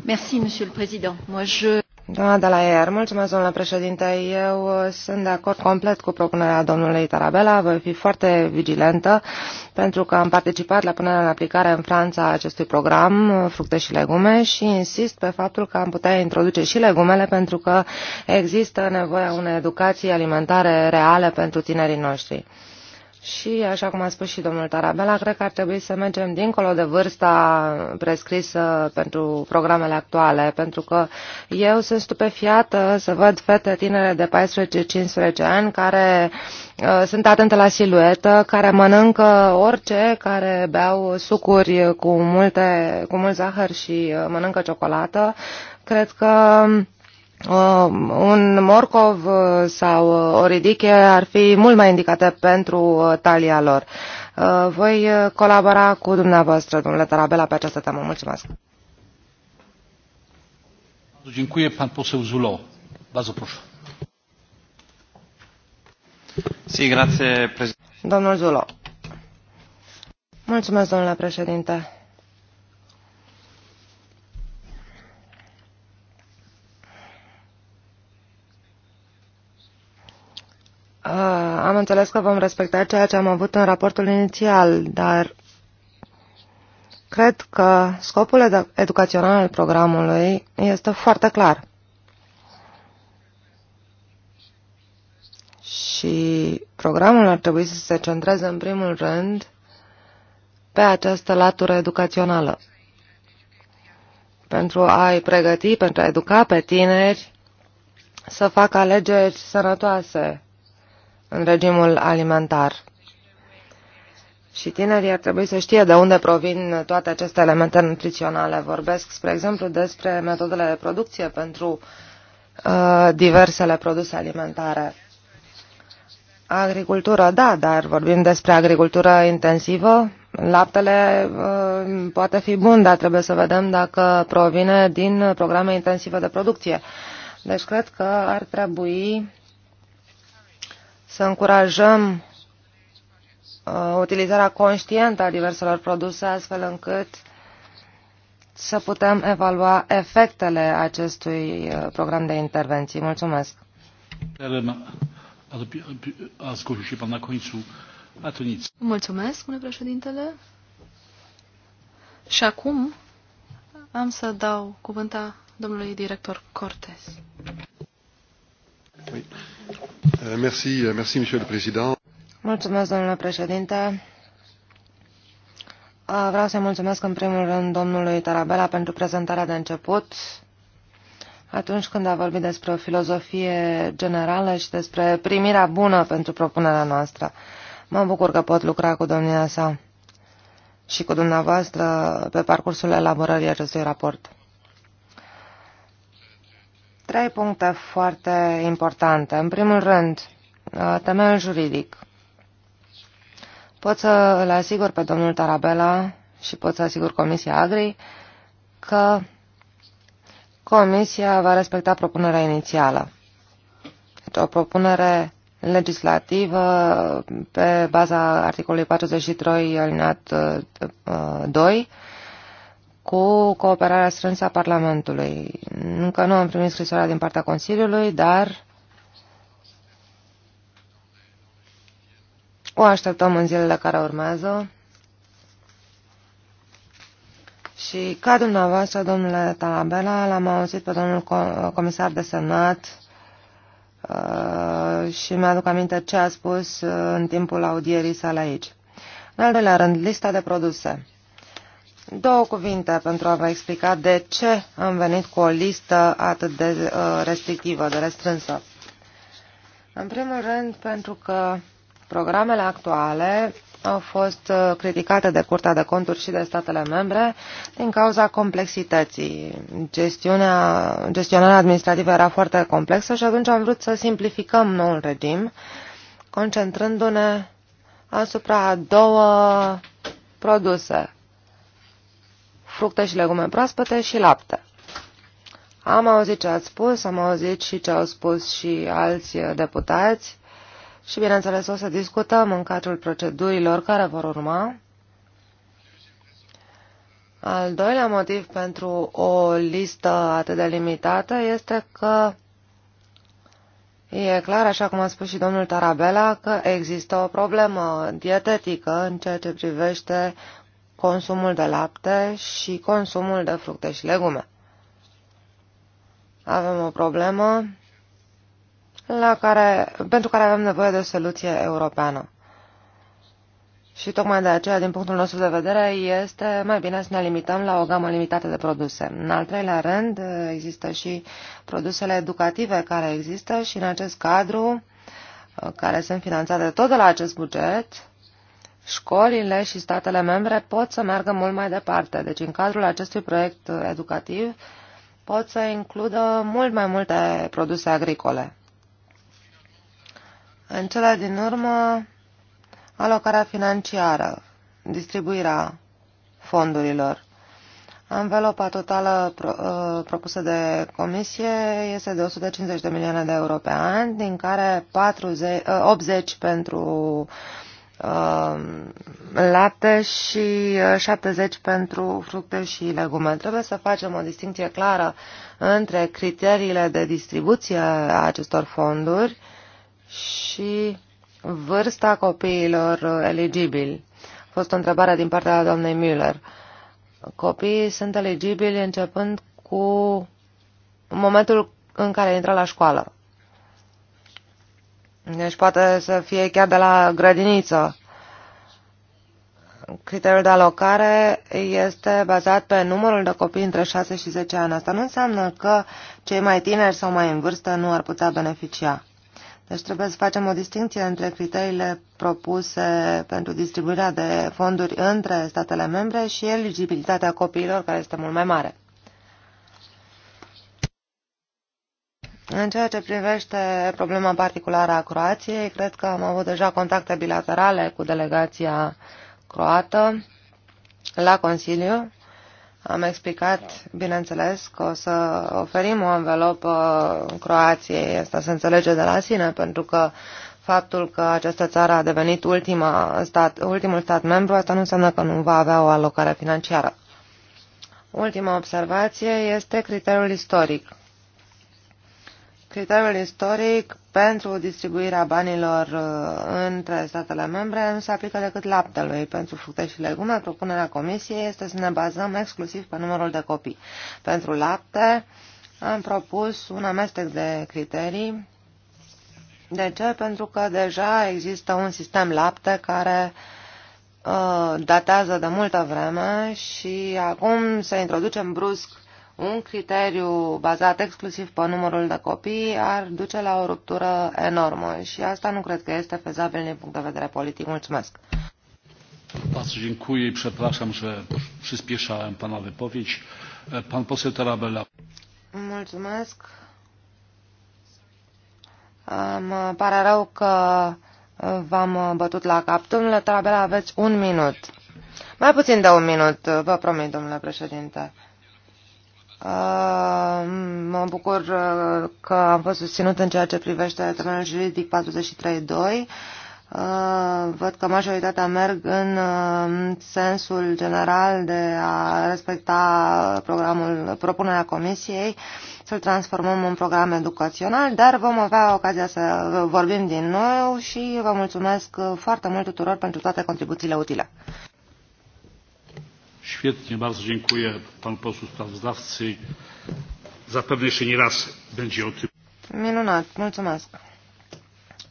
C: Merci, Monsieur le Président. Moi, je... Doamna de la ER, mulțumesc, domnule președinte. Eu uh, sunt de acord complet cu propunerea domnului Tarabella. Voi fi foarte vigilentă pentru că am participat la punerea în aplicare în Franța a acestui program, uh, fructe și legume, și insist pe faptul că am putea introduce și legumele pentru că există nevoia unei educații alimentare reale pentru tinerii noștri. Și, așa cum a spus și domnul Tarabela, cred că ar trebui să mergem dincolo de vârsta prescrisă pentru programele actuale, pentru că eu sunt stupefiată să văd fete tinere de 14-15 ani care uh, sunt atente la siluetă, care mănâncă orice, care beau sucuri cu, multe, cu mult zahăr și uh, mănâncă ciocolată. Cred că uh, Um, un morcov uh, sau uh, o ridiche ar fi mult mai indicate pentru uh, talia lor. Voi colabora cu dumneavoastră, domnule Tarabela, pe această temă. Mulțumesc. Domnul Zulo. Mulțumesc, domnule președinte. Ah, am înțeles că vom respecta ceea ce am avut în raportul inițial, dar cred că scopul educațional al programului este foarte clar. Și programul ar trebui să se centreze în primul rând pe această latură educațională. Pentru a-i pregăti, pentru a educa pe tineri să facă alegeri sănătoase în regimul alimentar. Și tinerii ar trebui să știe de unde provin toate aceste elemente nutriționale. Vorbesc, spre exemplu, despre metodele de producție pentru uh, diversele produse alimentare. Agricultură, da, dar vorbim despre agricultură intensivă. Laptele uh, poate fi bun, dar trebuie să vedem dacă provine din programe intensive de producție. Deci cred că ar trebui să încurajăm uh, utilizarea conștientă a diverselor produse, astfel încât să putem evalua efectele acestui uh, program de intervenții. Mulțumesc!
B: Mulțumesc, spune președintele. Și acum am să dau cuvânta domnului director
C: Cortez.
D: Euh, euh,
C: mulțumesc, domnule președinte. Vreau să mulțumesc în primul rând domnului Tarabella pentru prezentarea de început. Atunci când a vorbit despre o filozofie generală și despre primirea bună pentru propunerea noastră, mă bucur că pot lucra cu domnia sa și cu dumneavoastră pe parcursul elaborării acestui raport. Trei puncte foarte importante. În primul rând, uh, temeiul juridic. Pot să îl asigur pe domnul Tarabela și pot să asigur Comisia Agri că Comisia va respecta propunerea inițială. Deci o propunere legislativă pe baza articolului 43 alineat 2 uh, cu cooperarea strânsă a Parlamentului. Încă nu am primit scrisoarea din partea Consiliului, dar o așteptăm în zilele care urmează. Și ca dumneavoastră, domnule Talabela, l-am auzit pe domnul comisar desemnat uh, și mi-aduc aminte ce a spus uh, în timpul audierii sale aici. În al doilea rând, lista de produse. Două cuvinte pentru a vă explica de ce am venit cu o listă atât de uh, restrictivă, de restrânsă. În primul rând, pentru că programele actuale au fost uh, criticate de Curtea de Conturi și de statele membre din cauza complexității. Gestiunea, gestionarea administrativă era foarte complexă și atunci am vrut să simplificăm noul regim, concentrându-ne asupra două produse, fructe și legume proaspete și lapte. Am auzit ce ați spus, am auzit și ce au spus și alți deputați și, bineînțeles, o să discutăm în cadrul procedurilor care vor urma. Al doilea motiv pentru o listă atât de limitată este că e clar, așa cum a spus și domnul Tarabela, că există o problemă dietetică în ceea ce privește consumul de lapte și consumul de fructe și legume. Avem o problemă la care, pentru care avem nevoie de o soluție europeană. Și tocmai de aceea, din punctul nostru de vedere, este mai bine să ne limităm la o gamă limitată de produse. În al treilea rând, există și produsele educative care există și în acest cadru, care sunt finanțate tot de la acest buget, școlile și statele membre pot să meargă mult mai departe. Deci, în cadrul acestui proiect educativ, pot să includă mult mai multe produse agricole. În cele din urmă, alocarea financiară, distribuirea fondurilor. Anvelopa totală uh, propusă de comisie este de 150 de milioane de euro pe an, din care 40, 80 uh, pentru uh, Uh, lapte și 70 uh, pentru fructe și legume. Trebuie să facem o distinție clară între criteriile de distribuție a acestor fonduri și vârsta copiilor uh, eligibili. A fost o întrebare din partea doamnei Müller. Copiii sunt eligibili începând cu momentul în care intră la școală. Deci poate să fie chiar de la grădiniță. Criteriul de alocare este bazat pe numărul de copii între 6 și 10 ani. Asta nu înseamnă că cei mai tineri sau mai în vârstă nu ar putea beneficia. Deci trebuie să facem o distinție între criteriile propuse pentru distribuirea de fonduri între statele membre și eligibilitatea copiilor, care este mult mai mare. În ceea ce privește problema particulară a Croației, cred că am avut deja contacte bilaterale cu delegația croată la Consiliu. Am explicat, bineînțeles, că o să oferim o anvelopă Croației. Asta se înțelege de la sine, pentru că faptul că această țară a devenit ultima stat, ultimul stat membru, asta nu înseamnă că nu va avea o alocare financiară. Ultima observație este criteriul istoric. Criteriul istoric pentru distribuirea banilor uh, între statele membre nu se aplică decât laptelui. Pentru fructe și legume, propunerea Comisiei este să ne bazăm exclusiv pe numărul de copii. Pentru lapte am propus un amestec de criterii. De ce? Pentru că deja există un sistem lapte care uh, datează de multă vreme și acum să introducem brusc uh, un criteriu bazat exclusiv pe numărul de copii ar duce la o ruptură enormă și asta nu cred că este fezabil din punct de vedere politic. Mulțumesc!
A: Bardzo dziękuję i przepraszam, że przyspieszałem Pana wypowiedź. Pan poseł Tarabella.
C: Mulțumesc. Îmi pare rău că uh, v-am bătut la cap. Domnule Tarabella, aveți un minut. Mai puțin de un minut, vă promit, domnule președinte. Uh, mă bucur uh, că am fost susținut în ceea ce privește termenul juridic 43.2. Uh, văd că majoritatea merg în sensul general de a respecta programul, propunerea Comisiei, să-l transformăm în program educațional, dar vom avea ocazia să vorbim din nou și vă mulțumesc foarte mult tuturor pentru toate contribuțiile utile.
A: Świetnie, bardzo dziękuję panu posłu sprawozdawcy. Zapewne jeszcze nie raz będzie o tym.
C: Minunat, mulțumesc.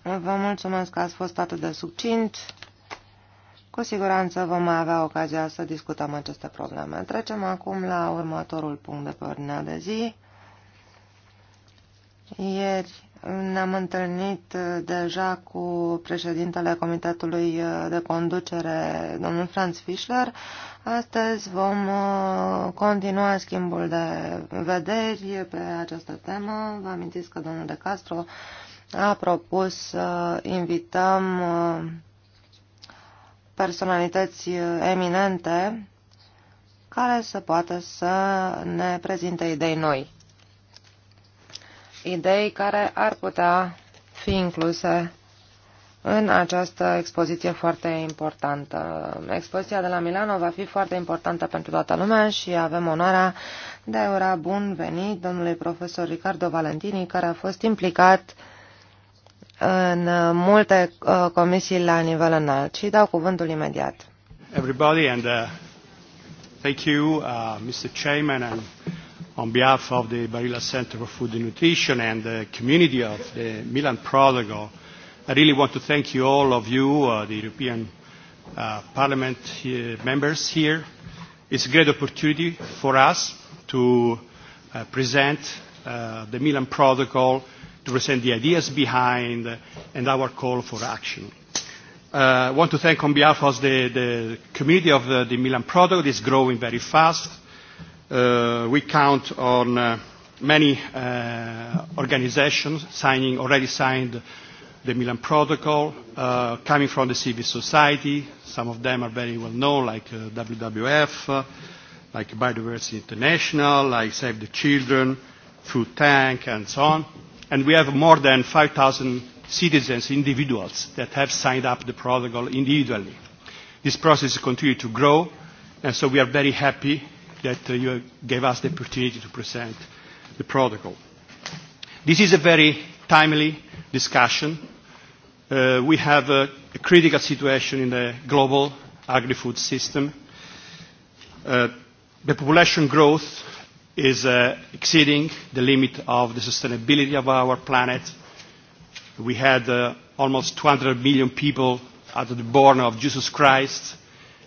C: Vă mulțumesc că ați fost atât de succint. Cu siguranță vom mai avea ocazia să discutăm aceste probleme. Trecem acum la următorul punct de pe ordinea de zi. Ieri ne-am întâlnit uh, deja cu președintele Comitetului uh, de Conducere, domnul Franz Fischler. Astăzi vom uh, continua schimbul de vederi pe această temă. Vă amintiți că domnul De Castro a propus să invităm uh, personalități uh, eminente care să poată să ne prezinte idei noi. Idei care ar putea fi incluse în această expoziție foarte importantă. Expoziția de la Milano va fi foarte importantă pentru toată lumea și avem onoarea de a ura bun venit domnului profesor Ricardo Valentini, care a fost implicat în multe uh, comisii la nivel înalt. Și dau cuvântul imediat.
D: Everybody and uh, thank you, uh, Mr. Chairman, and on behalf of the Barilla Center for Food and Nutrition and the community of the Milan Protocol, I really want to thank you all of you, uh, the European uh, Parliament uh, members here. It's a great opportunity for us to uh, present uh, the Milan Protocol, to present the ideas behind uh, and our call for action. Uh, I want to thank on behalf of the, the committee of the, the Milan Protocol. It's growing very fast. Uh, we count on uh, many uh, organizations signing, already signed the Milan Protocol, uh, coming from the civil society. Some of them are very well known, like uh, WWF, uh, like Biodiversity International, like Save the Children, Food Tank, and so on. And we have more than 5,000 citizens, individuals, that have signed up the protocol individually. This process continues to grow, and so we are very happy that uh, you gave us the opportunity to present the protocol. This is a very timely discussion Uh, we have a, a critical situation in the global agri-food system. Uh, the population growth is uh, exceeding the limit of the sustainability of our planet. We had uh, almost 200 million people at the born of Jesus Christ.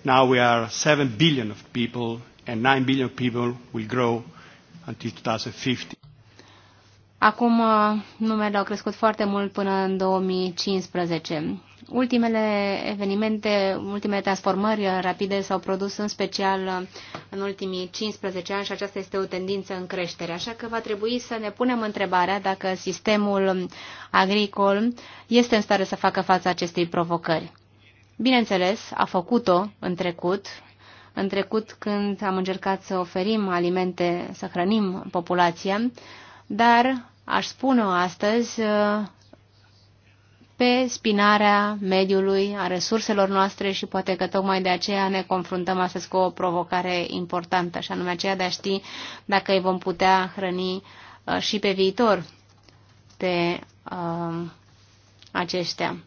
D: Now we are 7 billion of people, and 9 billion people will grow until 2050.
E: Acum uh, numele au crescut foarte mult până în 2015. Ultimele evenimente, ultimele transformări rapide s-au produs în special uh, în ultimii 15 ani și aceasta este o tendință în creștere. Așa că va trebui să ne punem întrebarea dacă sistemul agricol este în stare să facă față acestei provocări. Bineînțeles, a făcut-o în trecut, în trecut când am încercat să oferim alimente, să hrănim populația, dar aș spune-o astăzi, uh, pe spinarea mediului, a resurselor noastre și poate că tocmai de aceea ne confruntăm astăzi cu o provocare importantă, și anume aceea de a ști dacă îi vom putea hrăni uh, și pe viitor pe um, aceștia.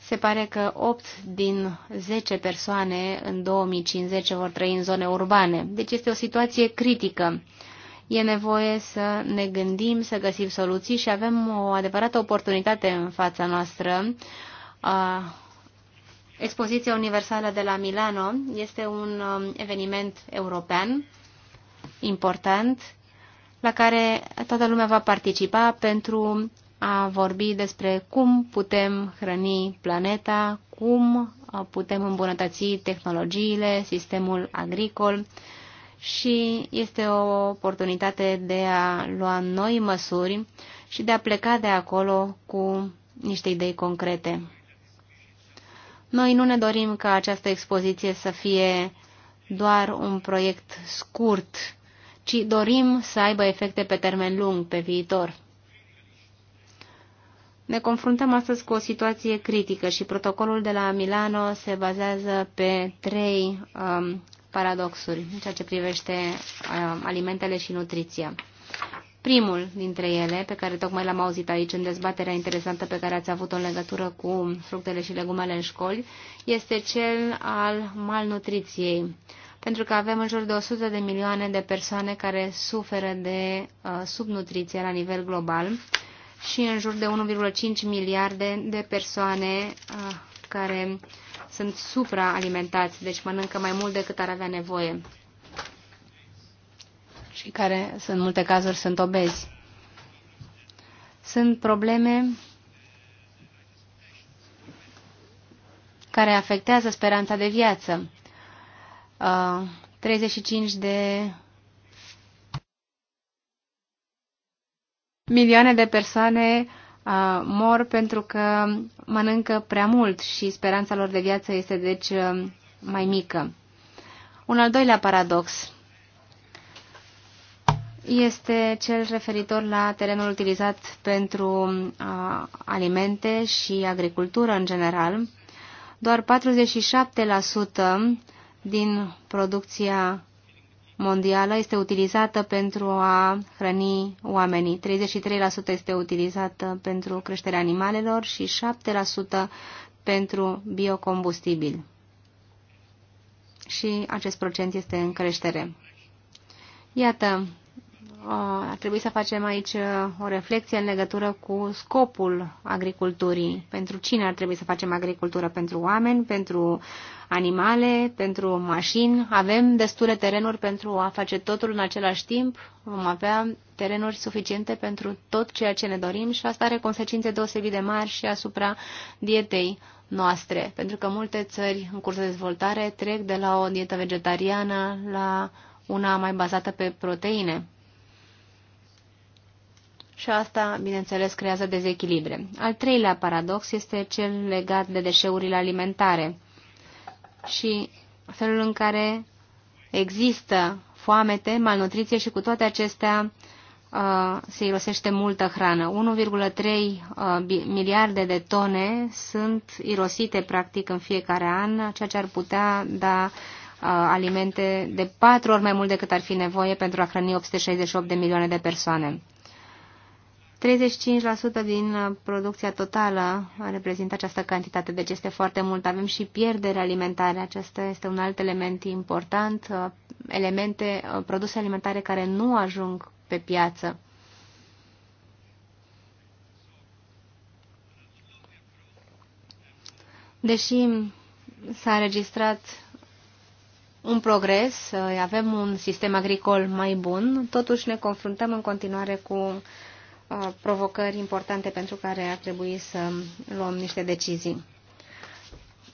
E: Se pare că 8 din 10 persoane în 2050 vor trăi în zone urbane, deci este o situație critică. E nevoie să ne gândim, să găsim soluții și avem o adevărată oportunitate în fața noastră. Expoziția Universală de la Milano este un um, eveniment european important la care toată lumea va participa pentru a vorbi despre cum putem hrăni planeta, cum uh, putem îmbunătăți tehnologiile, sistemul agricol și este o oportunitate de a lua noi măsuri și de a pleca de acolo cu niște idei concrete. Noi nu ne dorim ca această expoziție să fie doar un proiect scurt, ci dorim să aibă efecte pe termen lung, pe viitor. Ne confruntăm astăzi cu o situație critică și protocolul de la Milano se bazează pe trei um, paradoxuri în ceea ce privește uh, alimentele și nutriția. Primul dintre ele, pe care tocmai l-am auzit aici în dezbaterea interesantă pe care ați avut-o în legătură cu fructele și legumele în școli, este cel al malnutriției. Pentru că avem în jur de 100 de milioane de persoane care suferă de uh, subnutriție la nivel global și în jur de 1,5 miliarde de persoane uh, care uh, sunt supraalimentați, deci mănâncă mai mult decât ar avea nevoie și care în multe cazuri sunt obezi. Sunt probleme care afectează speranța de viață. Uh, 35 de milioane de persoane Uh, mor pentru că mănâncă prea mult și speranța lor de viață este deci uh, mai mică. Un al doilea paradox este cel referitor la terenul utilizat pentru uh, alimente și agricultură în general. Doar 47% din producția mondială este utilizată pentru a hrăni oamenii. 33% este utilizată pentru creșterea animalelor și 7% pentru biocombustibil. Și acest procent este în creștere. Iată ar trebui să facem aici uh, o reflexie în legătură cu scopul agriculturii. Pentru cine ar trebui să facem agricultură? Pentru oameni, pentru animale, pentru mașini? Avem destule terenuri pentru a face totul în același timp? Vom avea terenuri suficiente pentru tot ceea ce ne dorim și asta are consecințe deosebit de mari și asupra dietei noastre, pentru că multe țări în curs de dezvoltare trec de la o dietă vegetariană la una mai bazată pe proteine și asta, bineînțeles, creează dezechilibre. Al treilea paradox este cel legat de deșeurile alimentare și felul în care există foamete, malnutriție și cu toate acestea uh, se irosește multă hrană. 1,3 uh, miliarde de tone sunt irosite practic în fiecare an, ceea ce ar putea da uh, alimente de patru ori mai mult decât ar fi nevoie pentru a hrăni 868 de milioane de persoane. 35% din uh, producția totală reprezintă această cantitate, deci este foarte mult. Avem și pierdere alimentare, acesta este un alt element important, uh, elemente, uh, produse alimentare care nu ajung pe piață. Deși s-a înregistrat un progres, avem un sistem agricol mai bun, totuși ne confruntăm în continuare cu Uh, provocări importante pentru care ar trebui să luăm niște decizii.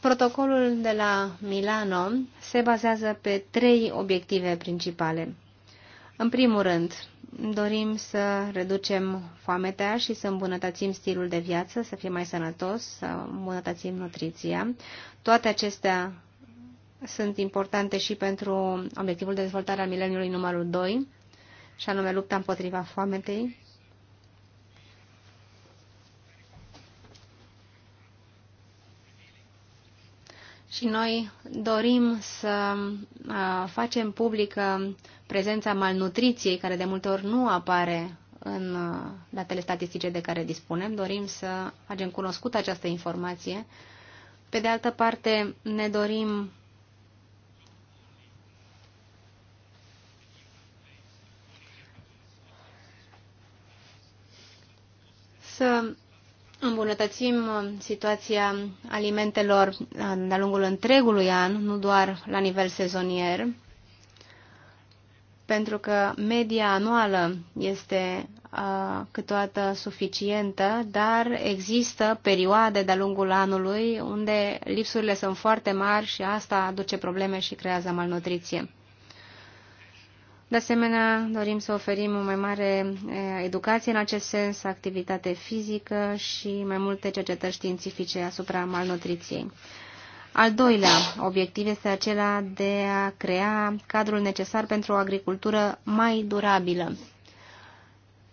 E: Protocolul de la Milano se bazează pe trei obiective principale. În primul rând, dorim să reducem foametea și să îmbunătățim stilul de viață, să fie mai sănătos, să îmbunătățim nutriția. Toate acestea sunt importante și pentru obiectivul de dezvoltare al mileniului numărul 2, și anume lupta împotriva foametei. și noi dorim să facem publică prezența malnutriției, care de multe ori nu apare în datele statistice de care dispunem. Dorim să facem cunoscută această informație. Pe de altă parte, ne dorim să îmbunătățim uh, situația alimentelor uh, de-a lungul întregului an, nu doar la nivel sezonier, pentru că media anuală este uh, câteodată suficientă, dar există perioade de-a lungul anului unde lipsurile sunt foarte mari și asta aduce probleme și creează malnutriție. De asemenea, dorim să oferim o mai mare educație în acest sens, activitate fizică și mai multe cercetări științifice asupra malnutriției. Al doilea obiectiv este acela de a crea cadrul necesar pentru o agricultură mai durabilă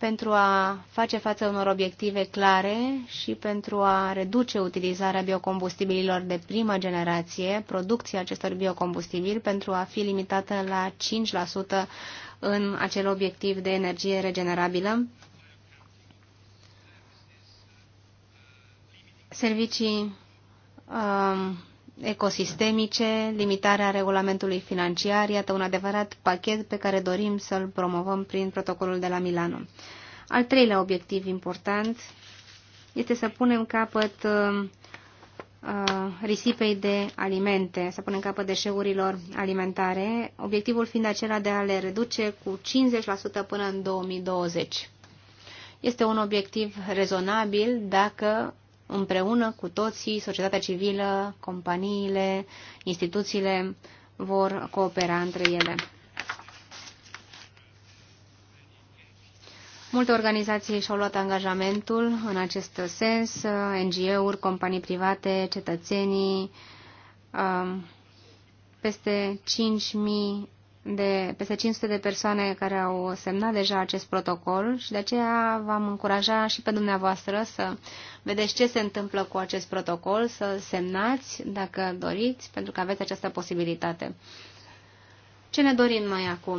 E: pentru a face față unor obiective clare și pentru a reduce utilizarea biocombustibililor de primă generație, producția acestor biocombustibili pentru a fi limitată la 5% în acel obiectiv de energie regenerabilă. Servicii um, ecosistemice, limitarea regulamentului financiar, iată un adevărat pachet pe care dorim să-l promovăm prin protocolul de la Milano. Al treilea obiectiv important este să punem capăt uh, risipei de alimente, să punem capăt deșeurilor alimentare, obiectivul fiind acela de a le reduce cu 50% până în 2020. Este un obiectiv rezonabil dacă împreună cu toții, societatea civilă, companiile, instituțiile vor coopera între ele. Multe organizații și-au luat angajamentul în acest sens, NGO-uri, companii private, cetățenii, um, peste 5.000 de peste 500 de persoane care au semnat deja acest protocol și de aceea v-am încuraja și pe dumneavoastră să vedeți ce se întâmplă cu acest protocol, să semnați dacă doriți, pentru că aveți această posibilitate. Ce ne dorim noi acum?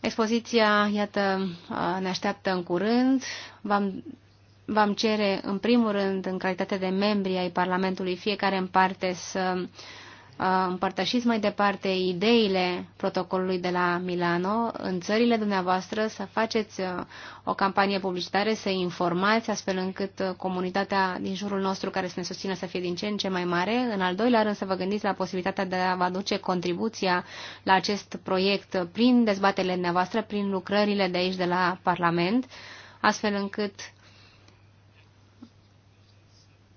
E: Expoziția, iată, ne așteaptă în curând. V-am v-am cere, în primul rând, în calitate de membri ai Parlamentului, fiecare în parte să uh, împărtășiți mai departe ideile protocolului de la Milano în țările dumneavoastră, să faceți uh, o campanie publicitare, să informați astfel încât uh, comunitatea din jurul nostru care să ne susțină să fie din ce în ce mai mare. În al doilea rând să vă gândiți la posibilitatea de a vă aduce contribuția la acest proiect prin dezbaterile dumneavoastră, prin lucrările de aici de la Parlament, astfel încât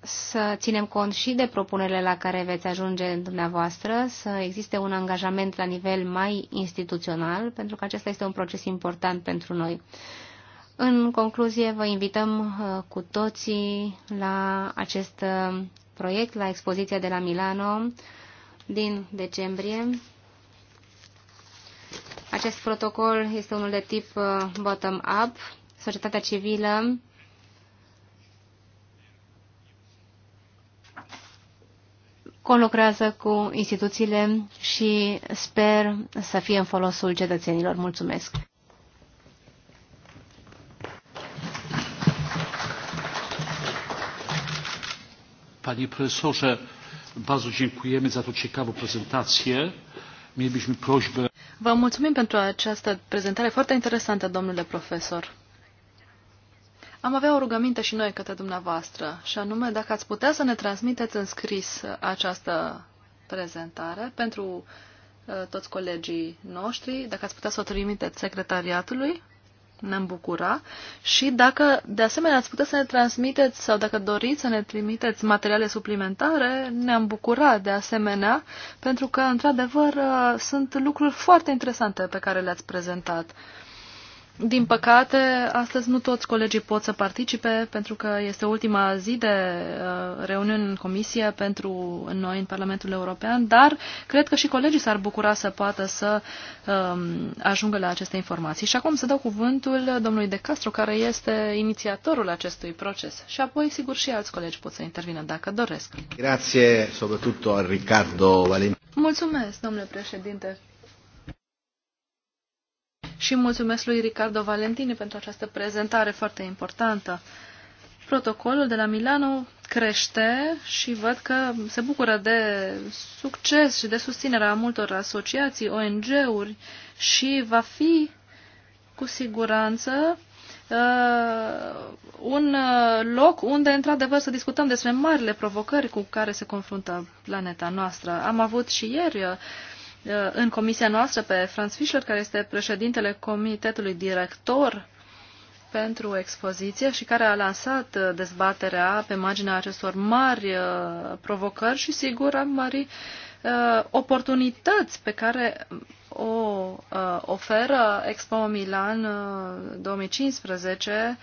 E: să ținem cont și de propunerile la care veți ajunge în dumneavoastră, să existe un angajament la nivel mai instituțional, pentru că acesta este un proces important pentru noi. În concluzie, vă invităm uh, cu toții la acest uh, proiect, la expoziția de la Milano din decembrie. Acest protocol este unul de tip uh, bottom-up. Societatea civilă conlucrează cu instituțiile și sper să fie în folosul cetățenilor. Mulțumesc!
A: Panie profesorze, bardzo dziękujemy za tą ciekawą prezentację. Mielibyśmy prośbę.
B: Vă mulțumim pentru această prezentare foarte interesantă, domnule profesor. Am avea o rugăminte și noi către dumneavoastră, și anume dacă ați putea să ne transmiteți în scris această prezentare pentru uh, toți colegii noștri, dacă ați putea să o trimiteți secretariatului, ne-am bucura și dacă de asemenea ați putea să ne transmiteți sau dacă doriți să ne trimiteți materiale suplimentare, ne-am bucura de asemenea pentru că într-adevăr uh, sunt lucruri foarte interesante pe care le-ați prezentat. Din păcate, astăzi nu toți colegii pot să participe pentru că este ultima zi de uh, reuniune în comisie pentru noi în Parlamentul European, dar cred că și colegii s-ar bucura să poată să um, ajungă la aceste informații. Și acum să dau cuvântul domnului De Castro, care este inițiatorul acestui proces. Și apoi, sigur, și alți colegi pot să intervină dacă doresc.
A: Grazie, soprattutto a Riccardo
B: Mulțumesc, domnule președinte și mulțumesc lui Ricardo Valentini pentru această prezentare foarte importantă. Protocolul de la Milano crește și văd că se bucură de succes și de susținerea multor asociații, ONG-uri și va fi cu siguranță uh, un uh, loc unde, într-adevăr, să discutăm despre marile provocări cu care se confruntă planeta noastră. Am avut și ieri uh, Uh, în comisia noastră pe Franz Fischler, care este președintele comitetului director pentru expoziție și care a lansat uh, dezbaterea pe marginea acestor mari uh, provocări și, sigur, mari oportunități pe care o oferă Expo Milan 2015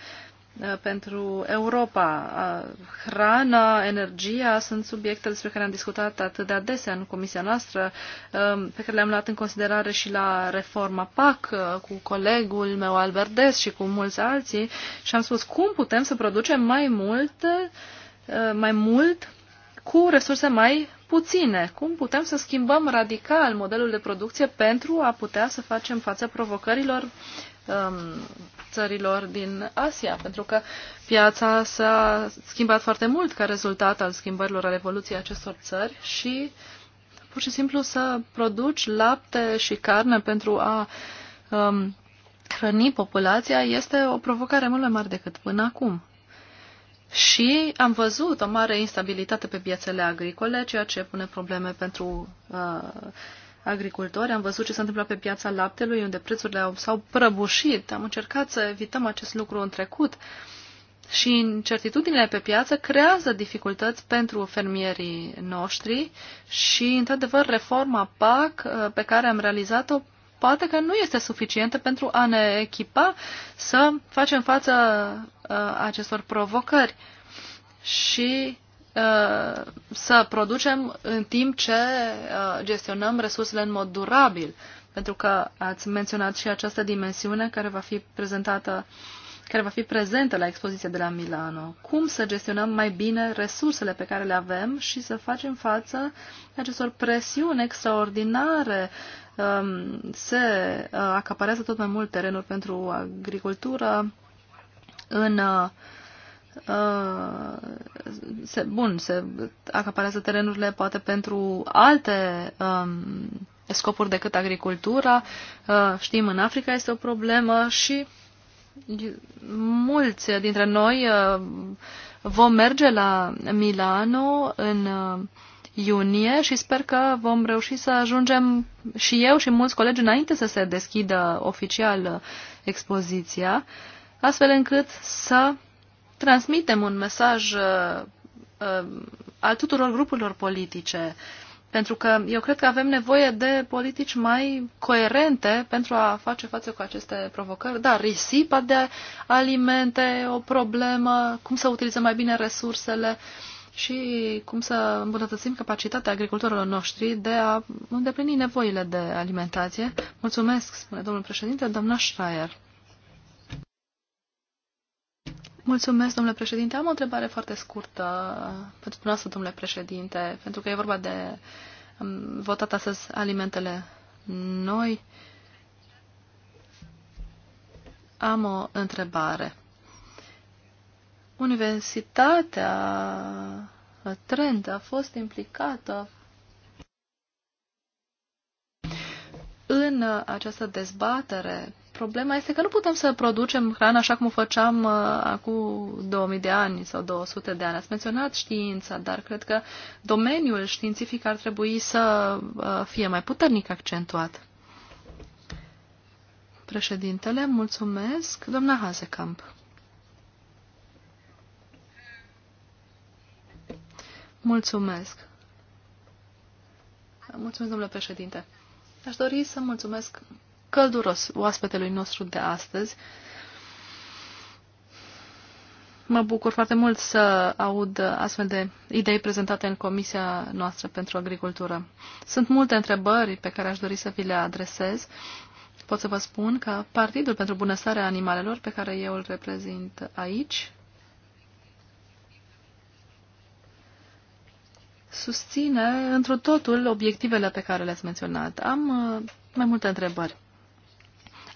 B: Uh, pentru Europa. Uh, hrana, energia sunt subiecte despre care am discutat atât de adesea în comisia noastră, um, pe care le-am luat în considerare și la reforma PAC uh, cu colegul meu Albertes și cu mulți alții și am spus cum putem să producem mai mult mai mult cu resurse mai puține. Cum putem să schimbăm radical modelul de producție pentru a putea să facem față provocărilor um, țărilor din Asia? Pentru că piața s-a schimbat foarte mult ca rezultat al schimbărilor, al evoluției acestor țări și pur și simplu să produci lapte și carne pentru a um, hrăni populația este o provocare mult mai mare decât până acum. Și am văzut o mare instabilitate pe piețele agricole, ceea ce pune probleme pentru uh, agricultori. Am văzut ce s-a întâmplat pe piața laptelui, unde prețurile au, s-au prăbușit. Am încercat să evităm acest lucru în trecut. Și incertitudinile pe piață creează dificultăți pentru fermierii noștri și, într-adevăr, reforma PAC uh, pe care am realizat-o poate că nu este suficientă pentru a ne echipa să facem față uh, acestor provocări și uh, să producem în timp ce uh, gestionăm resursele în mod durabil. Pentru că ați menționat și această dimensiune care va fi prezentată care va fi prezentă la expoziția de la Milano. Cum să gestionăm mai bine resursele pe care le avem și să facem față acestor presiuni extraordinare Um, se uh, acaparează tot mai mult terenuri pentru agricultură în uh, uh, se, bun, se acaparează terenurile poate pentru alte um, scopuri decât agricultura. Uh, știm, în Africa este o problemă și mulți dintre noi uh, vom merge la Milano în uh, iunie și sper că vom reuși să ajungem și eu și mulți colegi înainte să se deschidă oficial uh, expoziția, astfel încât să transmitem un mesaj uh, uh, al tuturor grupurilor politice, pentru că eu cred că avem nevoie de politici mai coerente pentru a face față cu aceste provocări. Da, risipa de alimente, o problemă, cum să utilizăm mai bine resursele, uh, și cum să îmbunătățim capacitatea agricultorilor noștri de a îndeplini nevoile de alimentație. Mulțumesc, spune domnul președinte, doamna Schreier. Mulțumesc, domnule președinte. Am o întrebare foarte scurtă pentru dumneavoastră, domnule președinte, pentru că e vorba de... votat astăzi alimentele noi. Am o întrebare. Universitatea Trent a fost implicată în această dezbatere. Problema este că nu putem să producem hrană așa cum o făceam uh, acum 2000 de ani sau 200 de ani. Ați menționat știința, dar cred că domeniul științific ar trebui să uh, fie mai puternic accentuat. Președintele, mulțumesc. Doamna Hazekamp. Mulțumesc. Mulțumesc, domnule președinte. Aș dori să mulțumesc călduros oaspetelui nostru de astăzi. Mă bucur foarte mult să aud astfel de idei prezentate în Comisia noastră pentru Agricultură. Sunt multe întrebări pe care aș dori să vi le adresez. Pot să vă spun că Partidul pentru Bunăstarea Animalelor, pe care eu îl reprezint aici, susține întru totul obiectivele pe care le-ați menționat. Am uh, mai multe întrebări.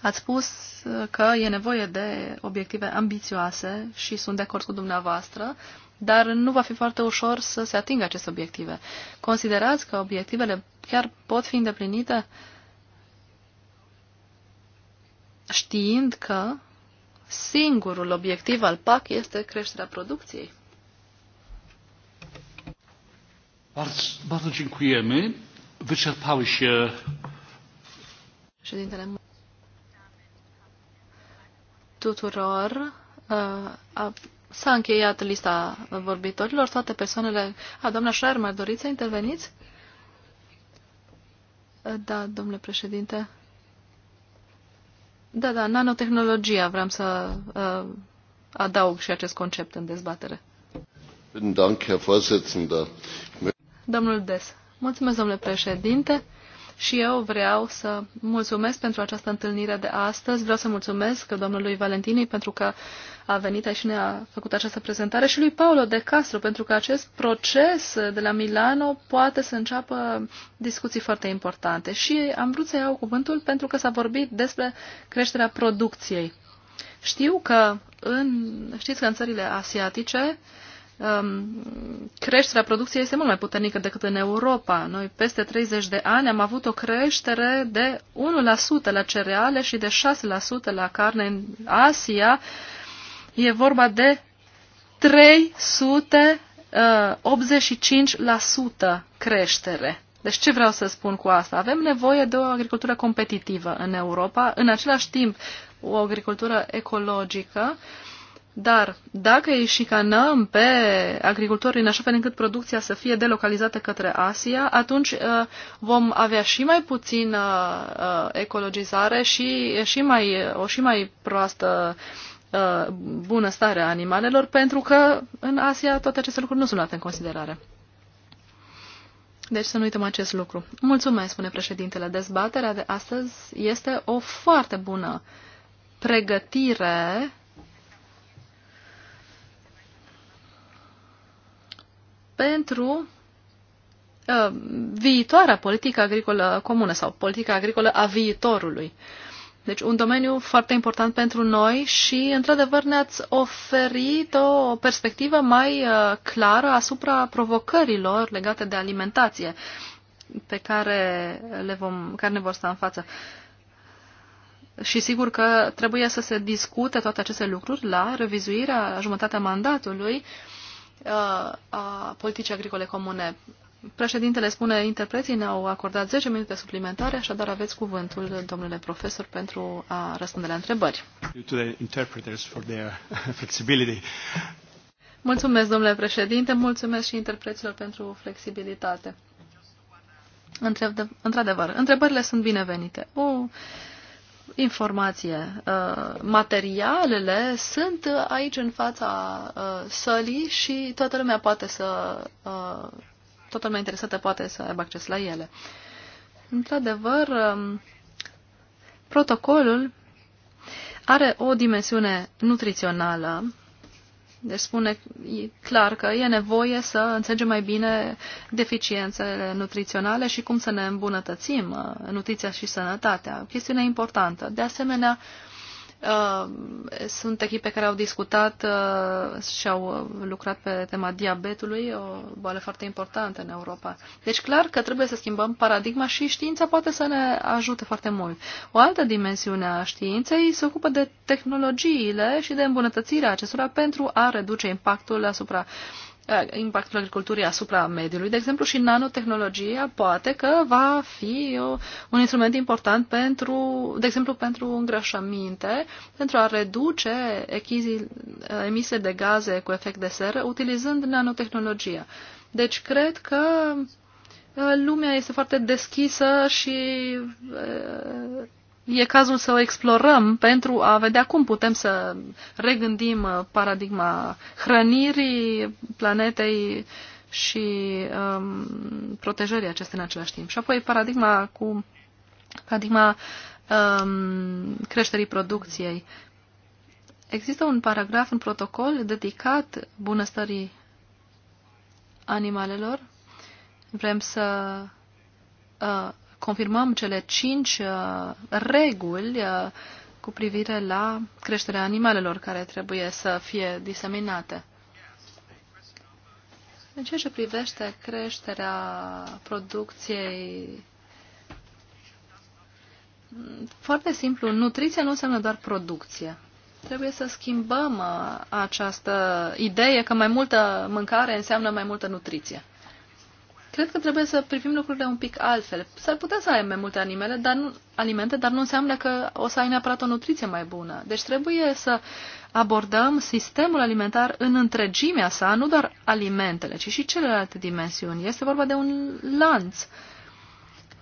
B: Ați spus uh, că e nevoie de obiective ambițioase și sunt de acord cu dumneavoastră, dar nu va fi foarte ușor să se atingă aceste obiective. Considerați că obiectivele chiar pot fi îndeplinite știind că singurul obiectiv al PAC este creșterea producției?
A: Bardzo dziękujemy. Wyczerpały się.
B: Președintele tuturor s-a încheiat lista vorbitorilor, toate persoanele... A, doamna Șarmar, doriți să interveniți? Da, domnule președinte. Da, da, nanotehnologia, vreau să uh, adaug și acest concept în dezbatere.
A: Mulțumesc, domnule președinte.
B: Domnul Des. Mulțumesc, domnule președinte. Și eu vreau să mulțumesc pentru această întâlnire de astăzi. Vreau să mulțumesc domnului Valentini pentru că a venit aici și ne-a făcut această prezentare și lui Paolo de Castro pentru că acest proces de la Milano poate să înceapă discuții foarte importante. Și am vrut să iau cuvântul pentru că s-a vorbit despre creșterea producției. Știu că în, știți că în țările asiatice uh, Um, creșterea producției este mult mai puternică decât în Europa. Noi peste 30 de ani am avut o creștere de 1% la cereale și de 6% la carne în Asia. E vorba de 385% uh, creștere. Deci ce vreau să spun cu asta? Avem nevoie de o agricultură competitivă în Europa, în același timp o agricultură ecologică uh, dar dacă îi șicanăm pe agricultorii în așa fel încât producția să fie delocalizată către Asia, atunci uh, vom avea și mai puțin uh, ecologizare și, și mai, o și mai proastă uh, bunăstare a animalelor, pentru că în Asia toate aceste lucruri nu sunt luate în considerare. Deci să nu uităm acest lucru. Mulțumesc, spune președintele. Dezbaterea de astăzi este o foarte bună pregătire pentru uh, viitoarea politică agricolă comună sau politica agricolă a viitorului. Deci un domeniu foarte important pentru noi și, într-adevăr, ne-ați oferit o perspectivă mai uh, clară asupra provocărilor legate de alimentație pe care, le vom, care ne vor sta în față. Și sigur că trebuie să se discute toate aceste lucruri la revizuirea jumătatea mandatului uh, Uh, a politicii agricole comune. Președintele spune, interpreții ne-au acordat 10 minute suplimentare, așadar aveți cuvântul, domnule profesor, pentru a răspunde la întrebări. Mulțumesc, domnule președinte, mulțumesc și interpreților pentru flexibilitate. Într-adevăr, întrebările sunt binevenite. Uh informație. Uh, materialele sunt aici în fața uh, sălii și toată lumea poate să uh, toată lumea interesată poate să aibă acces la ele. Într-adevăr, um, protocolul are o dimensiune nutrițională deci spune clar că e nevoie să înțelegem mai bine deficiențele nutriționale și cum să ne îmbunătățim uh, nutriția și sănătatea. O Chestiune importantă. De asemenea, uh, Uh, sunt echipe care au discutat uh, și au lucrat pe tema diabetului, o boală foarte importantă în Europa. Deci clar că trebuie să schimbăm paradigma și știința poate să ne ajute foarte mult. O altă dimensiune a științei se ocupă de tehnologiile și de îmbunătățirea acestora pentru a reduce impactul asupra uh, Eh, impactul agriculturii asupra mediului, de exemplu, și nanotehnologia poate că va fi o, un instrument important pentru, de exemplu, pentru îngrășăminte, pentru a reduce echizii, eh, emisiile de gaze cu efect de seră, utilizând nanotehnologia. Deci, cred că eh, lumea este foarte deschisă și e cazul să o explorăm pentru a vedea cum putem să regândim uh, paradigma hrănirii planetei și um, protejării acestei în același timp. Și apoi paradigma cu paradigma um, creșterii producției. Există un paragraf în protocol dedicat bunăstării animalelor. Vrem să uh, confirmăm cele cinci uh, reguli uh, cu privire la creșterea animalelor care trebuie să fie diseminate. În ceea ce privește creșterea producției, foarte simplu, nutriția nu înseamnă doar producție. Trebuie să schimbăm uh, această idee că mai multă mâncare înseamnă mai multă nutriție. Cred că trebuie să privim lucrurile un pic altfel. S-ar putea să ai mai multe animale, dar nu, alimente, dar nu înseamnă că o să ai neapărat o nutriție mai bună. Deci trebuie să abordăm sistemul alimentar în întregimea sa, nu doar alimentele, ci și celelalte dimensiuni. Este vorba de un lanț.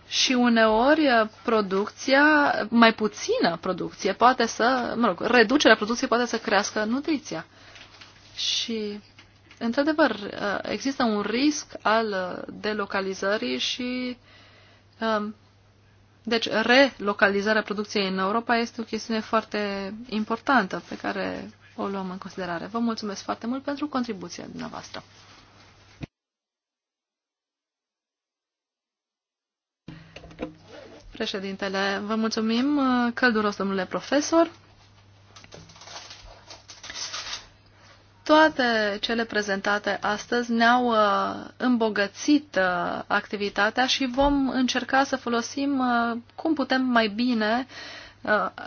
B: Și uneori eh, producția, mai puțină producție, poate să, mă rog, reducerea producției poate să crească nutriția. Și Într-adevăr, uh, există un risc al uh, delocalizării și um, deci relocalizarea producției în Europa este o chestiune foarte importantă pe care o luăm în considerare. Vă mulțumesc foarte mult pentru contribuția dumneavoastră. Președintele, vă mulțumim uh, călduros, domnule profesor. Toate cele prezentate astăzi ne-au uh, îmbogățit uh, activitatea și vom încerca să folosim uh, cum putem mai bine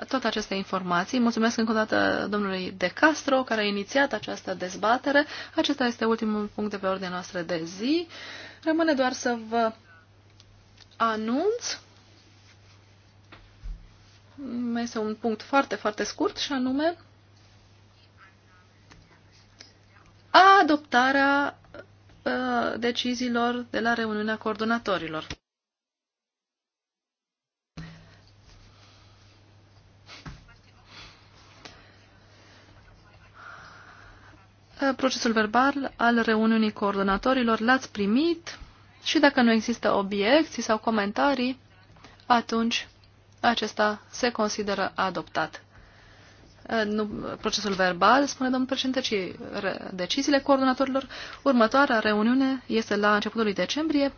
B: tot aceste informații. Mulțumesc încă o dată domnului De Castro, care a inițiat această dezbatere. Acesta este ultimul punct de pe ordinea noastră de zi. Rămâne doar să vă anunț. Mai este un punct foarte, foarte scurt și anume adoptarea uh, deciziilor de la reuniunea coordonatorilor. Uh, procesul verbal al reuniunii coordonatorilor l-ați primit și dacă nu există obiecții sau comentarii, atunci acesta se consideră adoptat. Uh, nu procesul verbal, spune domnul președinte, ci deciziile coordonatorilor. Următoarea reuniune este la începutul lui decembrie,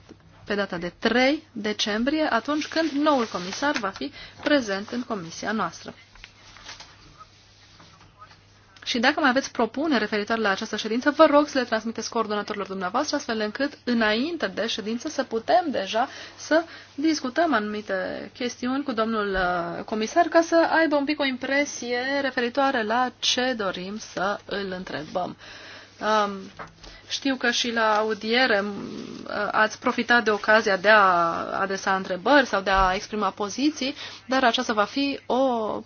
B: pe data de 3 decembrie, atunci când noul comisar va fi prezent în comisia noastră. Și dacă mai aveți propuneri referitoare la această ședință, vă rog să le transmiteți coordonatorilor dumneavoastră, astfel încât înainte de ședință să putem deja să discutăm anumite chestiuni cu domnul uh, comisar ca să aibă un pic o impresie referitoare la ce dorim să îl întrebăm. Um, știu că și la audiere um, uh, ați profitat de ocazia de a adresa întrebări sau de a exprima poziții, dar aceasta va fi o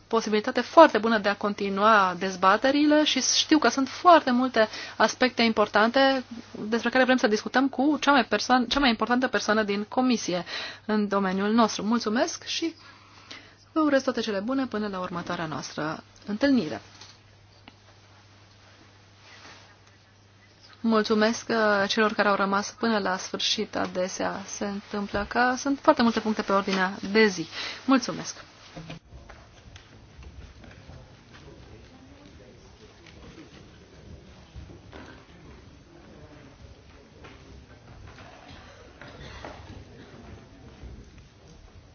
B: posibilitate foarte bună de a continua dezbaterile și știu că sunt foarte multe aspecte importante despre care vrem să discutăm cu cea mai, persoană, cea mai importantă persoană din comisie în domeniul nostru. Mulțumesc și vă urez toate cele bune până la următoarea noastră întâlnire. Mulțumesc uh, celor care au rămas până la sfârșit adesea. Se întâmplă că sunt foarte multe puncte pe ordinea de zi. Mulțumesc!